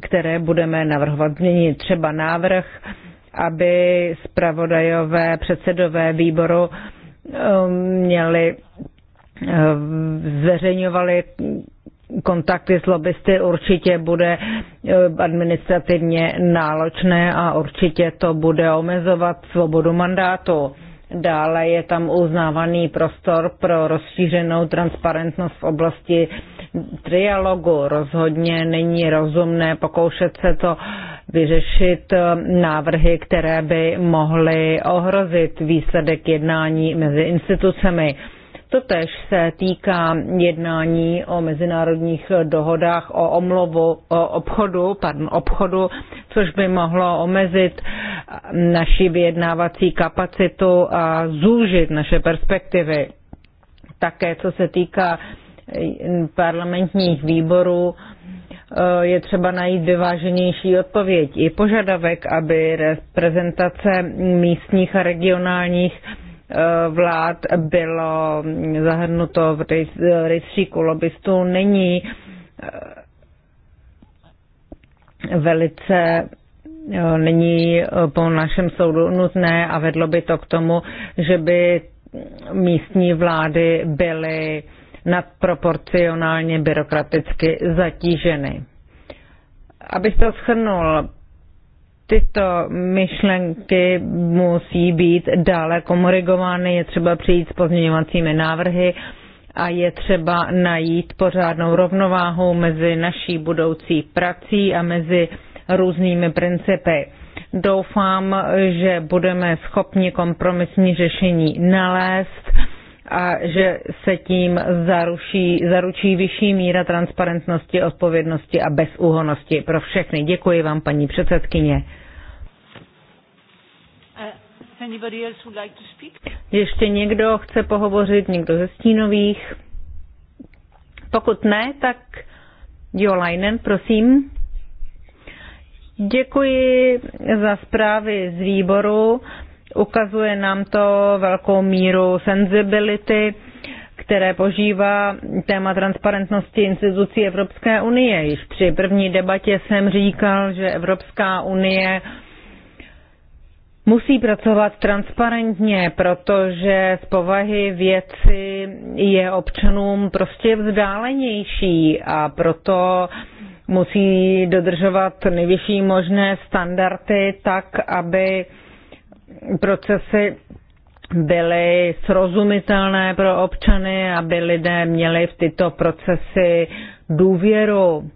které budeme navrhovat změnit. Třeba návrh, aby zpravodajové předsedové výboru um, měli eh, zveřejňovali kontakty s lobbysty určitě bude eh, administrativně náročné a určitě to bude omezovat svobodu mandátu. Dále je tam uznávaný prostor pro rozšířenou transparentnost v oblasti trialogu. Rozhodně není rozumné pokoušet se to vyřešit eh, návrhy, které by mohly ohrozit výsledek jednání mezi institucemi. Totež se týká jednání o mezinárodních dohodách o omlovu, o obchodu, pardon, obchodu, což by mohlo omezit mm, naši vyjednávací kapacitu a zúžit naše perspektivy. Také co se týká mm, parlamentních výborů, eh, je třeba najít vyváženější odpověď. I požadavek, aby reprezentace místních a regionálních Eh, vlád bylo zahrnuto v rejstříku lobbystů, není eh, velice eh, není po našem soudu nutné a vedlo by to k tomu, že by místní vlády byly nadproporcionálně byrokraticky zatíženy. Abych to shrnul, tyto myšlenky musí být dále komorigovány, je třeba přijít s pozměňovacími návrhy a je třeba najít pořádnou rovnováhu mezi naší budoucí prací a mezi různými principy. Doufám, že budeme schopni kompromisní řešení nalézt a že se tím zaruší, zaručí vyšší míra transparentnosti, odpovědnosti a bezúhonosti pro všechny. Děkuji vám, paní předsedkyně. Ještě někdo chce pohovořit, někdo ze stínových? Pokud ne, tak Jo Leinen, prosím. Děkuji za zprávy z výboru. Ukazuje nám to velkou míru sensibility, které požívá téma transparentnosti institucí Evropské unie. Již při první debatě jsem říkal, že Evropská unie musí pracovat transparentně, protože z povahy věci je občanům prostě vzdálenější a proto musí dodržovat nejvyšší možné standardy tak, aby procesy byly srozumitelné pro občany, aby lidé měli v tyto procesy důvěru.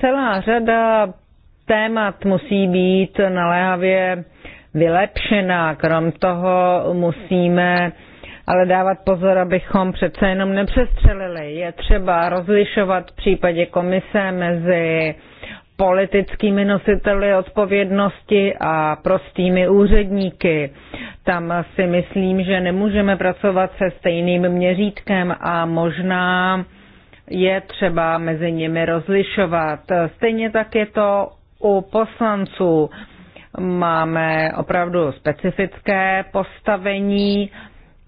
Celá řada témat musí být naléhavě vylepšená. Krom toho musíme ale dávat pozor, abychom přece jenom nepřestřelili. Je třeba rozlišovat v případě komise mezi politickými nositeli odpovědnosti a prostými úředníky. Tam si myslím, že nemůžeme pracovat se stejným měřítkem a možná je třeba mezi nimi rozlišovat. Stejně tak je to u poslanců. Máme opravdu specifické postavení,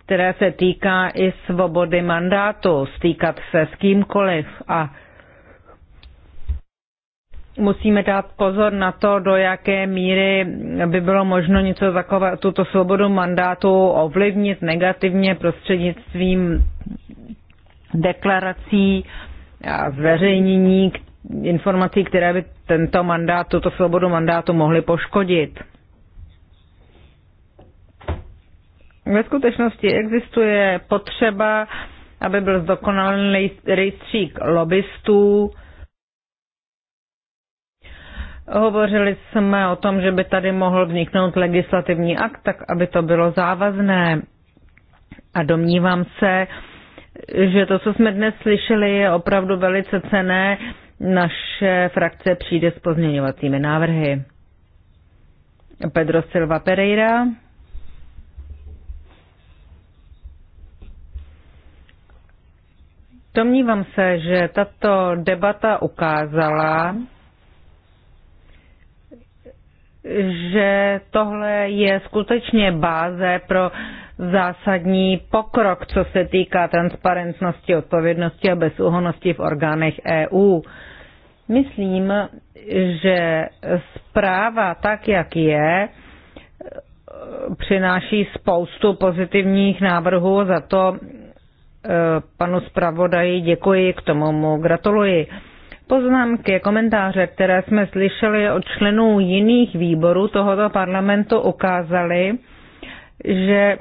které se týká i svobody mandátu, stýkat se s kýmkoliv a musíme dát pozor na to, do jaké míry by bylo možno něco takového, tuto svobodu mandátu ovlivnit negativně prostřednictvím deklarací a zveřejnění informací, které by tento mandát, tuto svobodu mandátu mohly poškodit. Ve skutečnosti existuje potřeba, aby byl zdokonalen rejstřík lobbystů. Hovořili jsme o tom, že by tady mohl vzniknout legislativní akt, tak aby to bylo závazné. A domnívám se, že to, co jsme dnes slyšeli, je opravdu velice cené. Naše frakce přijde s pozměňovacími návrhy. Pedro Silva Pereira. Domnívám se, že tato debata ukázala, že tohle je skutečně báze pro zásadní pokrok, co se týká transparentnosti, odpovědnosti a bezúhonosti v orgánech EU. Myslím, že zpráva tak, jak je, přináší spoustu pozitivních návrhů, za to e, panu zpravodaji děkuji, k tomu mu gratuluji. Poznámky komentáře, které jsme slyšeli od členů jiných výborů tohoto parlamentu, ukázaly, že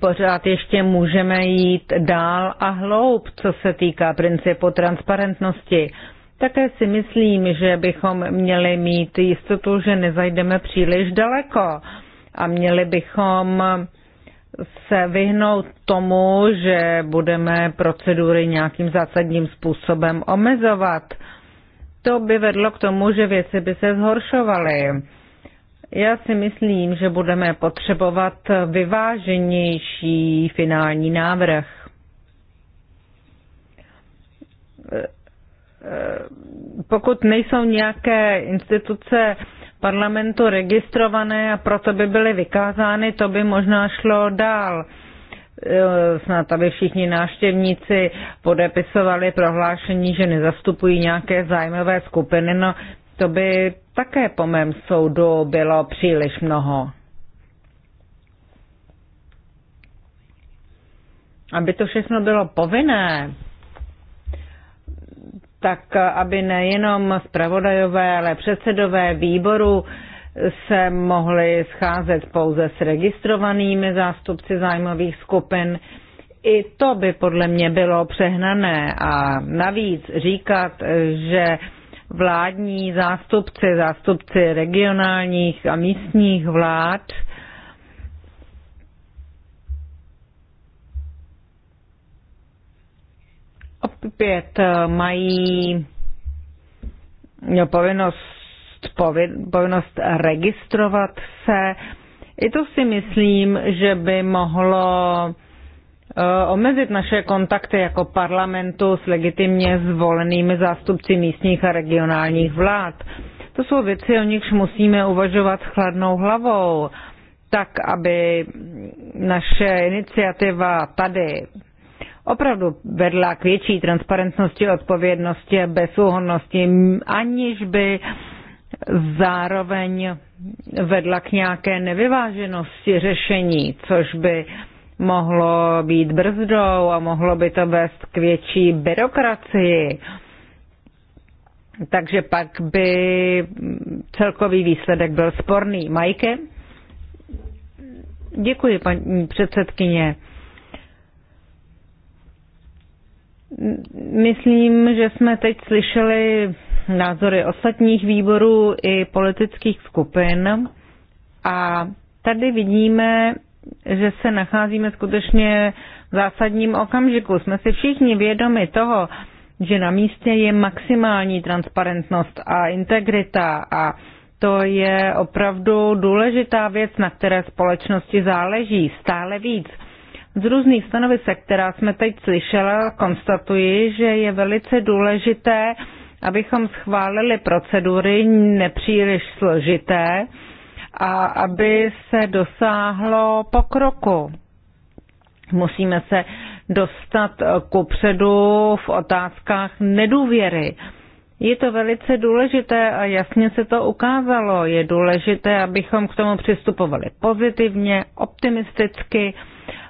pořád ještě můžeme jít dál a hloub, co se týká principu transparentnosti. Také si myslím, že bychom měli mít jistotu, že nezajdeme příliš daleko a měli bychom se vyhnout tomu, že budeme procedury nějakým zásadním způsobem omezovat. To by vedlo k tomu, že věci by se zhoršovaly. Já si myslím, že budeme potřebovat vyváženější finální návrh. Pokud nejsou nějaké instituce parlamentu registrované a proto by byly vykázány, to by možná šlo dál. Snad, aby všichni návštěvníci podepisovali prohlášení, že nezastupují nějaké zájmové skupiny. No, to by také po mém soudu bylo příliš mnoho. Aby to všechno bylo povinné, tak aby nejenom zpravodajové, ale předsedové výboru se mohli scházet pouze s registrovanými zástupci zájmových skupin. I to by podle mě bylo přehnané a navíc říkat, že vládní zástupci, zástupci regionálních a místních vlád, opět eh, mají povinnost, povinnost registrovat se. I to si myslím, že by mohlo Eh, omezit naše kontakty jako parlamentu s legitimně zvolenými zástupci místních a regionálních vlád. To jsou věci, o nichž musíme uvažovat s chladnou hlavou, tak aby naše iniciativa tady opravdu vedla k větší transparentnosti, odpovědnosti a bezúhonnosti, aniž by zároveň vedla k nějaké nevyváženosti řešení, což by uh, mohlo být brzdou a mohlo by to vést k větší byrokracii. Takže pak by celkový výsledek byl sporný. Majke? Děkuji, paní předsedkyně. Myslím, že jsme teď slyšeli názory ostatních výborů i politických skupin a tady vidíme že se nacházíme skutečně v zásadním okamžiku. Jsme si všichni vědomi toho, že na místě je maximální transparentnost a integrita a to je opravdu důležitá věc, na které společnosti záleží stále víc. Z různých stanovisek, která jsme teď slyšela, konstatuji, že je velice důležité, abychom schválili procedury nepříliš složité, a aby se dosáhlo pokroku. Musíme se dostat ku předu v otázkách nedůvěry. Je to velice důležité a jasně se to ukázalo. Je důležité, abychom k tomu přistupovali pozitivně, optimisticky,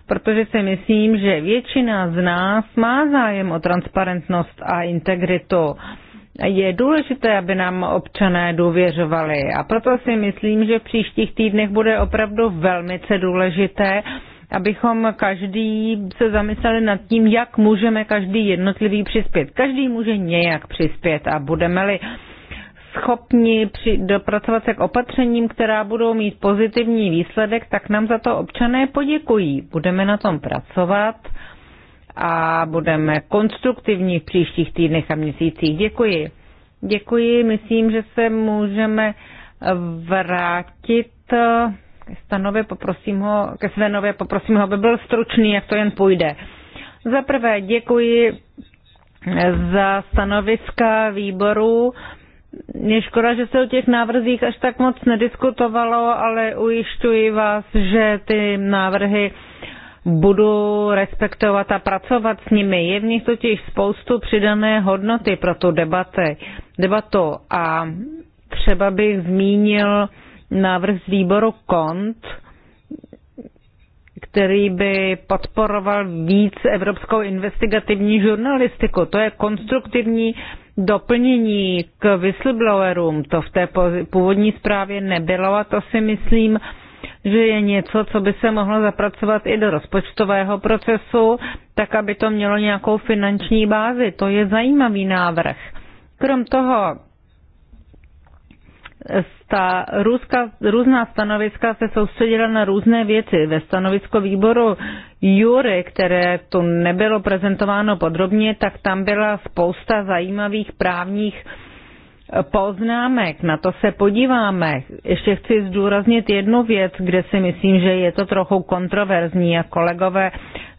protože si myslím, že většina z nás má zájem o transparentnost a integritu je důležité, aby nám občané důvěřovali. A proto si myslím, že v příštích týdnech bude opravdu velmi důležité, abychom každý se zamysleli nad tím, jak můžeme každý jednotlivý přispět. Každý může nějak přispět a budeme-li schopni při, dopracovat se k opatřením, která budou mít pozitivní výsledek, tak nám za to občané poděkují. Budeme na tom pracovat a budeme konstruktivní v příštích týdnech a měsících. Děkuji. Děkuji, myslím, že se můžeme vrátit eh, ke Stanově, poprosím ho, ke Svenově, poprosím ho, aby byl stručný, jak to jen půjde. Za prvé děkuji eh, za stanoviska výboru. Je škoda, že se o těch návrzích až tak moc nediskutovalo, ale ujišťuji vás, že ty návrhy budu respektovat a pracovat s nimi. Je v nich totiž spoustu přidané hodnoty pro tu debate, debatu a třeba bych zmínil návrh z výboru KONT, který by podporoval víc evropskou investigativní žurnalistiku. To je konstruktivní doplnění k whistleblowerům. To v té původní zprávě nebylo a to si myslím, že je něco, co by se mohlo zapracovat i do rozpočtového procesu, tak aby to mělo nějakou finanční bázi. To je zajímavý návrh. Krom toho, ta růzka, různá stanoviska se soustředila na různé věci. Ve stanovisko výboru Jury, které tu nebylo prezentováno podrobně, tak tam byla spousta zajímavých právních uh, poznámek, na to se podíváme. Ještě chci zdůraznit jednu věc, kde si myslím, že je to trochu kontroverzní a kolegové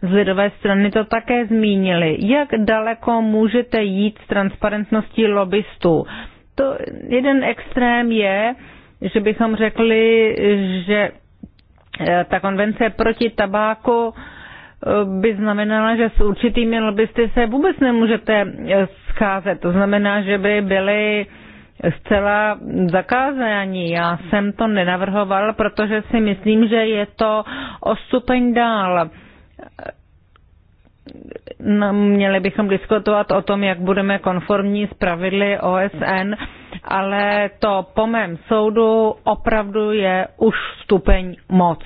z lidové strany to také zmínili. Jak daleko můžete jít s transparentností lobbystů? To jeden extrém je, že bychom řekli, že eh, ta konvence proti tabáku eh, by znamenala, že s určitými lobbysty se vůbec nemůžete eh, scházet. To znamená, že by byly zcela zakázání. Já jsem to nenavrhoval, protože si myslím, že je to o stupeň dál. No, měli bychom diskutovat o tom, jak budeme konformní s pravidly OSN, ale to po mém soudu opravdu je už stupeň moc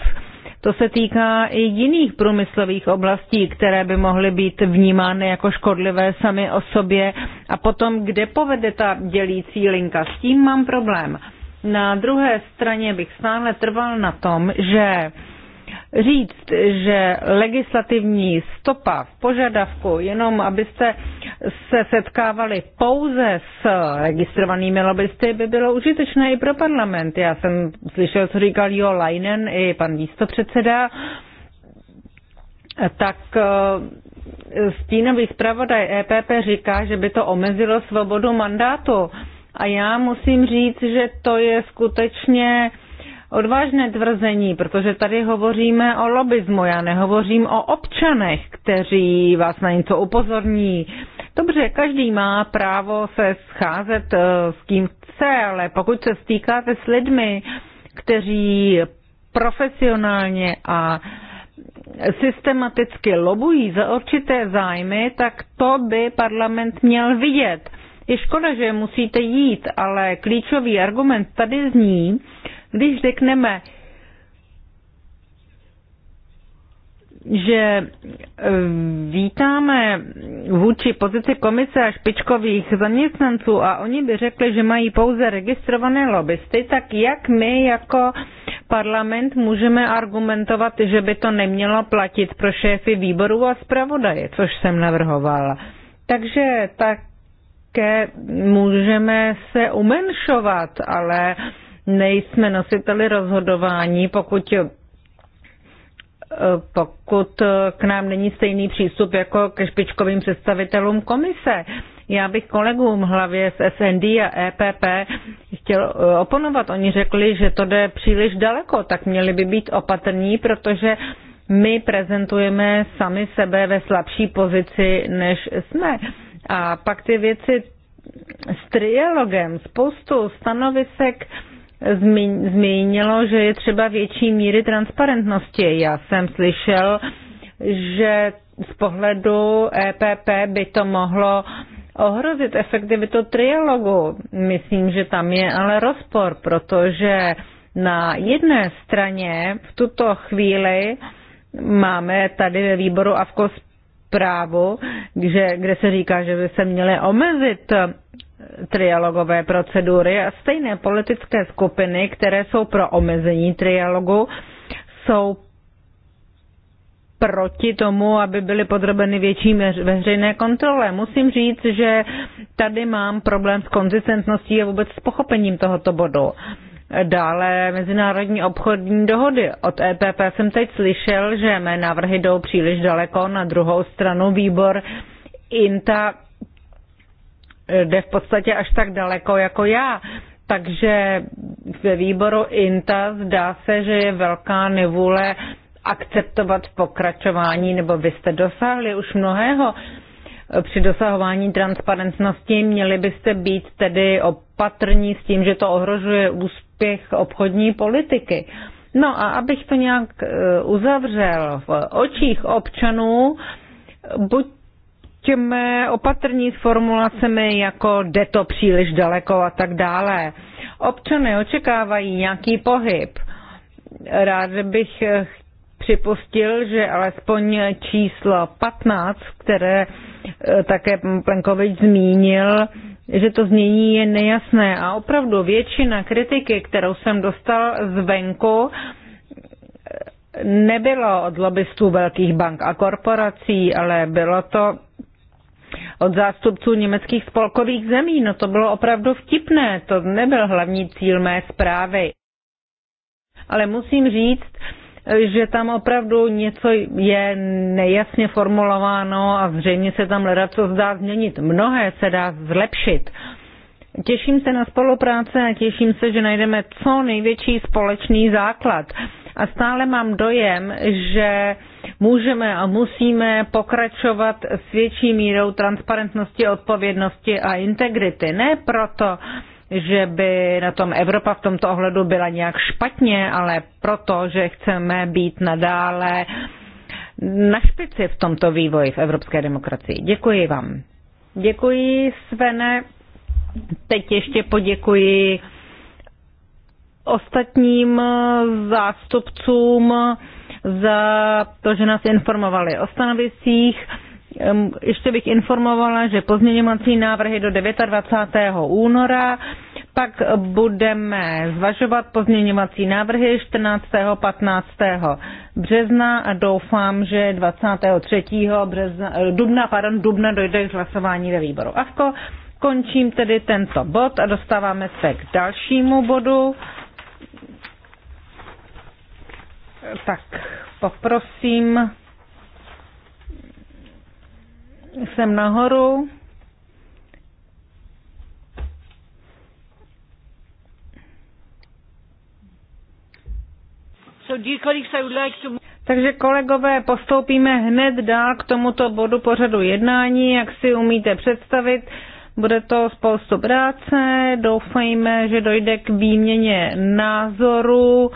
to se týká i jiných průmyslových oblastí, které by mohly být vnímány jako škodlivé sami o sobě. A potom, kde povede ta dělící linka? S tím mám problém. Na druhé straně bych stále trval na tom, že říct, že legislativní stopa v požadavku, jenom abyste se setkávali pouze s registrovanými lobbysty, by bylo užitečné i pro parlament. Já jsem slyšel, co říkal Jo Leinen i pan místopředseda, tak eh, stínový zpravodaj EPP říká, že by to omezilo svobodu mandátu. A já musím říct, že to je skutečně uh, odvážné tvrzení, protože tady hovoříme o lobismu, já nehovořím o občanech, kteří vás na něco upozorní. Dobře, každý má právo se scházet eh, s kým chce, ale pokud se stýkáte s lidmi, kteří profesionálně a systematicky lobují za určité zájmy, tak to by parlament měl vidět. Je škoda, že musíte jít, ale klíčový argument tady zní, když řekneme, že eh, vítáme vůči pozici komise a špičkových zaměstnanců a oni by řekli, že mají pouze registrované lobbysty, tak jak my jako parlament můžeme argumentovat, že by to nemělo platit pro šéfy výborů a zpravodaje, což jsem navrhovala. Takže také můžeme se umenšovat, ale uh, nejsme nositeli rozhodování, pokud eh, pokud eh, k nám není stejný přístup jako ke špičkovým představitelům komise. Já bych kolegům hlavě z SND a EPP chtěl eh, oponovat. Oni řekli, že to jde příliš daleko, tak měli by být opatrní, protože my prezentujeme sami sebe ve slabší pozici, než jsme. A pak ty věci s trialogem, spoustu stanovisek, zmínilo, že je třeba větší míry transparentnosti. Já jsem slyšel, že z pohledu EPP by to mohlo ohrozit efektivitu trialogu. Myslím, že tam je ale rozpor, protože na jedné straně v tuto chvíli máme tady ve výboru AVKO zprávu, kde, kde se říká, že by se měly omezit trialogové procedury a stejné politické skupiny, které jsou pro omezení trialogu, jsou proti tomu, aby byly podrobeny větší veřejné kontrole. Musím říct, že tady mám problém s konzistentností a vůbec s pochopením tohoto bodu. Dále mezinárodní obchodní dohody. Od EPP jsem teď slyšel, že mé návrhy jdou příliš daleko. Na druhou stranu výbor INTA jde v podstatě až tak daleko jako já. Takže ve výboru INTA zdá se, že je velká nevůle akceptovat pokračování, nebo vy jste dosáhli už mnohého při dosahování transparentnosti. Měli byste být tedy opatrní s tím, že to ohrožuje úspěch obchodní politiky. No a abych to nějak e, uzavřel v očích občanů, buď Těmi opatrní s formulacemi jako jde to příliš daleko a tak dále. Občany očekávají nějaký pohyb. Rád bych připustil, že alespoň číslo 15, které eh, také Plenkovič zmínil, že to znění je nejasné a opravdu většina kritiky, kterou jsem dostal zvenku, eh, nebylo od lobbystů velkých bank a korporací, ale bylo to od zástupců německých spolkových zemí. No to bylo opravdu vtipné, to nebyl hlavní cíl mé zprávy. Ale musím říct, že tam opravdu něco je nejasně formulováno a zřejmě se tam hledá, co zdá změnit. Mnohé se dá zlepšit. Těším se na spolupráce a těším se, že najdeme co největší společný základ a stále mám dojem, že můžeme a musíme pokračovat s větší mírou transparentnosti, odpovědnosti a integrity. Ne proto, že by na tom Evropa v tomto ohledu byla nějak špatně, ale proto, že chceme být nadále na špici v tomto vývoji v evropské demokracii. Děkuji vám. Děkuji, Svene. Teď ještě poděkuji ostatním eh, zástupcům za to, že nás informovali o stanoviscích. Ještě bych informovala, že pozměňovací návrhy do 29. února, pak budeme zvažovat pozměňovací návrhy 14. 15. března a doufám, že 23. Března, dubna, pardon, dubna dojde k hlasování ve výboru AFKO. Končím tedy tento bod a dostáváme se k dalšímu bodu. tak poprosím sem nahoru. Takže kolegové, postoupíme hned dál k tomuto bodu pořadu jednání, jak si umíte představit. Bude to spoustu práce, doufejme, že dojde k výměně názorů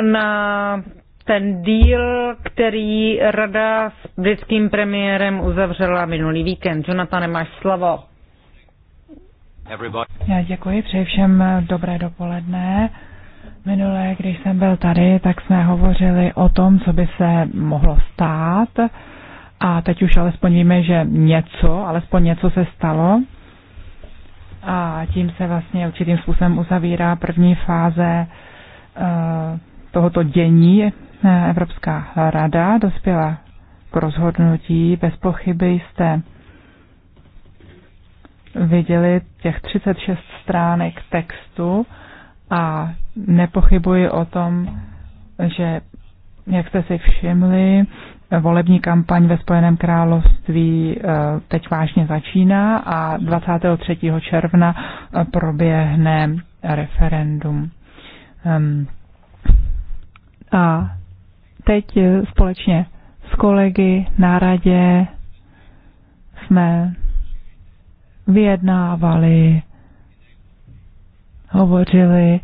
na ten díl, který rada s britským premiérem uzavřela minulý víkend. Jonathan, máš slovo. Já děkuji, přeji všem dobré dopoledne. Minulé, když jsem byl tady, tak jsme hovořili o tom, co by se mohlo stát. A teď už alespoň víme, že něco, alespoň něco se stalo. A tím se vlastně určitým způsobem uzavírá první fáze uh, tohoto dění eh, Evropská rada dospěla k rozhodnutí. Bez pochyby jste viděli těch 36 stránek textu a nepochybuji o tom, že, jak jste si všimli, volební kampaň ve Spojeném království eh, teď vážně začíná a 23. června eh, proběhne referendum. Ehm, a teď eh, společně s kolegy na radě jsme vyjednávali, hovořili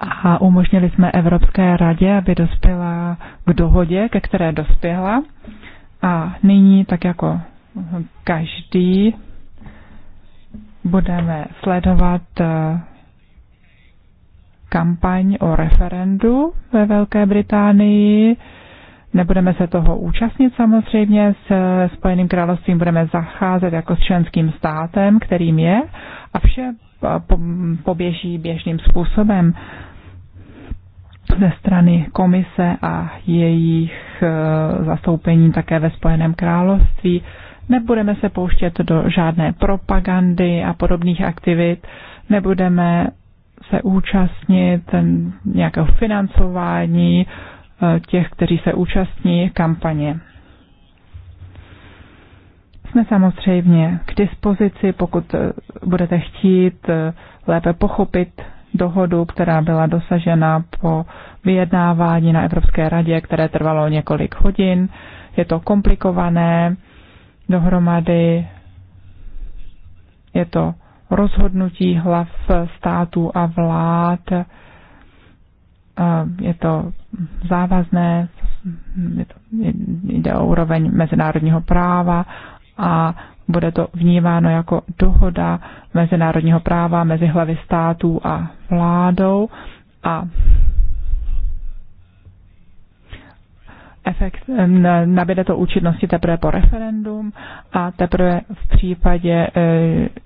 a umožnili jsme Evropské radě, aby dospěla k dohodě, ke které dospěla. A nyní, tak jako každý, budeme sledovat eh, kampaň o referendu ve Velké Británii. Nebudeme se toho účastnit samozřejmě, s Spojeným královstvím budeme zacházet jako s členským státem, kterým je, a vše poběží běžným způsobem ze strany komise a jejich e, zastoupení také ve Spojeném království. Nebudeme se pouštět do žádné propagandy a podobných aktivit, nebudeme se účastnit nějakého financování eh, těch, kteří se účastní kampaně. Jsme samozřejmě k dispozici, pokud eh, budete chtít eh, lépe pochopit dohodu, která byla dosažena po vyjednávání na Evropské radě, které trvalo několik hodin. Je to komplikované, dohromady je to rozhodnutí hlav států a vlád. Je to závazné, je to, jde o úroveň mezinárodního práva a bude to vnímáno jako dohoda mezinárodního práva mezi hlavy států a vládou a efekt, eh, nabíde to účinnosti teprve po referendum a teprve v případě, eh,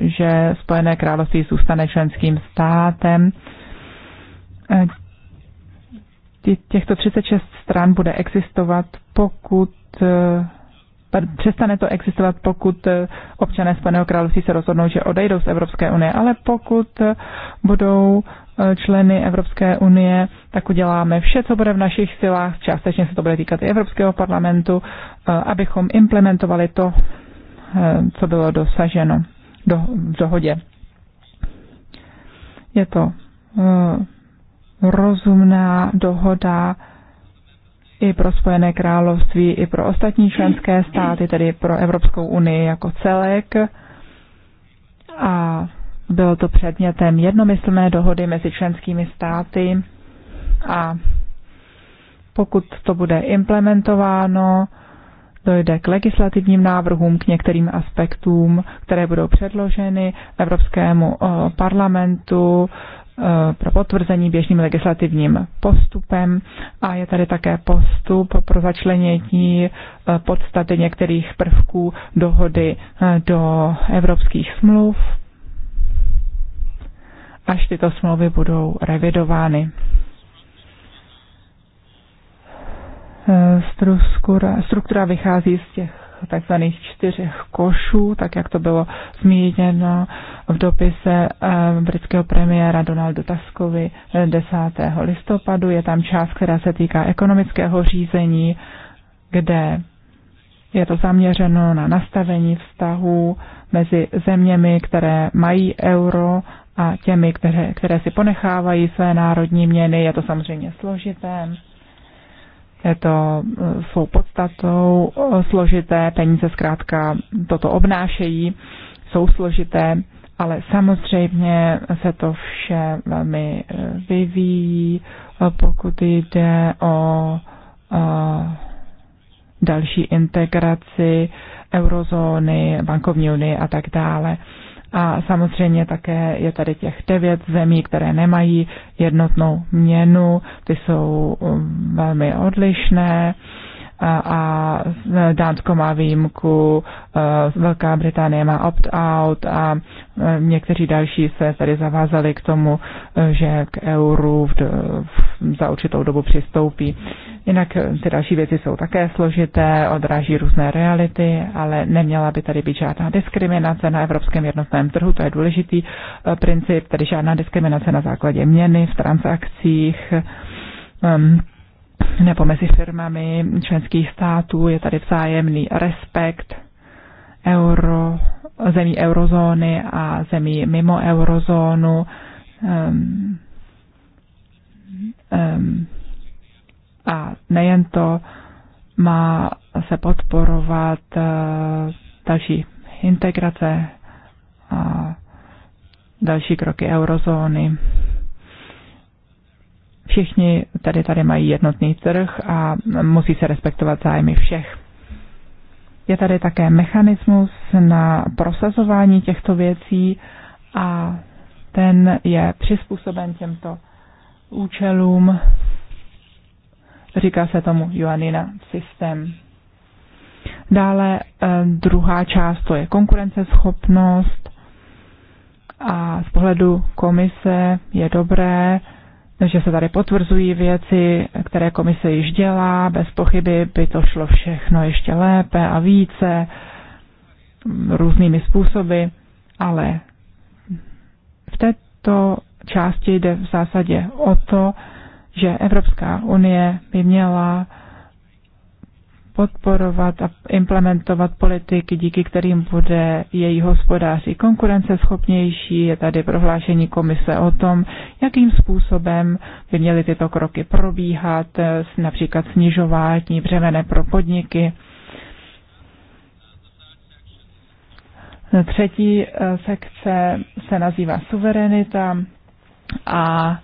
že Spojené království zůstane členským státem. Eh, těchto 36 stran bude existovat, pokud přestane to existovat, pokud eh, občané Spojeného království se rozhodnou, že odejdou z Evropské unie, ale pokud eh, budou eh, členy Evropské unie, tak uděláme vše, co bude v našich silách, částečně se to bude týkat i Evropského parlamentu, abychom implementovali to, co bylo dosaženo do, v dohodě. Je to rozumná dohoda, i pro Spojené království, i pro ostatní členské státy, tedy pro Evropskou unii jako celek. A bylo to předmětem jednomyslné dohody mezi členskými státy a pokud to bude implementováno, dojde k legislativním návrhům, k některým aspektům, které budou předloženy Evropskému eh, parlamentu Eh, pro potvrzení běžným legislativním postupem a je tady také postup pro začlenění eh, podstaty některých prvků dohody eh, do evropských smluv, až tyto smlouvy budou revidovány. Struktura, struktura vychází z těch takzvaných čtyřech košů, tak jak to bylo zmíněno v dopise eh, britského premiéra Donaldu Tuskovi 10. Eh, listopadu. Je tam část, která se týká ekonomického řízení, kde je to zaměřeno na nastavení vztahů mezi zeměmi, které mají euro a těmi, které, které si ponechávají své národní měny. Je to samozřejmě složité je to eh, svou podstatou eh, složité, peníze zkrátka toto obnášejí, jsou složité, ale samozřejmě se to vše velmi eh, vyvíjí, pokud jde o další integraci eurozóny, bankovní unie a tak dále. A samozřejmě také je tady těch devět zemí, které nemají jednotnou měnu, ty jsou um, velmi odlišné a Dánsko má výjimku, e, Velká Británie má opt-out a e, někteří další se tady zavázali k tomu, e, že k euru v, v, za určitou dobu přistoupí. Jinak ty další věci jsou také složité, odráží různé reality, ale neměla by tady být žádná diskriminace na evropském jednotném trhu, to je důležitý princip, tedy žádná diskriminace na základě měny v transakcích. Um, nebo mezi firmami členských států, je tady vzájemný respekt euro, zemí eurozóny a zemí mimo eurozónu. Um, um, a nejen to, má se podporovat uh, další integrace a další kroky eurozóny. Všichni tady tady mají jednotný trh a musí se respektovat zájmy všech. Je tady také mechanismus na prosazování těchto věcí a ten je přizpůsoben těmto účelům. Říká se tomu Joanina systém. Dále eh, druhá část to je konkurenceschopnost a z pohledu komise je dobré, že se tady potvrzují věci, které komise již dělá, bez pochyby by to šlo všechno ještě lépe a více různými způsoby, ale v této části jde v zásadě o to, že Evropská unie by měla podporovat a implementovat politiky, díky kterým bude její hospodářství konkurenceschopnější. Je tady prohlášení komise o tom, jakým způsobem by měly tyto kroky probíhat, eh, například snižování břemene pro podniky. Třetí eh, sekce se nazývá suverenita a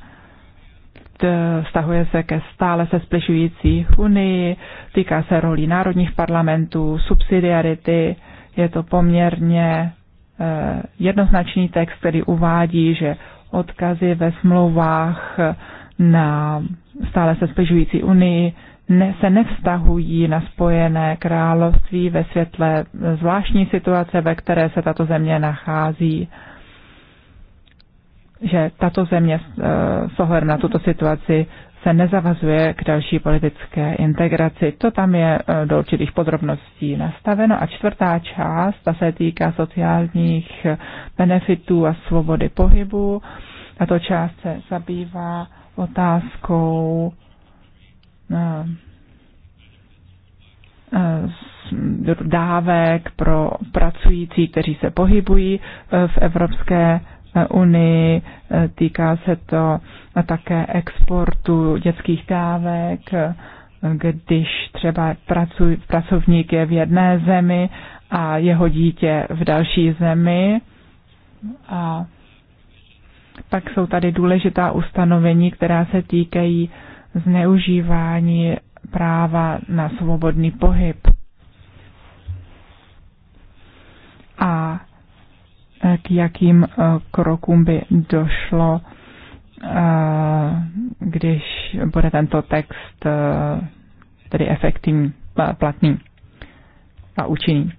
E, vztahuje se ke stále se splišující unii, týká se rolí národních parlamentů, subsidiarity, je to poměrně e, jednoznačný text, který uvádí, že odkazy ve smlouvách na stále se spližující unii ne, se nevztahují na spojené království ve světle zvláštní situace, ve které se tato země nachází že tato země eh, s ohledem na tuto situaci se nezavazuje k další politické integraci. To tam je eh, do určitých podrobností nastaveno. A čtvrtá část, ta se týká sociálních eh, benefitů a svobody pohybu. Tato část se zabývá otázkou dávek pro pracující, kteří se pohybují v Evropské unii, eh, týká se to eh, také exportu dětských dávek, eh, když třeba pracuj, pracovník je v jedné zemi a jeho dítě v další zemi. A pak jsou tady důležitá ustanovení, která se týkají zneužívání práva na svobodný pohyb. A k jakým eh, krokům by došlo, eh, když bude tento text eh, tedy efektivní, platný a účinný.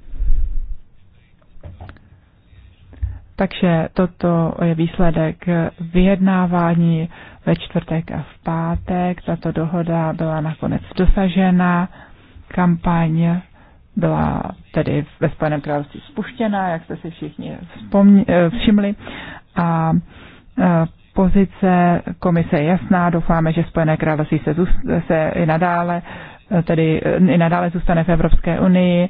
Takže toto je výsledek vyjednávání ve čtvrtek a v pátek. Tato dohoda byla nakonec dosažena. Kampaň byla tedy ve Spojeném království spuštěna, jak jste si všichni vzpomně, eh, všimli. A eh, pozice komise je jasná, doufáme, že Spojené království se, se i nadále eh, tedy i nadále zůstane v Evropské unii,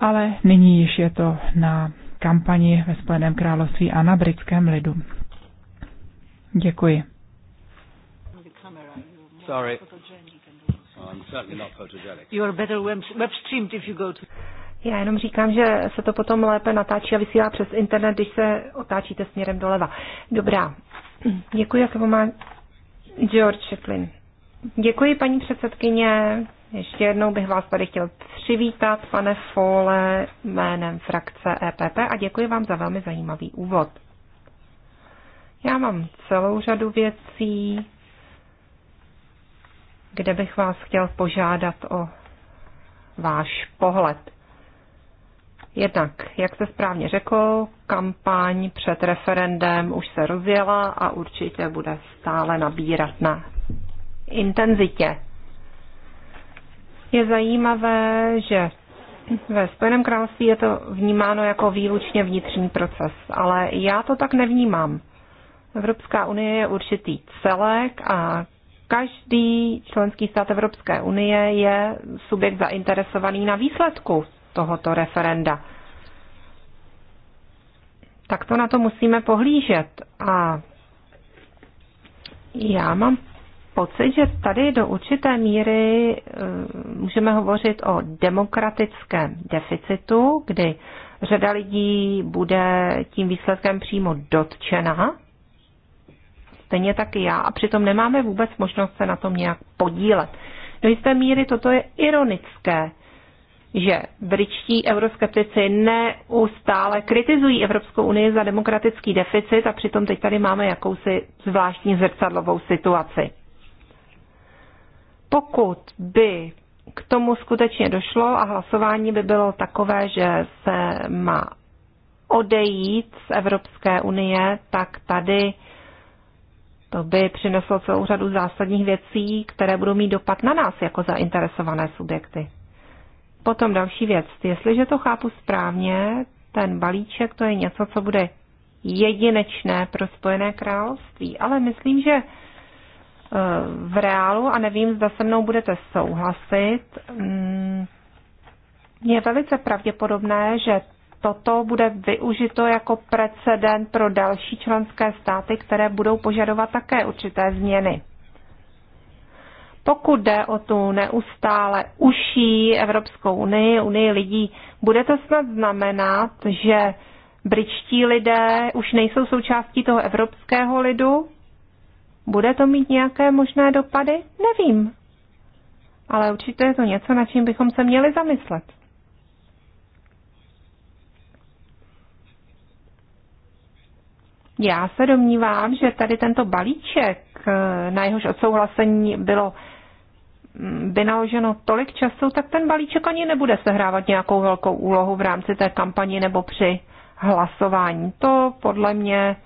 ale nyní již je to na kampani ve Spojeném království a na britském lidu. Děkuji. Sorry. I'm certainly not photogenic. better web streamed if you go to... Já jenom říkám, že se to potom lépe natáčí a vysílá přes internet, když se otáčíte směrem doleva. Dobrá. Děkuji, jak má George Chaplin. Děkuji, paní předsedkyně. Ještě jednou bych vás tady chtěl přivítat, pane Fole, jménem frakce EPP a děkuji vám za velmi zajímavý úvod. Já mám celou řadu věcí, kde bych vás chtěl požádat o váš pohled. Jednak, jak se správně řekl, kampaň před referendem už se rozjela a určitě bude stále nabírat na intenzitě. Je zajímavé, že ve Spojeném království je to vnímáno jako výlučně vnitřní proces, ale já to tak nevnímám. Evropská unie je určitý celek a Každý členský stát Evropské unie je subjekt zainteresovaný na výsledku tohoto referenda. Tak to na to musíme pohlížet. A já mám pocit, že tady do určité míry eh, můžeme hovořit o demokratickém deficitu, kdy řada lidí bude tím výsledkem přímo dotčena stejně tak i já, a přitom nemáme vůbec možnost se na tom nějak podílet. Do jisté míry toto je ironické, že britští euroskeptici neustále kritizují Evropskou unii za demokratický deficit a přitom teď tady máme jakousi zvláštní zrcadlovou situaci. Pokud by k tomu skutečně došlo a hlasování by bylo takové, že se má odejít z Evropské unie, tak tady to by přineslo celou řadu zásadních věcí, které budou mít dopad na nás jako zainteresované subjekty. Potom další věc. Jestliže to chápu správně, ten balíček to je něco, co bude jedinečné pro Spojené království, ale myslím, že eh, v reálu, a nevím, zda se mnou budete souhlasit, mm, je velice pravděpodobné, že toto bude využito jako precedent pro další členské státy, které budou požadovat také určité změny. Pokud jde o tu neustále uší Evropskou unii, unii lidí, bude to snad znamenat, že britští lidé už nejsou součástí toho evropského lidu? Bude to mít nějaké možné dopady? Nevím. Ale určitě je to něco, na čím bychom se měli zamyslet. Já se domnívám, že tady tento balíček, eh, na jehož odsouhlasení bylo mm, vynaloženo tolik času, tak ten balíček ani nebude sehrávat nějakou velkou úlohu v rámci té kampaně nebo při hlasování. To podle mě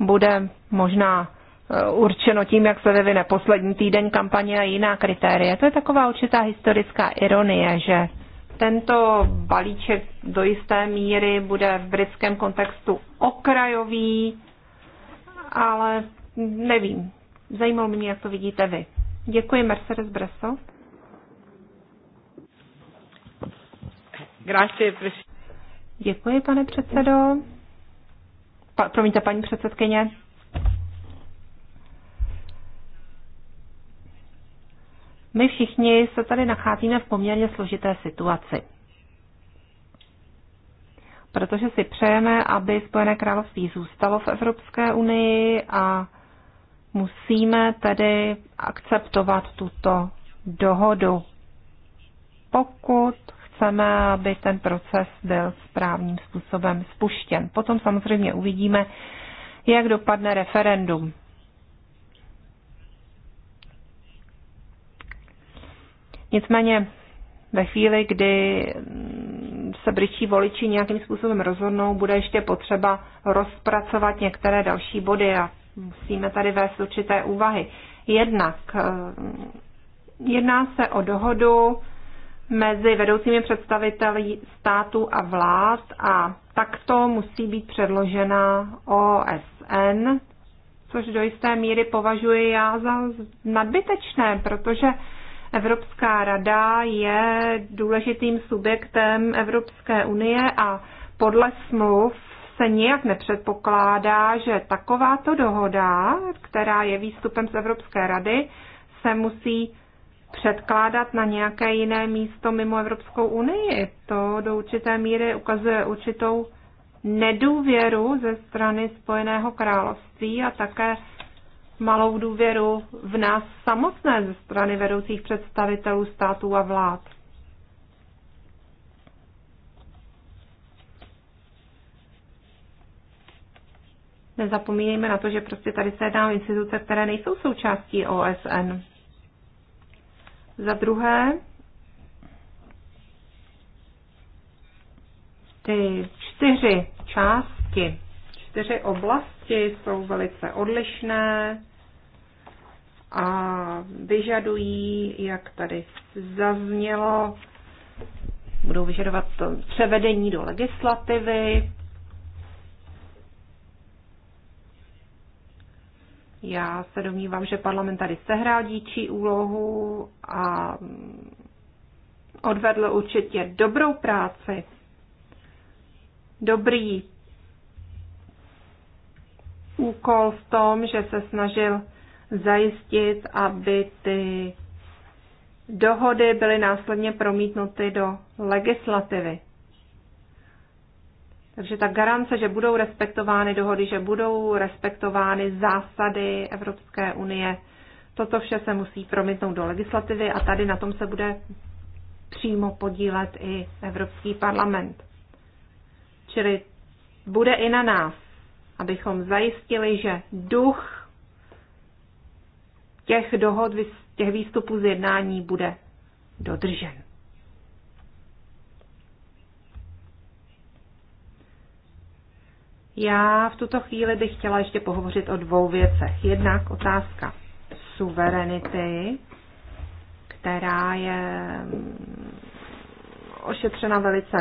bude možná eh, určeno tím, jak se vyvine poslední týden kampaně a jiná kritérie. To je taková určitá historická ironie, že tento balíček do jisté míry bude v britském kontextu okrajový, ale nevím. Zajímalo by mě, jak to vidíte vy. Děkuji, Mercedes Breso. Děkuji, pane předsedo. Pa, promiňte, paní předsedkyně. My všichni se tady nacházíme v poměrně složité situaci. Protože si přejeme, aby Spojené království zůstalo v Evropské unii a musíme tedy akceptovat tuto dohodu, pokud chceme, aby ten proces byl správným způsobem spuštěn. Potom samozřejmě uvidíme, jak dopadne referendum. Nicméně ve chvíli, kdy se britští voliči nějakým způsobem rozhodnou, bude ještě potřeba rozpracovat některé další body a musíme tady vést určité úvahy. Jednak eh, jedná se o dohodu mezi vedoucími představiteli státu a vlád a takto musí být předložena OSN, což do jisté míry považuji já za nadbytečné, protože Evropská rada je důležitým subjektem Evropské unie a podle smluv se nijak nepředpokládá, že takováto dohoda, která je výstupem z Evropské rady, se musí předkládat na nějaké jiné místo mimo Evropskou unii. To do určité míry ukazuje určitou nedůvěru ze strany Spojeného království a také malou důvěru v nás samotné ze strany vedoucích představitelů států a vlád. Nezapomínejme na to, že prostě tady se jedná o instituce, které nejsou součástí OSN. Za druhé, ty čtyři části, čtyři oblasti jsou velice odlišné, a vyžadují, jak tady zaznělo, budou vyžadovat převedení do legislativy. Já se domnívám, že parlament tady sehrál díčí úlohu a odvedl určitě dobrou práci. Dobrý úkol v tom, že se snažil zajistit, aby ty dohody byly následně promítnuty do legislativy. Takže ta garance, že budou respektovány dohody, že budou respektovány zásady Evropské unie, toto vše se musí promítnout do legislativy a tady na tom se bude přímo podílet i Evropský parlament. Čili bude i na nás, abychom zajistili, že duch těch dohod, těch výstupů z jednání bude dodržen. Já v tuto chvíli bych chtěla ještě pohovořit o dvou věcech. Jednak otázka suverenity, která je mm, ošetřena velice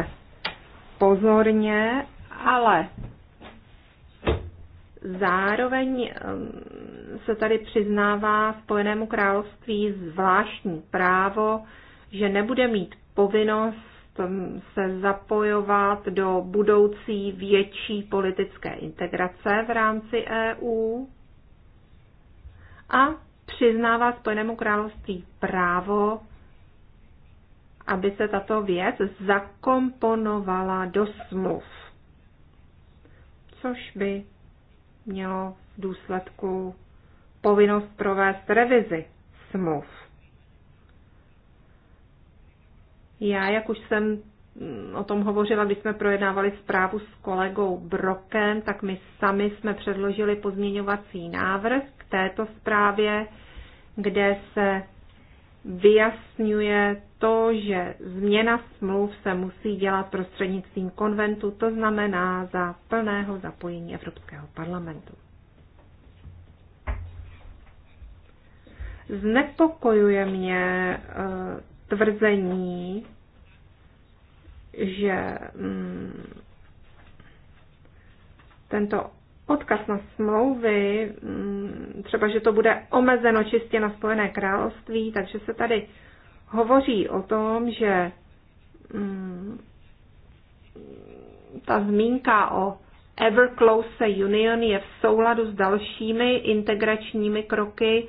pozorně, ale Zároveň um, se tady přiznává Spojenému království zvláštní právo, že nebude mít povinnost um, se zapojovat do budoucí větší politické integrace v rámci EU a přiznává Spojenému království právo, aby se tato věc zakomponovala do smluv, což by mělo v důsledku povinnost provést revizi smluv. Já, jak už jsem mm, o tom hovořila, když jsme projednávali zprávu s kolegou Brokem, tak my sami jsme předložili pozměňovací návrh k této zprávě, kde se vyjasňuje to, že změna smluv se musí dělat prostřednictvím konventu, to znamená za plného zapojení Evropského parlamentu. Znepokojuje mě eh, tvrzení, že mm, tento odkaz na smlouvy, mm, třeba že to bude omezeno čistě na Spojené království, takže se tady hovoří o tom, že mm, ta zmínka o Ever Closer Union je v souladu s dalšími integračními kroky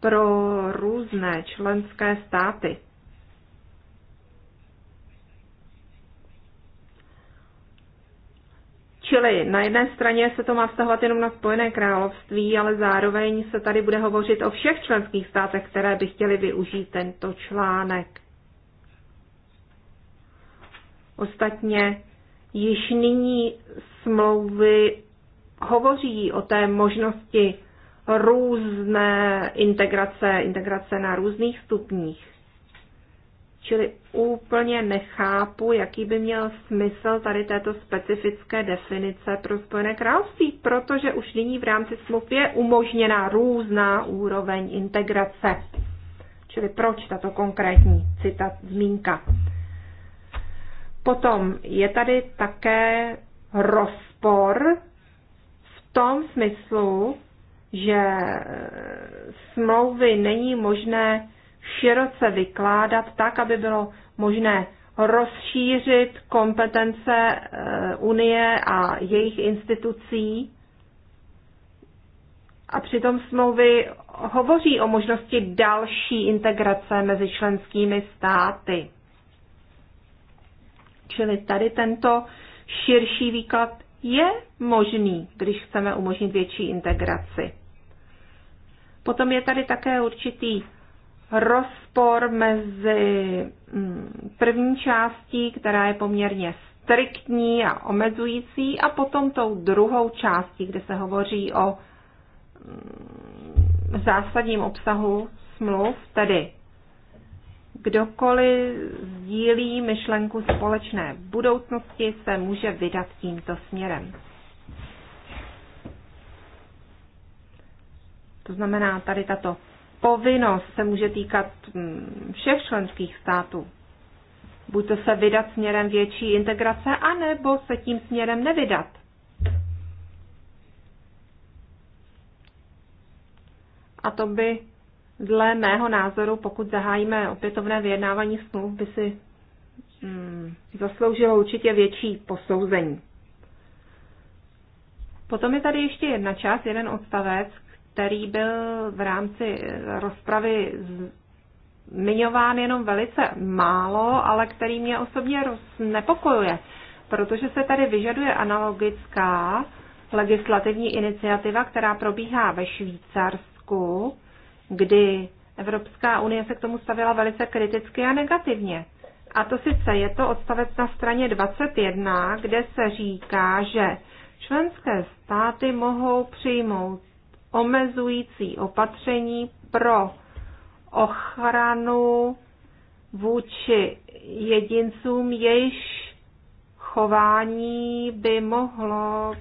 pro různé členské státy. Čili na jedné straně se to má vztahovat jenom na Spojené království, ale zároveň se tady bude hovořit o všech členských státech, které by chtěly využít tento článek. Ostatně již nyní smlouvy hovoří o té možnosti různé integrace, integrace na různých stupních. Čili úplně nechápu, jaký by měl smysl tady této specifické definice pro Spojené království, protože už nyní v rámci smluv je umožněna různá úroveň integrace. Čili proč tato konkrétní citat, zmínka? Potom je tady také rozpor v tom smyslu, že e, smlouvy není možné široce vykládat tak, aby bylo možné rozšířit kompetence eh, Unie a jejich institucí. A přitom smlouvy hovoří o možnosti další integrace mezi členskými státy. Čili tady tento širší výklad je možný, když chceme umožnit větší integraci. Potom je tady také určitý rozpor mezi mm, první částí, která je poměrně striktní a omezující, a potom tou druhou částí, kde se hovoří o mm, zásadním obsahu smluv, tedy kdokoliv sdílí myšlenku společné budoucnosti, se může vydat tímto směrem. To znamená, tady tato povinnost se může týkat mm, všech členských států. Buď to se vydat směrem větší integrace, anebo se tím směrem nevydat. A to by dle mého názoru, pokud zahájíme opětovné vyjednávání smluv, by si hmm, zasloužilo určitě větší posouzení. Potom je tady ještě jedna část, jeden odstavec, který byl v rámci rozpravy zmiňován jenom velice málo, ale který mě osobně nepokojuje, protože se tady vyžaduje analogická legislativní iniciativa, která probíhá ve Švýcarsku, kdy Evropská unie se k tomu stavila velice kriticky a negativně. A to sice je to odstavec na straně 21, kde se říká, že členské státy mohou přijmout omezující opatření pro ochranu vůči jedincům, jejíž chování by mohlo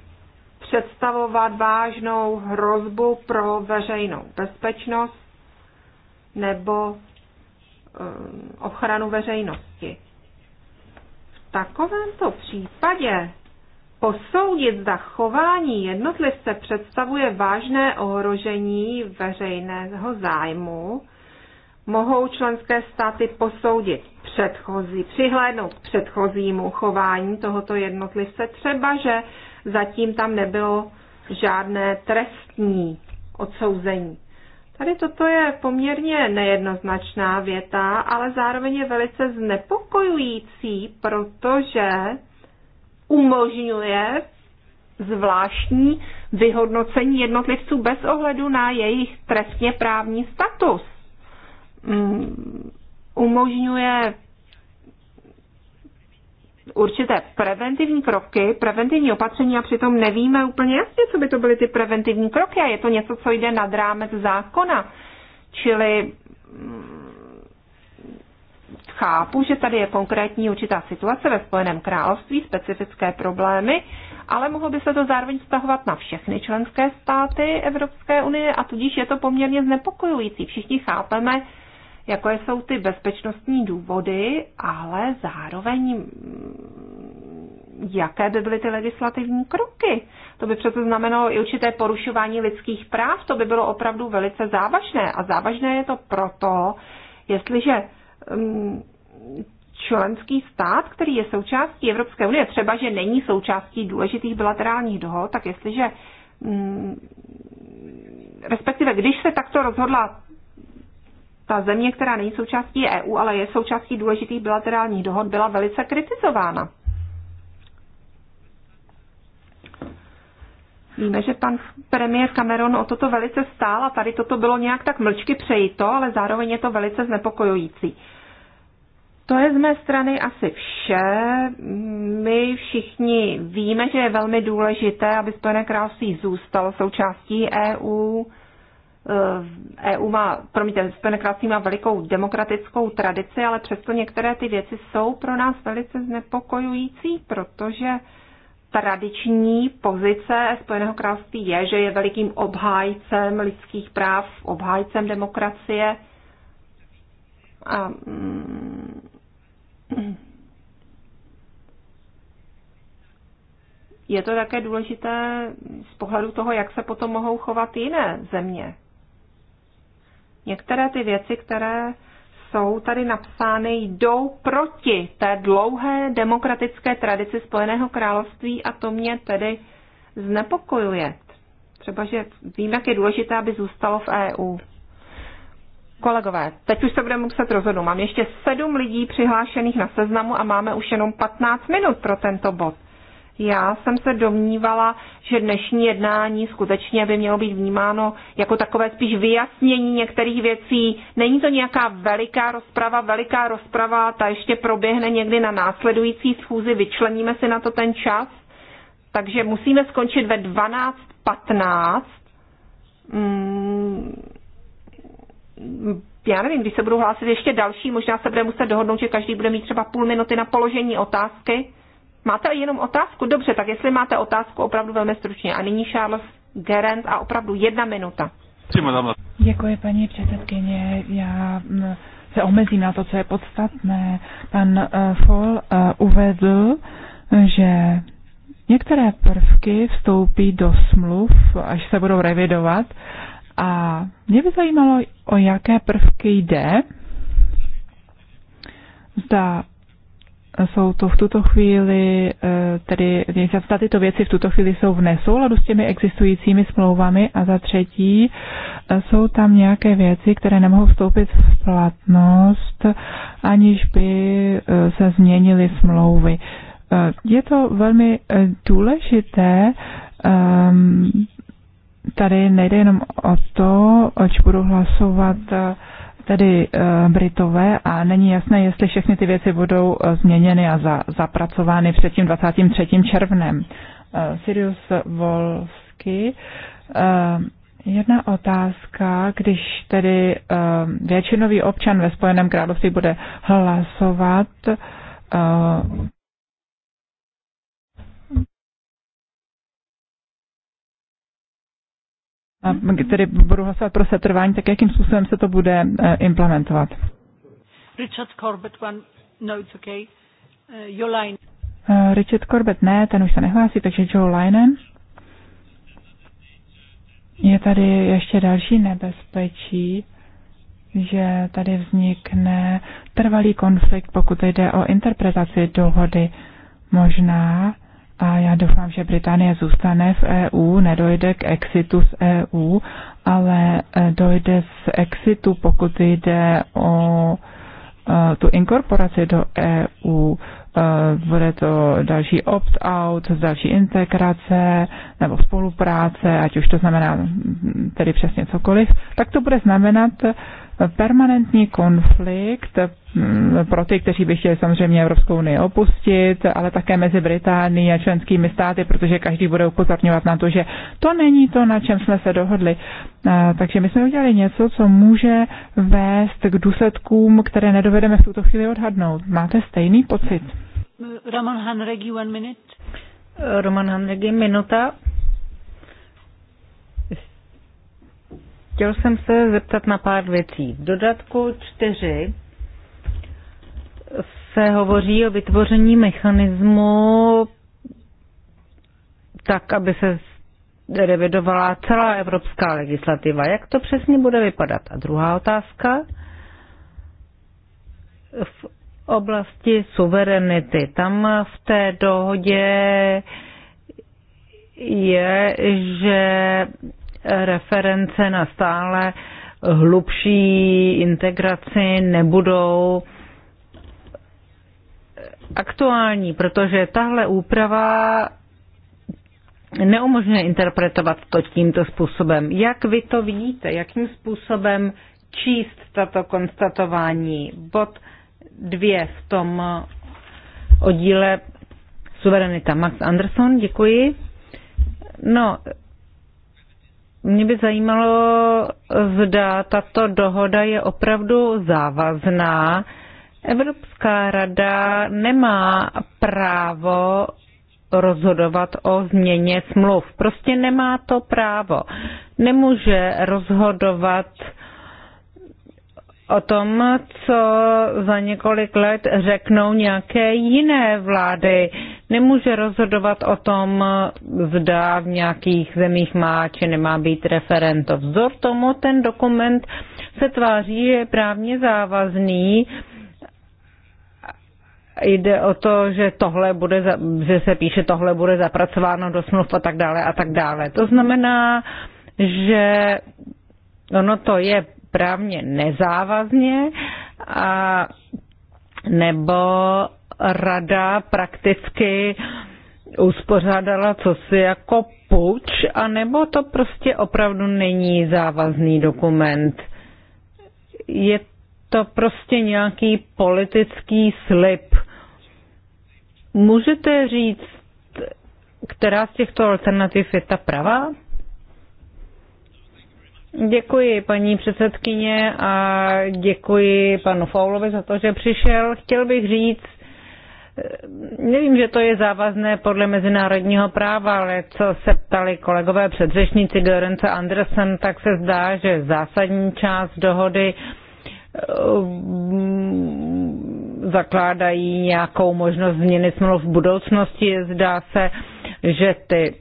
představovat vážnou hrozbu pro veřejnou bezpečnost nebo eh, ochranu veřejnosti. V takovémto případě posoudit, zda chování jednotlivce představuje vážné ohrožení veřejného zájmu, mohou členské státy posoudit předchozí, přihlédnout k předchozímu chování tohoto jednotlivce, třeba že zatím tam nebylo žádné trestní odsouzení. Tady toto je poměrně nejednoznačná věta, ale zároveň je velice znepokojující, protože umožňuje zvláštní vyhodnocení jednotlivců bez ohledu na jejich trestně právní status. Mm, umožňuje určité preventivní kroky, preventivní opatření a přitom nevíme úplně jasně, co by to byly ty preventivní kroky a je to něco, co jde nad rámec zákona. Čili mm, chápu, že tady je konkrétní určitá situace ve Spojeném království, specifické problémy, ale mohlo by se to zároveň vztahovat na všechny členské státy Evropské unie a tudíž je to poměrně znepokojující. Všichni chápeme, jako jsou ty bezpečnostní důvody, ale zároveň mm, jaké by byly ty legislativní kroky. To by přece znamenalo i určité porušování lidských práv, to by bylo opravdu velice závažné. A závažné je to proto, jestliže Um, členský stát, který je součástí Evropské unie, třeba že není součástí důležitých bilaterálních dohod, tak jestliže, mm, respektive když se takto rozhodla ta země, která není součástí EU, ale je součástí důležitých bilaterálních dohod, byla velice kritizována. Víme, že pan premiér Cameron o toto velice stál a tady toto bylo nějak tak mlčky přejito, ale zároveň je to velice znepokojující. To je z mé strany asi vše. My všichni víme, že je velmi důležité, aby Spojené království zůstalo součástí EU. EU má, promiňte, Spojené království má velikou demokratickou tradici, ale přesto některé ty věci jsou pro nás velice znepokojující, protože tradiční pozice Spojeného království je, že je velikým obhájcem lidských práv, obhájcem demokracie. A mm, <clears throat> Je to také důležité z pohledu toho, jak se potom mohou chovat jiné země. Některé ty věci, které jsou tady napsány, jdou proti té dlouhé demokratické tradici Spojeného království a to mě tedy znepokojuje. Třeba, že vím, jak je důležité, aby zůstalo v EU. Kolegové, teď už se budeme muset rozhodnout. Mám ještě sedm lidí přihlášených na seznamu a máme už jenom 15 minut pro tento bod. Já jsem se domnívala, že dnešní jednání skutečně by mělo být vnímáno jako takové spíš vyjasnění některých věcí. Není to nějaká veliká rozprava, veliká rozprava, ta ještě proběhne někdy na následující schůzi, vyčleníme si na to ten čas. Takže musíme skončit ve 12.15. Hmm já nevím, když se budou hlásit ještě další, možná se bude muset dohodnout, že každý bude mít třeba půl minuty na položení otázky. Máte jenom otázku? Dobře, tak jestli máte otázku, opravdu velmi stručně. A nyní Charles Gerent a opravdu jedna minuta. Děkuji, paní předsedkyně. Já mm, se omezím na to, co je podstatné. Pan eh, Fall eh, uvedl, že některé prvky vstoupí do smluv, až se budou revidovat a mě by zajímalo, o jaké prvky jde. Zda jsou to v tuto chvíli, eh, tedy zda tyto věci v tuto chvíli jsou v nesouladu s těmi existujícími smlouvami a za třetí eh, jsou tam nějaké věci, které nemohou vstoupit v platnost, aniž by eh, se změnily smlouvy. Je to velmi důležité, ehm, tady nejde jenom o to, oč budou hlasovat eh, tedy eh, Britové a není jasné, jestli všechny ty věci budou eh, změněny a za, zapracovány před tím 23. červnem. Sirius Volsky Jedna otázka, když tedy většinový občan ve Spojeném království bude hlasovat Mhm. tedy budu hlasovat pro setrvání, tak jakým způsobem se to bude eh, implementovat. Richard Corbett, one, no it's okay. Uh, line. Eh, Richard Corbett ne, ten už se nehlásí, takže Joe Linen. Je tady ještě další nebezpečí, že tady vznikne trvalý konflikt, pokud jde o interpretaci dohody. Možná a já doufám, že Británie zůstane v EU, nedojde k exitu z EU, ale e, dojde z exitu, pokud jde o e, tu inkorporaci do EU. E, bude to další opt-out, další integrace nebo spolupráce, ať už to znamená tedy přesně cokoliv, tak to bude znamenat, permanentní konflikt mm, pro ty, kteří by chtěli samozřejmě Evropskou unii opustit, ale také mezi Británií a členskými státy, protože každý bude upozorňovat na to, že to není to, na čem jsme se dohodli. Takže my jsme udělali něco, co může vést k důsledkům, které nedovedeme v tuto chvíli odhadnout. Máte stejný pocit? Roman Hanregi, one minute. Roman Hanregi, minuta. Chtěl jsem se zeptat na pár věcí. V dodatku čtyři se hovoří o vytvoření mechanismu tak, aby se revidovala celá evropská legislativa. Jak to přesně bude vypadat? A druhá otázka. V oblasti suverenity. Tam v té dohodě je, že reference na stále hlubší integraci nebudou aktuální, protože tahle úprava neumožňuje interpretovat to tímto způsobem. Jak vy to vidíte? Jakým způsobem číst tato konstatování? Bod dvě v tom oddíle Suverenita. Max Anderson, děkuji. No, mě by zajímalo, zda tato dohoda je opravdu závazná. Evropská rada nemá právo rozhodovat o změně smluv. Prostě nemá to právo. Nemůže rozhodovat o tom, co za několik let řeknou nějaké jiné vlády. Nemůže rozhodovat o tom, zda v nějakých zemích má či nemá být referent. Vzor tomu ten dokument se tváří, že je právně závazný. Jde o to, že tohle bude, že se píše, tohle bude zapracováno do smluv a tak dále a tak dále. To znamená, že ono to je právně nezávazně a nebo rada prakticky uspořádala cosi jako puč, anebo to prostě opravdu není závazný dokument. Je to prostě nějaký politický slib. Můžete říct, která z těchto alternativ je ta pravá? Děkuji paní předsedkyně a děkuji panu Faulovi za to, že přišel. Chtěl bych říct, nevím, že to je závazné podle mezinárodního práva, ale co se ptali kolegové předřečníci Görence Andersen, tak se zdá, že zásadní část dohody eh, zakládají nějakou možnost změny smluv v budoucnosti. Zdá se, že ty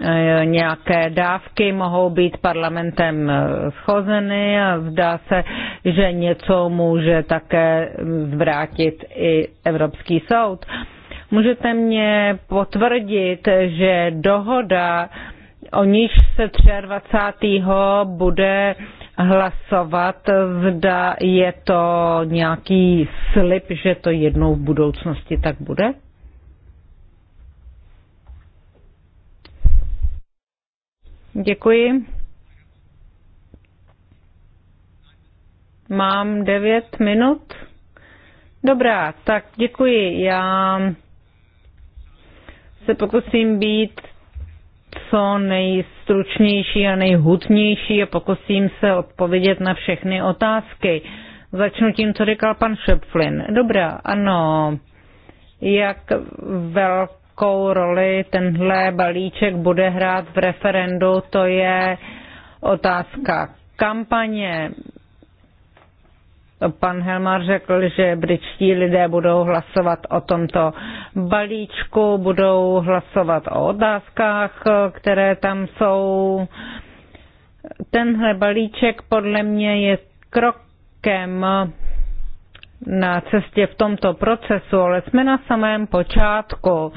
Eh, nějaké dávky mohou být parlamentem eh, schozeny a zdá se, že něco může také hm, zvrátit i Evropský soud. Můžete mě potvrdit, že dohoda, o níž se 23. bude hlasovat, zda je to nějaký slib, že to jednou v budoucnosti tak bude? Děkuji. Mám devět minut. Dobrá, tak děkuji. Já se pokusím být co nejstručnější a nejhutnější a pokusím se odpovědět na všechny otázky. Začnu tím, co říkal pan Šepflin. Dobrá, ano. Jak velké jakou roli tenhle balíček bude hrát v referendu, to je otázka kampaně. Pan Helmar řekl, že britští lidé budou hlasovat o tomto balíčku, budou hlasovat o otázkách, které tam jsou. Tenhle balíček podle mě je krokem na cestě v tomto procesu, ale jsme na samém počátku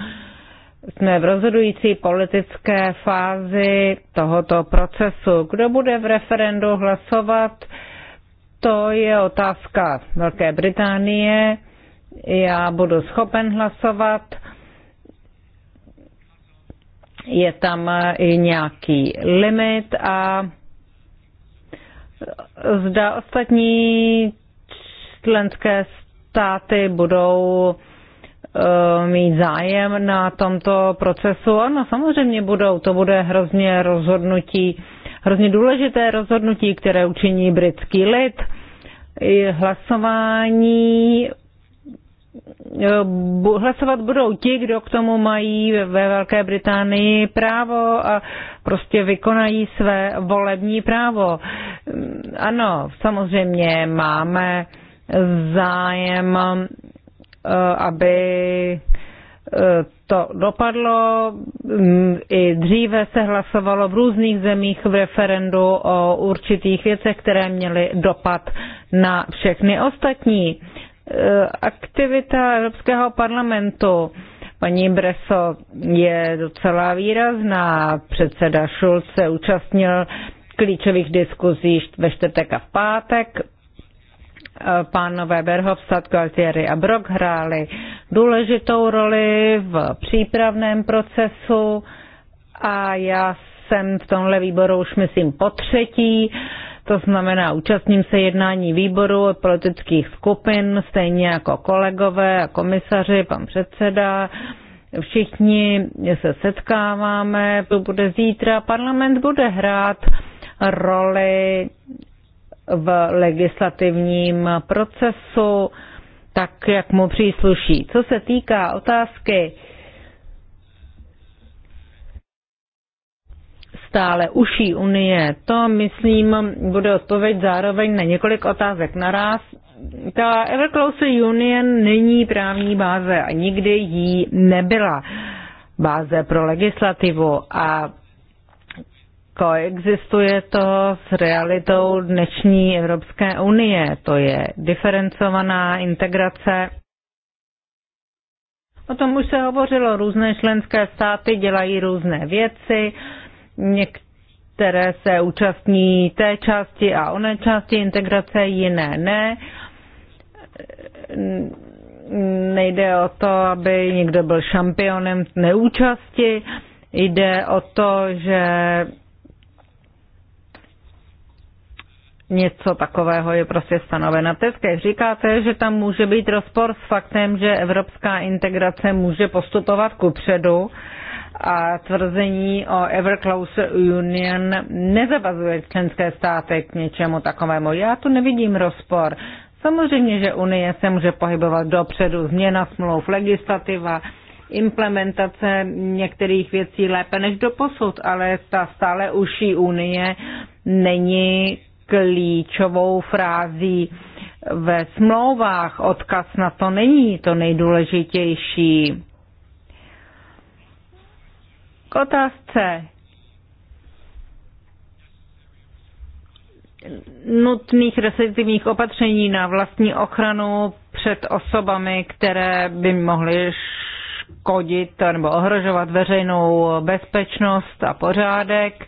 jsme v rozhodující politické fázi tohoto procesu. Kdo bude v referendu hlasovat, to je otázka Velké Británie. Já budu schopen hlasovat. Je tam i nějaký limit a zda ostatní členské státy budou Eh, mít zájem na tomto procesu. Ano, samozřejmě budou. To bude hrozně rozhodnutí, hrozně důležité rozhodnutí, které učiní britský lid. Hlasování eh, hlasovat budou ti, kdo k tomu mají ve Velké Británii právo a prostě vykonají své volební právo. Ano, samozřejmě máme zájem Eh, aby eh, to dopadlo. Mm, I dříve se hlasovalo v různých zemích v referendu o určitých věcech, které měly dopad na všechny ostatní. Eh, aktivita Evropského parlamentu paní Breso je docela výrazná. Předseda Schulz se účastnil klíčových diskuzí ve čtvrtek a v pátek Eh, pánové Berhovstad, Galtieri a Brock hráli důležitou roli v přípravném procesu a já jsem v tomhle výboru už myslím po třetí, to znamená účastním se jednání výboru od politických skupin, stejně jako kolegové a komisaři, pan předseda, všichni se setkáváme, to bude zítra, parlament bude hrát roli v legislativním procesu tak, jak mu přísluší. Co se týká otázky stále uší unie, to, myslím, bude odpověď zároveň na několik otázek naraz. Ta Everclose Union není právní báze a nikdy jí nebyla báze pro legislativu a koexistuje to s realitou dnešní Evropské unie. To je diferencovaná integrace. O tom už se hovořilo, různé členské státy dělají různé věci, některé se účastní té části a oné části integrace, jiné ne. Nejde o to, aby někdo byl šampionem neúčasti, jde o to, že něco takového je prostě stanoveno Teď tezkách. Říkáte, že tam může být rozpor s faktem, že evropská integrace může postupovat kupředu a tvrzení o Ever Closer Union nezavazuje členské státy k něčemu takovému. Já tu nevidím rozpor. Samozřejmě, že Unie se může pohybovat dopředu, změna smlouv, legislativa, implementace některých věcí lépe než do posud, ale ta stále užší Unie není klíčovou frází ve smlouvách. Odkaz na to není to nejdůležitější. K otázce nutných restriktivních opatření na vlastní ochranu před osobami, které by mohly škodit nebo ohrožovat veřejnou bezpečnost a pořádek.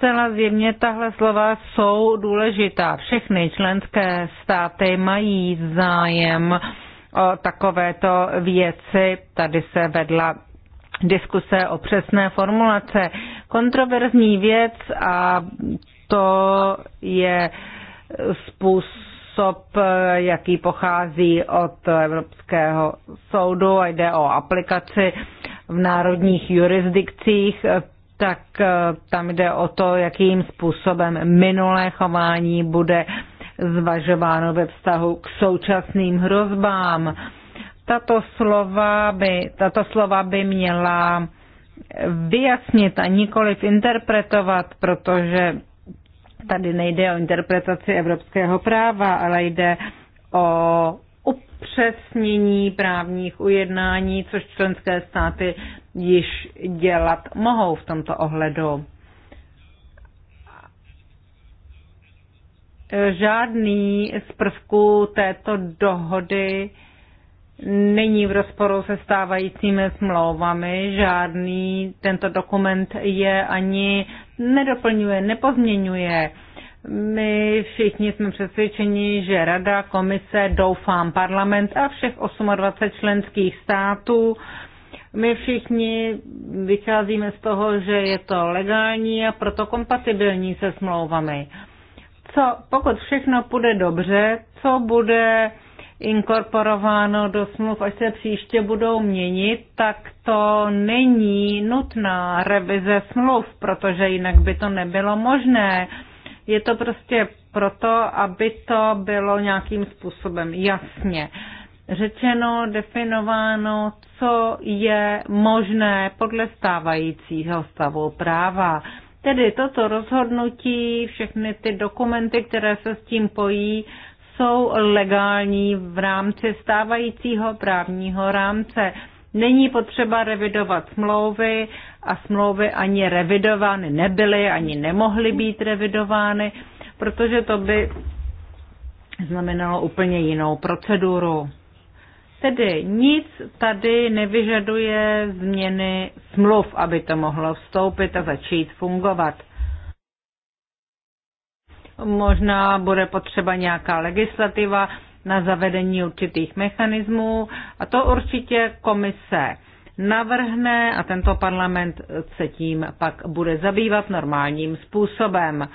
Zcela zjevně tahle slova jsou důležitá. Všechny členské státy mají zájem o takovéto věci. Tady se vedla diskuse o přesné formulace. Kontroverzní věc a to je způsob, jaký pochází od Evropského soudu a jde o aplikaci v národních jurisdikcích tak eh, tam jde o to, jakým způsobem minulé chování bude zvažováno ve vztahu k současným hrozbám. Tato slova by, tato slova by měla vyjasnit a nikoliv interpretovat, protože tady nejde o interpretaci evropského práva, ale jde o upřesnění právních ujednání, což členské státy již dělat mohou v tomto ohledu. Žádný z prvků této dohody není v rozporu se stávajícími smlouvami, žádný tento dokument je ani nedoplňuje, nepozměňuje. My všichni jsme přesvědčeni, že Rada, Komise, doufám, parlament a všech 28 členských států my všichni vycházíme z toho, že je to legální a proto kompatibilní se smlouvami. Co, pokud všechno půjde dobře, co bude inkorporováno do smluv, až se příště budou měnit, tak to není nutná revize smluv, protože jinak by to nebylo možné. Je to prostě proto, aby to bylo nějakým způsobem jasně. Uh, řečeno, definováno, co je možné podle stávajícího stavu práva. Tedy toto rozhodnutí, všechny ty dokumenty, které se s tím pojí, jsou legální v rámci stávajícího právního rámce. Není potřeba revidovat smlouvy a smlouvy ani revidovány nebyly, ani nemohly být revidovány, protože to by znamenalo úplně jinou proceduru. Tedy nic tady nevyžaduje změny smluv, aby to mohlo vstoupit a začít fungovat. Možná bude potřeba nějaká legislativa na zavedení určitých mechanismů a to určitě komise navrhne a tento parlament se tím pak bude zabývat normálním způsobem.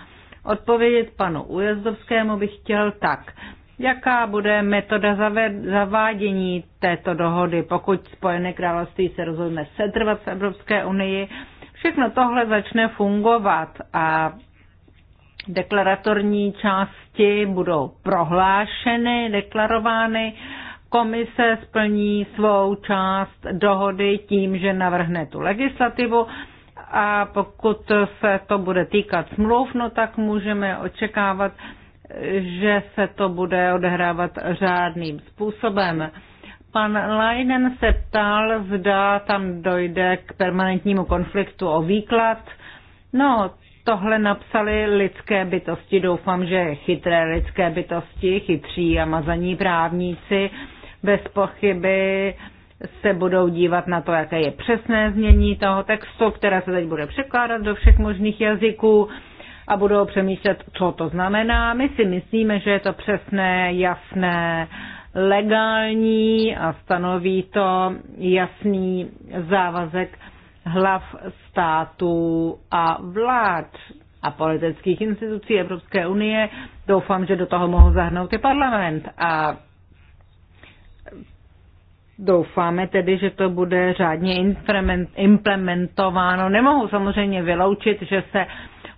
Odpovědět panu Ujezdovskému bych chtěl tak. Jaká bude metoda zavádění této dohody, pokud Spojené království se rozhodne setrvat v Evropské unii? Všechno tohle začne fungovat a deklaratorní části budou prohlášeny, deklarovány. Komise splní svou část dohody tím, že navrhne tu legislativu a pokud se to bude týkat smluv, no tak můžeme očekávat, že se to bude odehrávat řádným způsobem. Pan Leinen se ptal, zda tam dojde k permanentnímu konfliktu o výklad. No, tohle napsali lidské bytosti, doufám, že chytré lidské bytosti, chytří a mazaní právníci, bez pochyby se budou dívat na to, jaké je přesné znění toho textu, které se teď bude překládat do všech možných jazyků a budou přemýšlet, co to znamená. My si myslíme, že je to přesné, jasné, legální a stanoví to jasný závazek hlav států a vlád a politických institucí Evropské unie. Doufám, že do toho mohou zahrnout i parlament. A doufáme tedy, že to bude řádně implementováno. Nemohu samozřejmě vyloučit, že se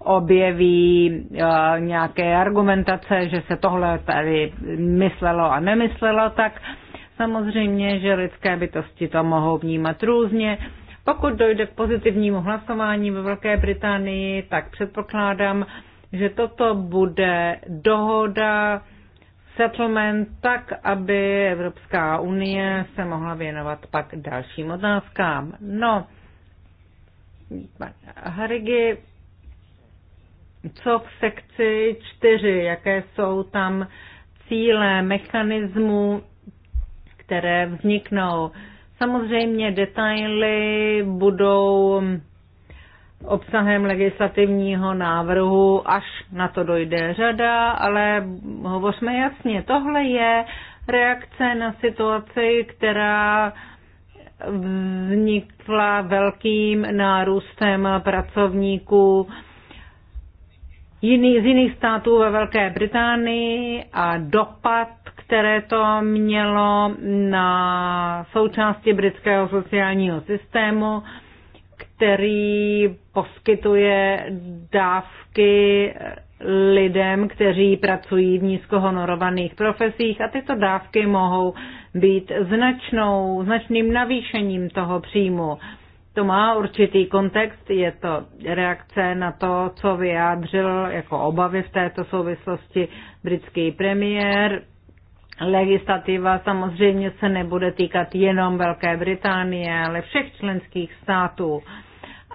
objeví eh, nějaké argumentace, že se tohle tady myslelo a nemyslelo, tak samozřejmě, že lidské bytosti to mohou vnímat různě. Pokud dojde k pozitivnímu hlasování ve Velké Británii, tak předpokládám, že toto bude dohoda settlement tak, aby Evropská unie se mohla věnovat pak dalším otázkám. No, Harigi, co v sekci 4, jaké jsou tam cíle, mechanismů, které vzniknou. Samozřejmě detaily budou obsahem legislativního návrhu, až na to dojde řada, ale hovořme jasně, tohle je reakce na situaci, která vznikla velkým nárůstem pracovníků jiný, z jiných států ve Velké Británii a dopad, které to mělo na součásti britského sociálního systému, který poskytuje dávky lidem, kteří pracují v nízkohonorovaných profesích a tyto dávky mohou být značnou, značným navýšením toho příjmu. To má určitý kontext, je to reakce na to, co vyjádřil jako obavy v této souvislosti britský premiér. Legislativa samozřejmě se nebude týkat jenom Velké Británie, ale všech členských států.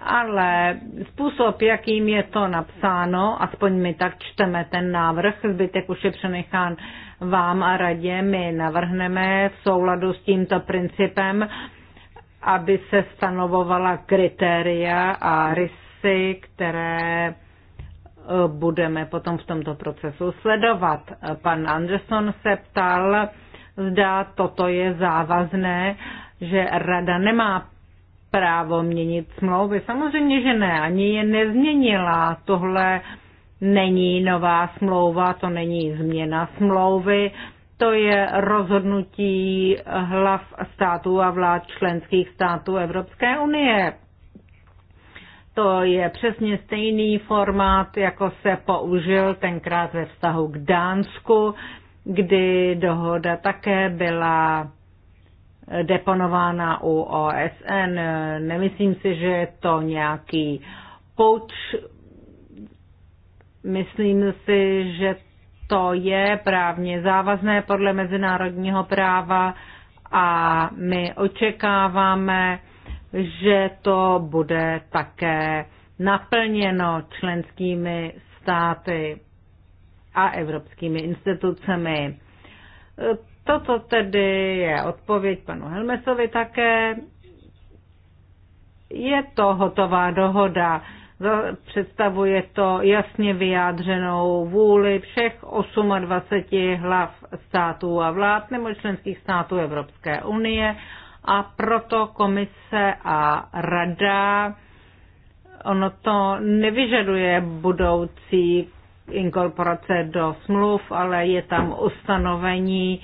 Ale způsob, jakým je to napsáno, aspoň my tak čteme ten návrh, zbytek už je přenechán vám a radě, my navrhneme v souladu s tímto principem aby se stanovovala kritéria a rysy, které e, budeme potom v tomto procesu sledovat. Pan Anderson se ptal, zda toto je závazné, že rada nemá právo měnit smlouvy. Samozřejmě, že ne, ani je nezměnila. Tohle není nová smlouva, to není změna smlouvy to je rozhodnutí hlav států a vlád členských států Evropské unie. To je přesně stejný formát, jako se použil tenkrát ve vztahu k Dánsku, kdy dohoda také byla deponována u OSN. Nemyslím si, že je to nějaký pouč. Myslím si, že to je právně závazné podle mezinárodního práva a my očekáváme, že to bude také naplněno členskými státy a evropskými institucemi. Toto tedy je odpověď panu Helmesovi také. Je to hotová dohoda. Představuje to jasně vyjádřenou vůli všech 28 hlav států a vlád nebo členských států Evropské unie a proto komise a rada ono to nevyžaduje budoucí inkorporace do smluv, ale je tam ustanovení,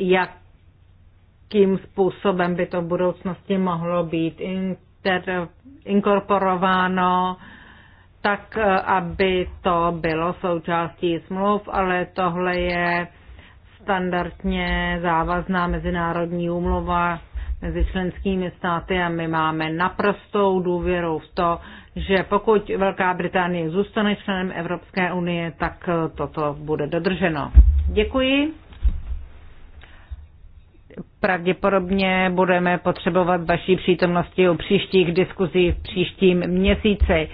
jakým způsobem by to v budoucnosti mohlo být inter, inkorporováno tak, eh, aby to bylo součástí smluv, ale tohle je standardně závazná mezinárodní úmluva mezi členskými státy a my máme naprostou důvěru v to, že pokud Velká Británie zůstane členem Evropské unie, tak eh, toto bude dodrženo. Děkuji pravděpodobně budeme potřebovat vaší přítomnosti u příštích diskuzí v příštím měsíci.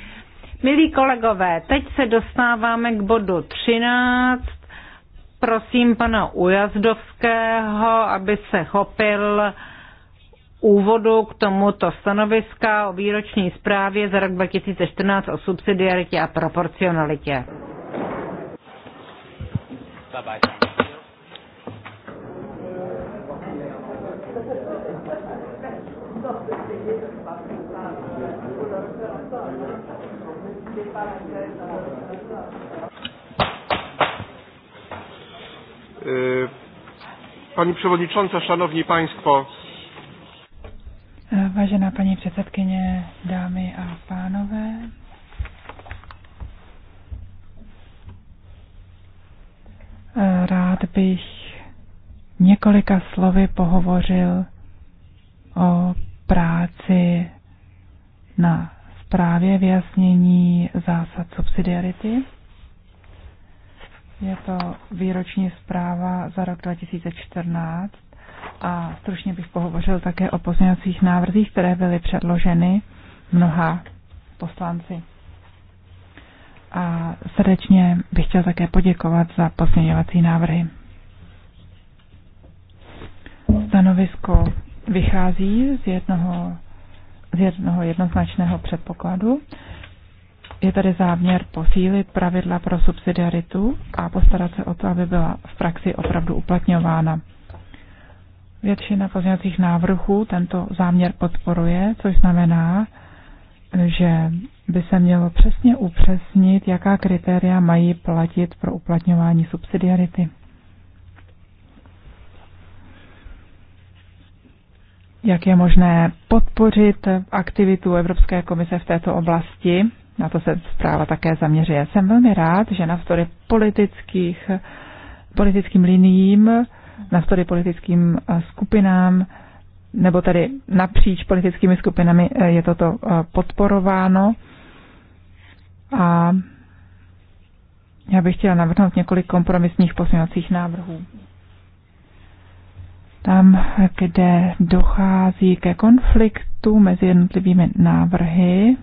Milí kolegové, teď se dostáváme k bodu 13. Prosím pana Ujazdovského, aby se chopil úvodu k tomuto stanoviska o výroční zprávě za rok 2014 o subsidiaritě a proporcionalitě. Bye bye. E, pani przewodnicząca, szanowni państwo. E, vážená paní předsedkyně, dámy a pánové. E, rád bych několika slovy pohovořil o práci na zprávě vyjasnění zásad subsidiarity. Je to výroční zpráva za rok 2014 a stručně bych pohovořil také o pozměňovacích návrzích, které byly předloženy mnoha poslanci. A srdečně bych chtěl také poděkovat za pozměňovací návrhy. Stanovisko vychází z jednoho, z jednoho jednoznačného předpokladu. Je tady záměr posílit pravidla pro subsidiaritu a postarat se o to, aby byla v praxi opravdu uplatňována. Většina pozměňovacích návrhů tento záměr podporuje, což znamená, že by se mělo přesně upřesnit, jaká kritéria mají platit pro uplatňování subsidiarity. jak je možné podpořit aktivitu Evropské komise v této oblasti. Na to se zpráva také zaměřuje. Jsem velmi rád, že navzdory politických, politickým na navzdory politickým eh, skupinám, nebo tedy napříč politickými skupinami eh, je toto eh, podporováno. A já bych chtěla navrhnout několik kompromisních pozměňovacích návrhů tam, kde dochází ke konfliktu mezi jednotlivými návrhy,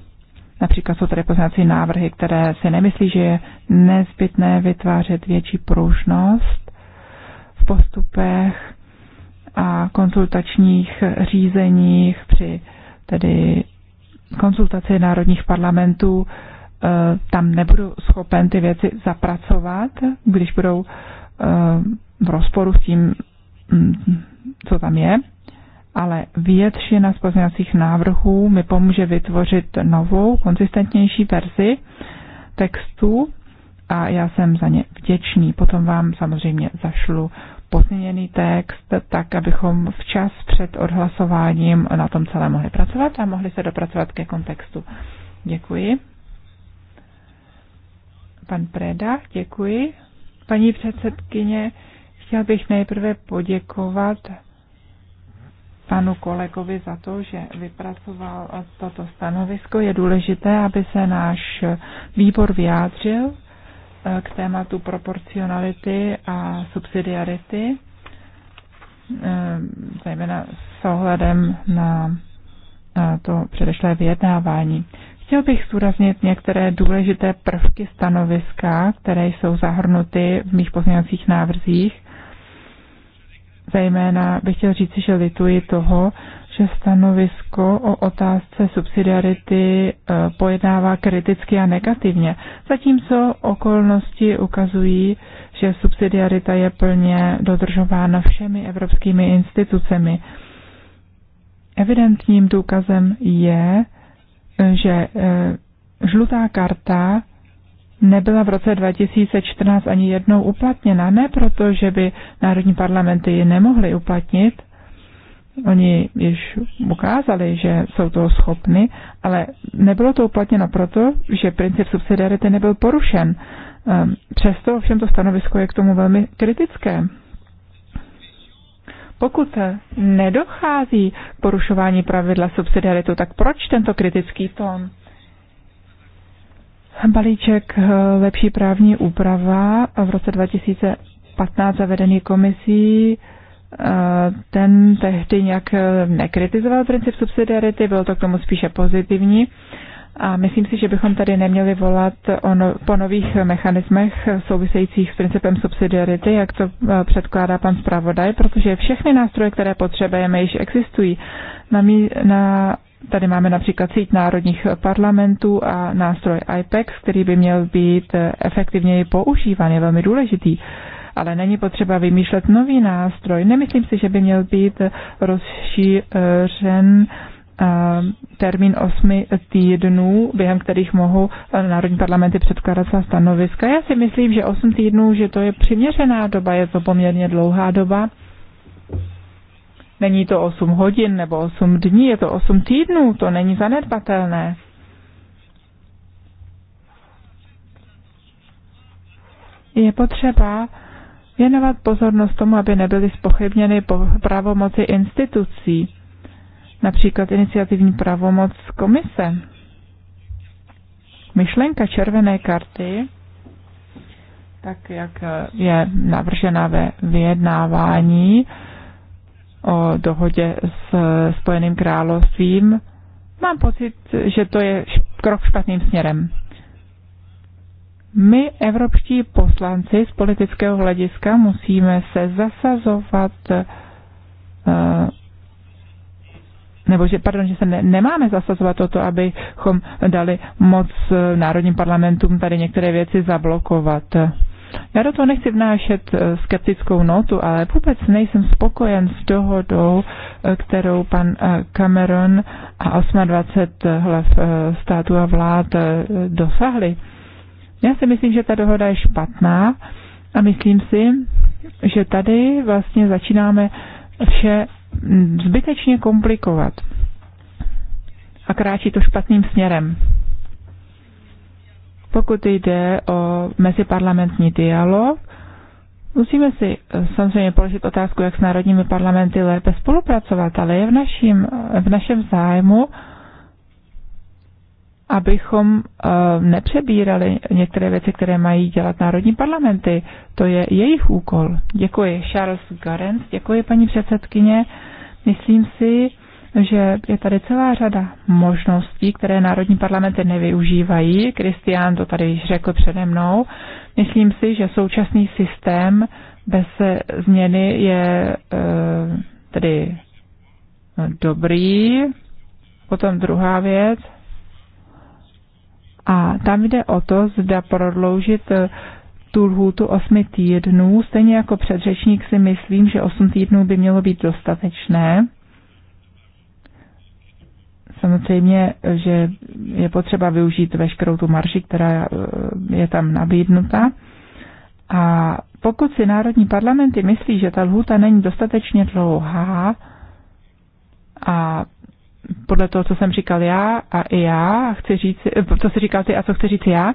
Například jsou tady poznací návrhy, které si nemyslí, že je nezbytné vytvářet větší pružnost v postupech a konzultačních řízeních při tedy konzultaci národních parlamentů. E, tam nebudu schopen ty věci zapracovat, když budou e, v rozporu s tím, co tam je, ale většina z pozměňovacích návrhů mi pomůže vytvořit novou, konzistentnější verzi textu a já jsem za ně vděčný. Potom vám samozřejmě zašlu pozměněný text, tak abychom včas před odhlasováním na tom celé mohli pracovat a mohli se dopracovat ke kontextu. Děkuji. Pan Preda, děkuji. Paní předsedkyně, Chtěl bych nejprve poděkovat panu kolegovi za to, že vypracoval toto stanovisko. Je důležité, aby se náš výbor vyjádřil eh, k tématu proporcionality a subsidiarity, eh, zejména s ohledem na to předešlé vyjednávání. Chtěl bych zúraznit některé důležité prvky stanoviska, které jsou zahrnuty v mých pozměňovacích návrzích Zejména bych chtěl říct, že lituji toho, že stanovisko o otázce subsidiarity eh, pojednává kriticky a negativně, zatímco okolnosti ukazují, že subsidiarita je plně dodržována všemi evropskými institucemi. Evidentním důkazem je, eh, že eh, žlutá karta nebyla v roce 2014 ani jednou uplatněna. Ne proto, že by národní parlamenty ji nemohly uplatnit, oni již ukázali, že jsou toho schopny, ale nebylo to uplatněno proto, že princip subsidiarity nebyl porušen. Ehm, přesto ovšem to stanovisko je k tomu velmi kritické. Pokud nedochází k porušování pravidla subsidiaritu, tak proč tento kritický tón? Balíček eh, lepší právní úprava v roce 2015 zavedený komisí eh, ten tehdy nějak eh, nekritizoval princip subsidiarity, bylo to k tomu spíše pozitivní. A myslím si, že bychom tady neměli volat o no, po nových mechanismech souvisejících s principem subsidiarity, jak to předkládá pan zpravodaj, protože všechny nástroje, které potřebujeme, již existují. Na, mí, na Tady máme například síť národních parlamentů a nástroj IPEX, který by měl být efektivněji používán, je velmi důležitý. Ale není potřeba vymýšlet nový nástroj. Nemyslím si, že by měl být rozšířen eh, termín osmi týdnů, během kterých mohou eh, národní parlamenty předkládat svá stanoviska. Já si myslím, že osm týdnů, že to je přiměřená doba, je to poměrně dlouhá doba Není to 8 hodin nebo 8 dní, je to 8 týdnů, to není zanedbatelné. Je potřeba věnovat pozornost tomu, aby nebyly spochybněny pravomoci institucí, například iniciativní pravomoc komise. Myšlenka červené karty, tak jak je navržena ve vyjednávání, o dohodě s Spojeným královstvím, mám pocit, že to je krok špatným směrem. My, evropští poslanci z politického hlediska, musíme se zasazovat, eh, nebo že, pardon, že se ne, nemáme zasazovat o to, abychom dali moc eh, národním parlamentům tady některé věci zablokovat. Já do toho nechci vnášet eh, skeptickou notu, ale vůbec nejsem spokojen s dohodou, eh, kterou pan eh, Cameron a 28 hlav států a vlád dosahli. Já si myslím, že ta dohoda je špatná a myslím si, že tady vlastně začínáme vše zbytečně komplikovat a kráčí to špatným směrem. Pokud jde o meziparlamentní dialog, musíme si eh, samozřejmě položit otázku, jak s národními parlamenty lépe spolupracovat, ale je v, našim, v našem zájmu, abychom eh, nepřebírali některé věci, které mají dělat národní parlamenty. To je jejich úkol. Děkuji. Charles Garens, děkuji paní předsedkyně. Myslím si, že je tady celá řada možností, které národní parlamenty nevyužívají. Kristián to tady již řekl přede mnou. Myslím si, že současný systém bez změny je eh, tedy no, dobrý. Potom druhá věc. A tam jde o to, zda prodloužit eh, tu lhůtu 8 týdnů. Stejně jako předřečník si myslím, že 8 týdnů by mělo být dostatečné Samozřejmě, že je potřeba využít veškerou tu marži, která eh, je tam nabídnuta. A pokud si národní parlamenty myslí, že ta lhůta není dostatečně dlouhá a podle toho, co jsem říkal já a i já, chci říct, eh, co si říkal ty a co chci říct já,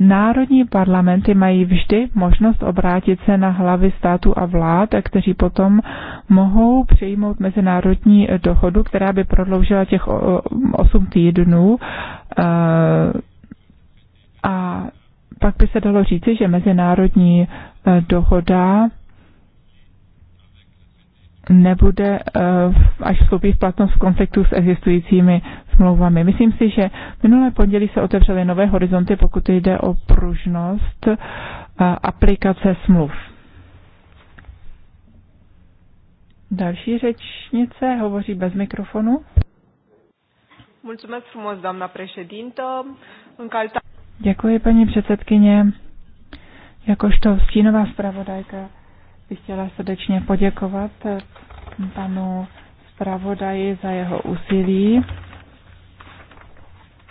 Národní parlamenty mají vždy možnost obrátit se na hlavy států a vlád, kteří potom mohou přijmout mezinárodní dohodu, která by prodloužila těch 8 týdnů. Eh, a pak by se dalo říci, že mezinárodní eh, dohoda nebude, eh, až vstoupí v platnost v konfliktu s existujícími smlouvami. Myslím si, že minulé pondělí se otevřely nové horizonty, pokud jde o pružnost eh, aplikace smluv. Další řečnice hovoří bez mikrofonu. Mulțumesc frumos, doamna președintă. În calita... Děkuji, paní předsedkyně. Jakožto stínová zpravodajka bych chtěla srdečně poděkovat eh, panu zpravodaji za jeho úsilí.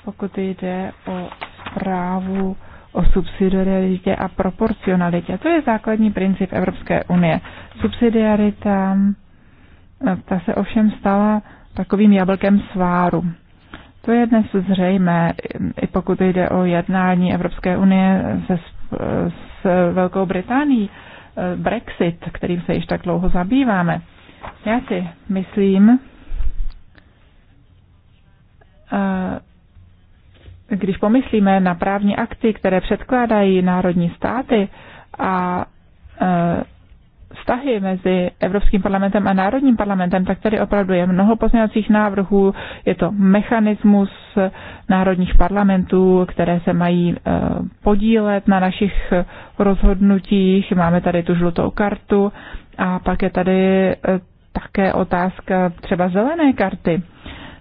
Pokud jde o zprávu o subsidiaritě a proporcionalitě. To je základní princip Evropské unie. Subsidiarita, eh, ta se ovšem stala takovým jablkem sváru. To je dnes zřejmé, i pokud jde o jednání Evropské unie se, s eh, Velkou Británií. Eh, Brexit, kterým se již tak dlouho zabýváme. Já si myslím, eh, když pomyslíme na právní akty, které předkládají národní státy a eh, vztahy mezi Evropským parlamentem a Národním parlamentem, tak tady opravdu je mnoho pozměňovacích návrhů. Je to mechanismus národních parlamentů, které se mají eh, podílet na našich rozhodnutích. Máme tady tu žlutou kartu a pak je tady eh, také otázka třeba zelené karty.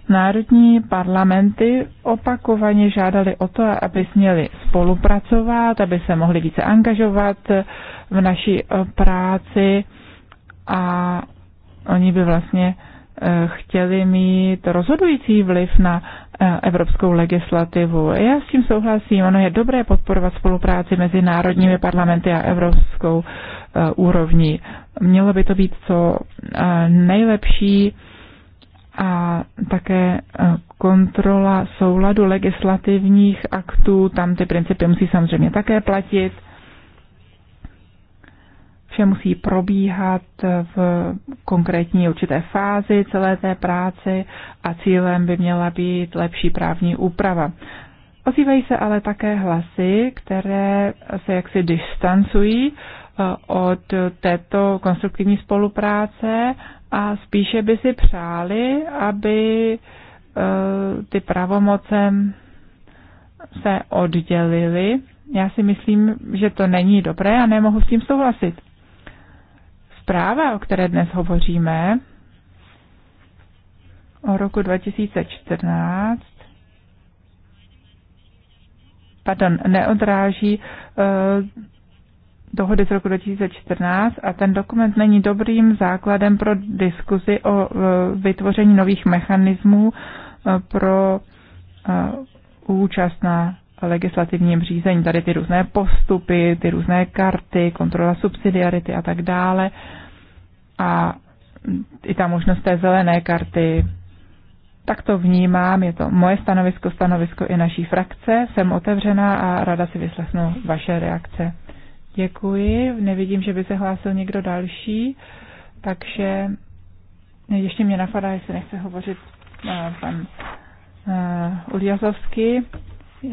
Národní parlamenty opakovaně žádali o to, aby směli spolupracovat, aby se mohli více angažovat v naší eh, práci a oni by vlastně eh, chtěli mít rozhodující vliv na eh, evropskou legislativu. Já s tím souhlasím, ono je dobré podporovat spolupráci mezi národními parlamenty a evropskou úrovní. Mělo by to být co nejlepší a také e, kontrola souladu legislativních aktů, tam ty principy musí samozřejmě také platit. Vše musí probíhat v konkrétní určité fázi celé té práce a cílem by měla být lepší právní úprava. Ozývají se ale také hlasy, které se jaksi distancují e, od této konstruktivní spolupráce a spíše by si přáli, aby eh, ty pravomoce se oddělily. Já si myslím, že to není dobré a nemohu s tím souhlasit. Zpráva, o které dnes hovoříme, o roku 2014, pardon, neodráží eh, dohody z roku 2014 a ten dokument není dobrým základem pro diskuzi o e, vytvoření nových mechanismů e, pro e, účast na legislativním řízení. Tady ty různé postupy, ty různé karty, kontrola subsidiarity a tak dále. A i ta možnost té zelené karty, tak to vnímám, je to moje stanovisko, stanovisko i naší frakce, jsem otevřená a rada si vyslechnu vaše reakce. Děkuji. Nevidím, že by se hlásil někdo další, takže ještě mě napadá, jestli nechce hovořit eh, pan eh, Uljazovský.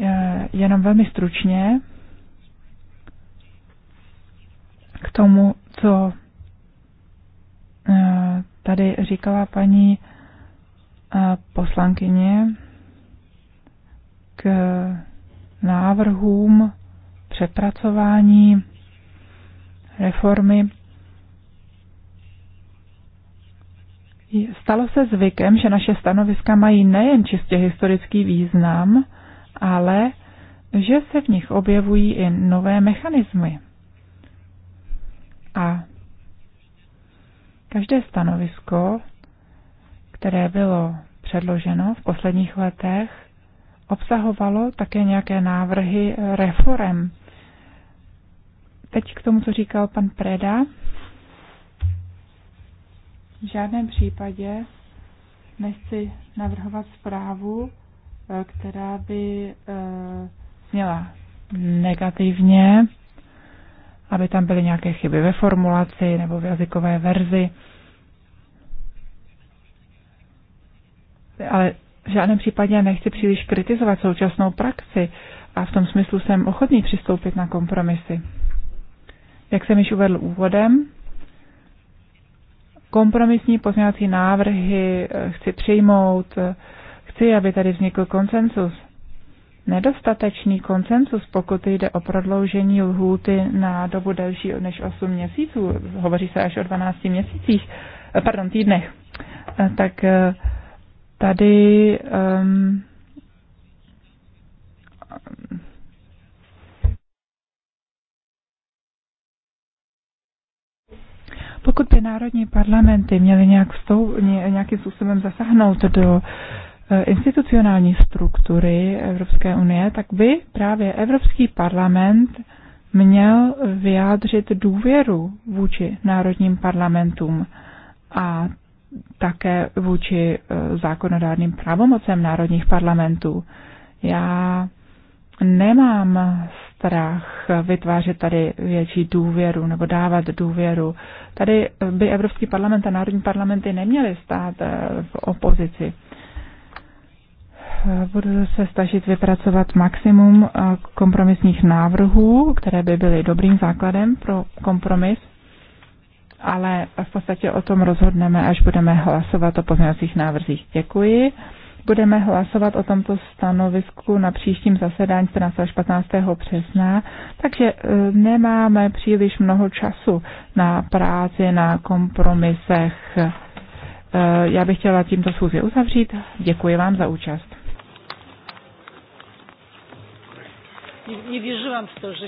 Eh, jenom velmi stručně k tomu, co tady říkala paní poslankyně k návrhům přepracování reformy Stalo se zvykem, že naše stanoviska mají nejen čistě historický význam, ale že se v nich objevují i nové mechanismy. A každé stanovisko, které bylo předloženo v posledních letech, obsahovalo také nějaké návrhy reform. Teď k tomu, co říkal pan Preda. V žádném případě nechci navrhovat zprávu, eh, která by eh, zněla negativně, aby tam byly nějaké chyby ve formulaci nebo v jazykové verzi. Ale v žádném případě nechci příliš kritizovat současnou praxi a v tom smyslu jsem ochotný přistoupit na kompromisy. Jak jsem již uvedl úvodem, kompromisní pozměňovací návrhy eh, chci přijmout, eh, chci, aby tady vznikl konsensus. Nedostatečný konsensus, pokud jde o prodloužení lhůty na dobu delší než 8 měsíců, hovoří se až o 12 měsících, eh, pardon, týdnech, tak tady um, Pokud by národní parlamenty měly nějak vstou, nějakým způsobem zasáhnout do eh, institucionální struktury Evropské unie, tak by právě Evropský parlament měl vyjádřit důvěru vůči národním parlamentům a také vůči eh, zákonodárným pravomocem národních parlamentů. Já nemám strach vytvářet tady větší důvěru nebo dávat důvěru. Tady by Evropský parlament a národní parlamenty neměly stát eh, v opozici. Budu se snažit vypracovat maximum eh, kompromisních návrhů, které by byly dobrým základem pro kompromis, ale v podstatě o tom rozhodneme, až budeme hlasovat o pozměňovacích návrzích. Děkuji budeme hlasovat o tomto stanovisku na příštím zasedání 14. až 15. března, takže e, nemáme příliš mnoho času na práci, na kompromisech. E, já bych chtěla tímto schůzi uzavřít. Děkuji vám za účast. Nie, vám wierzyłam w to, że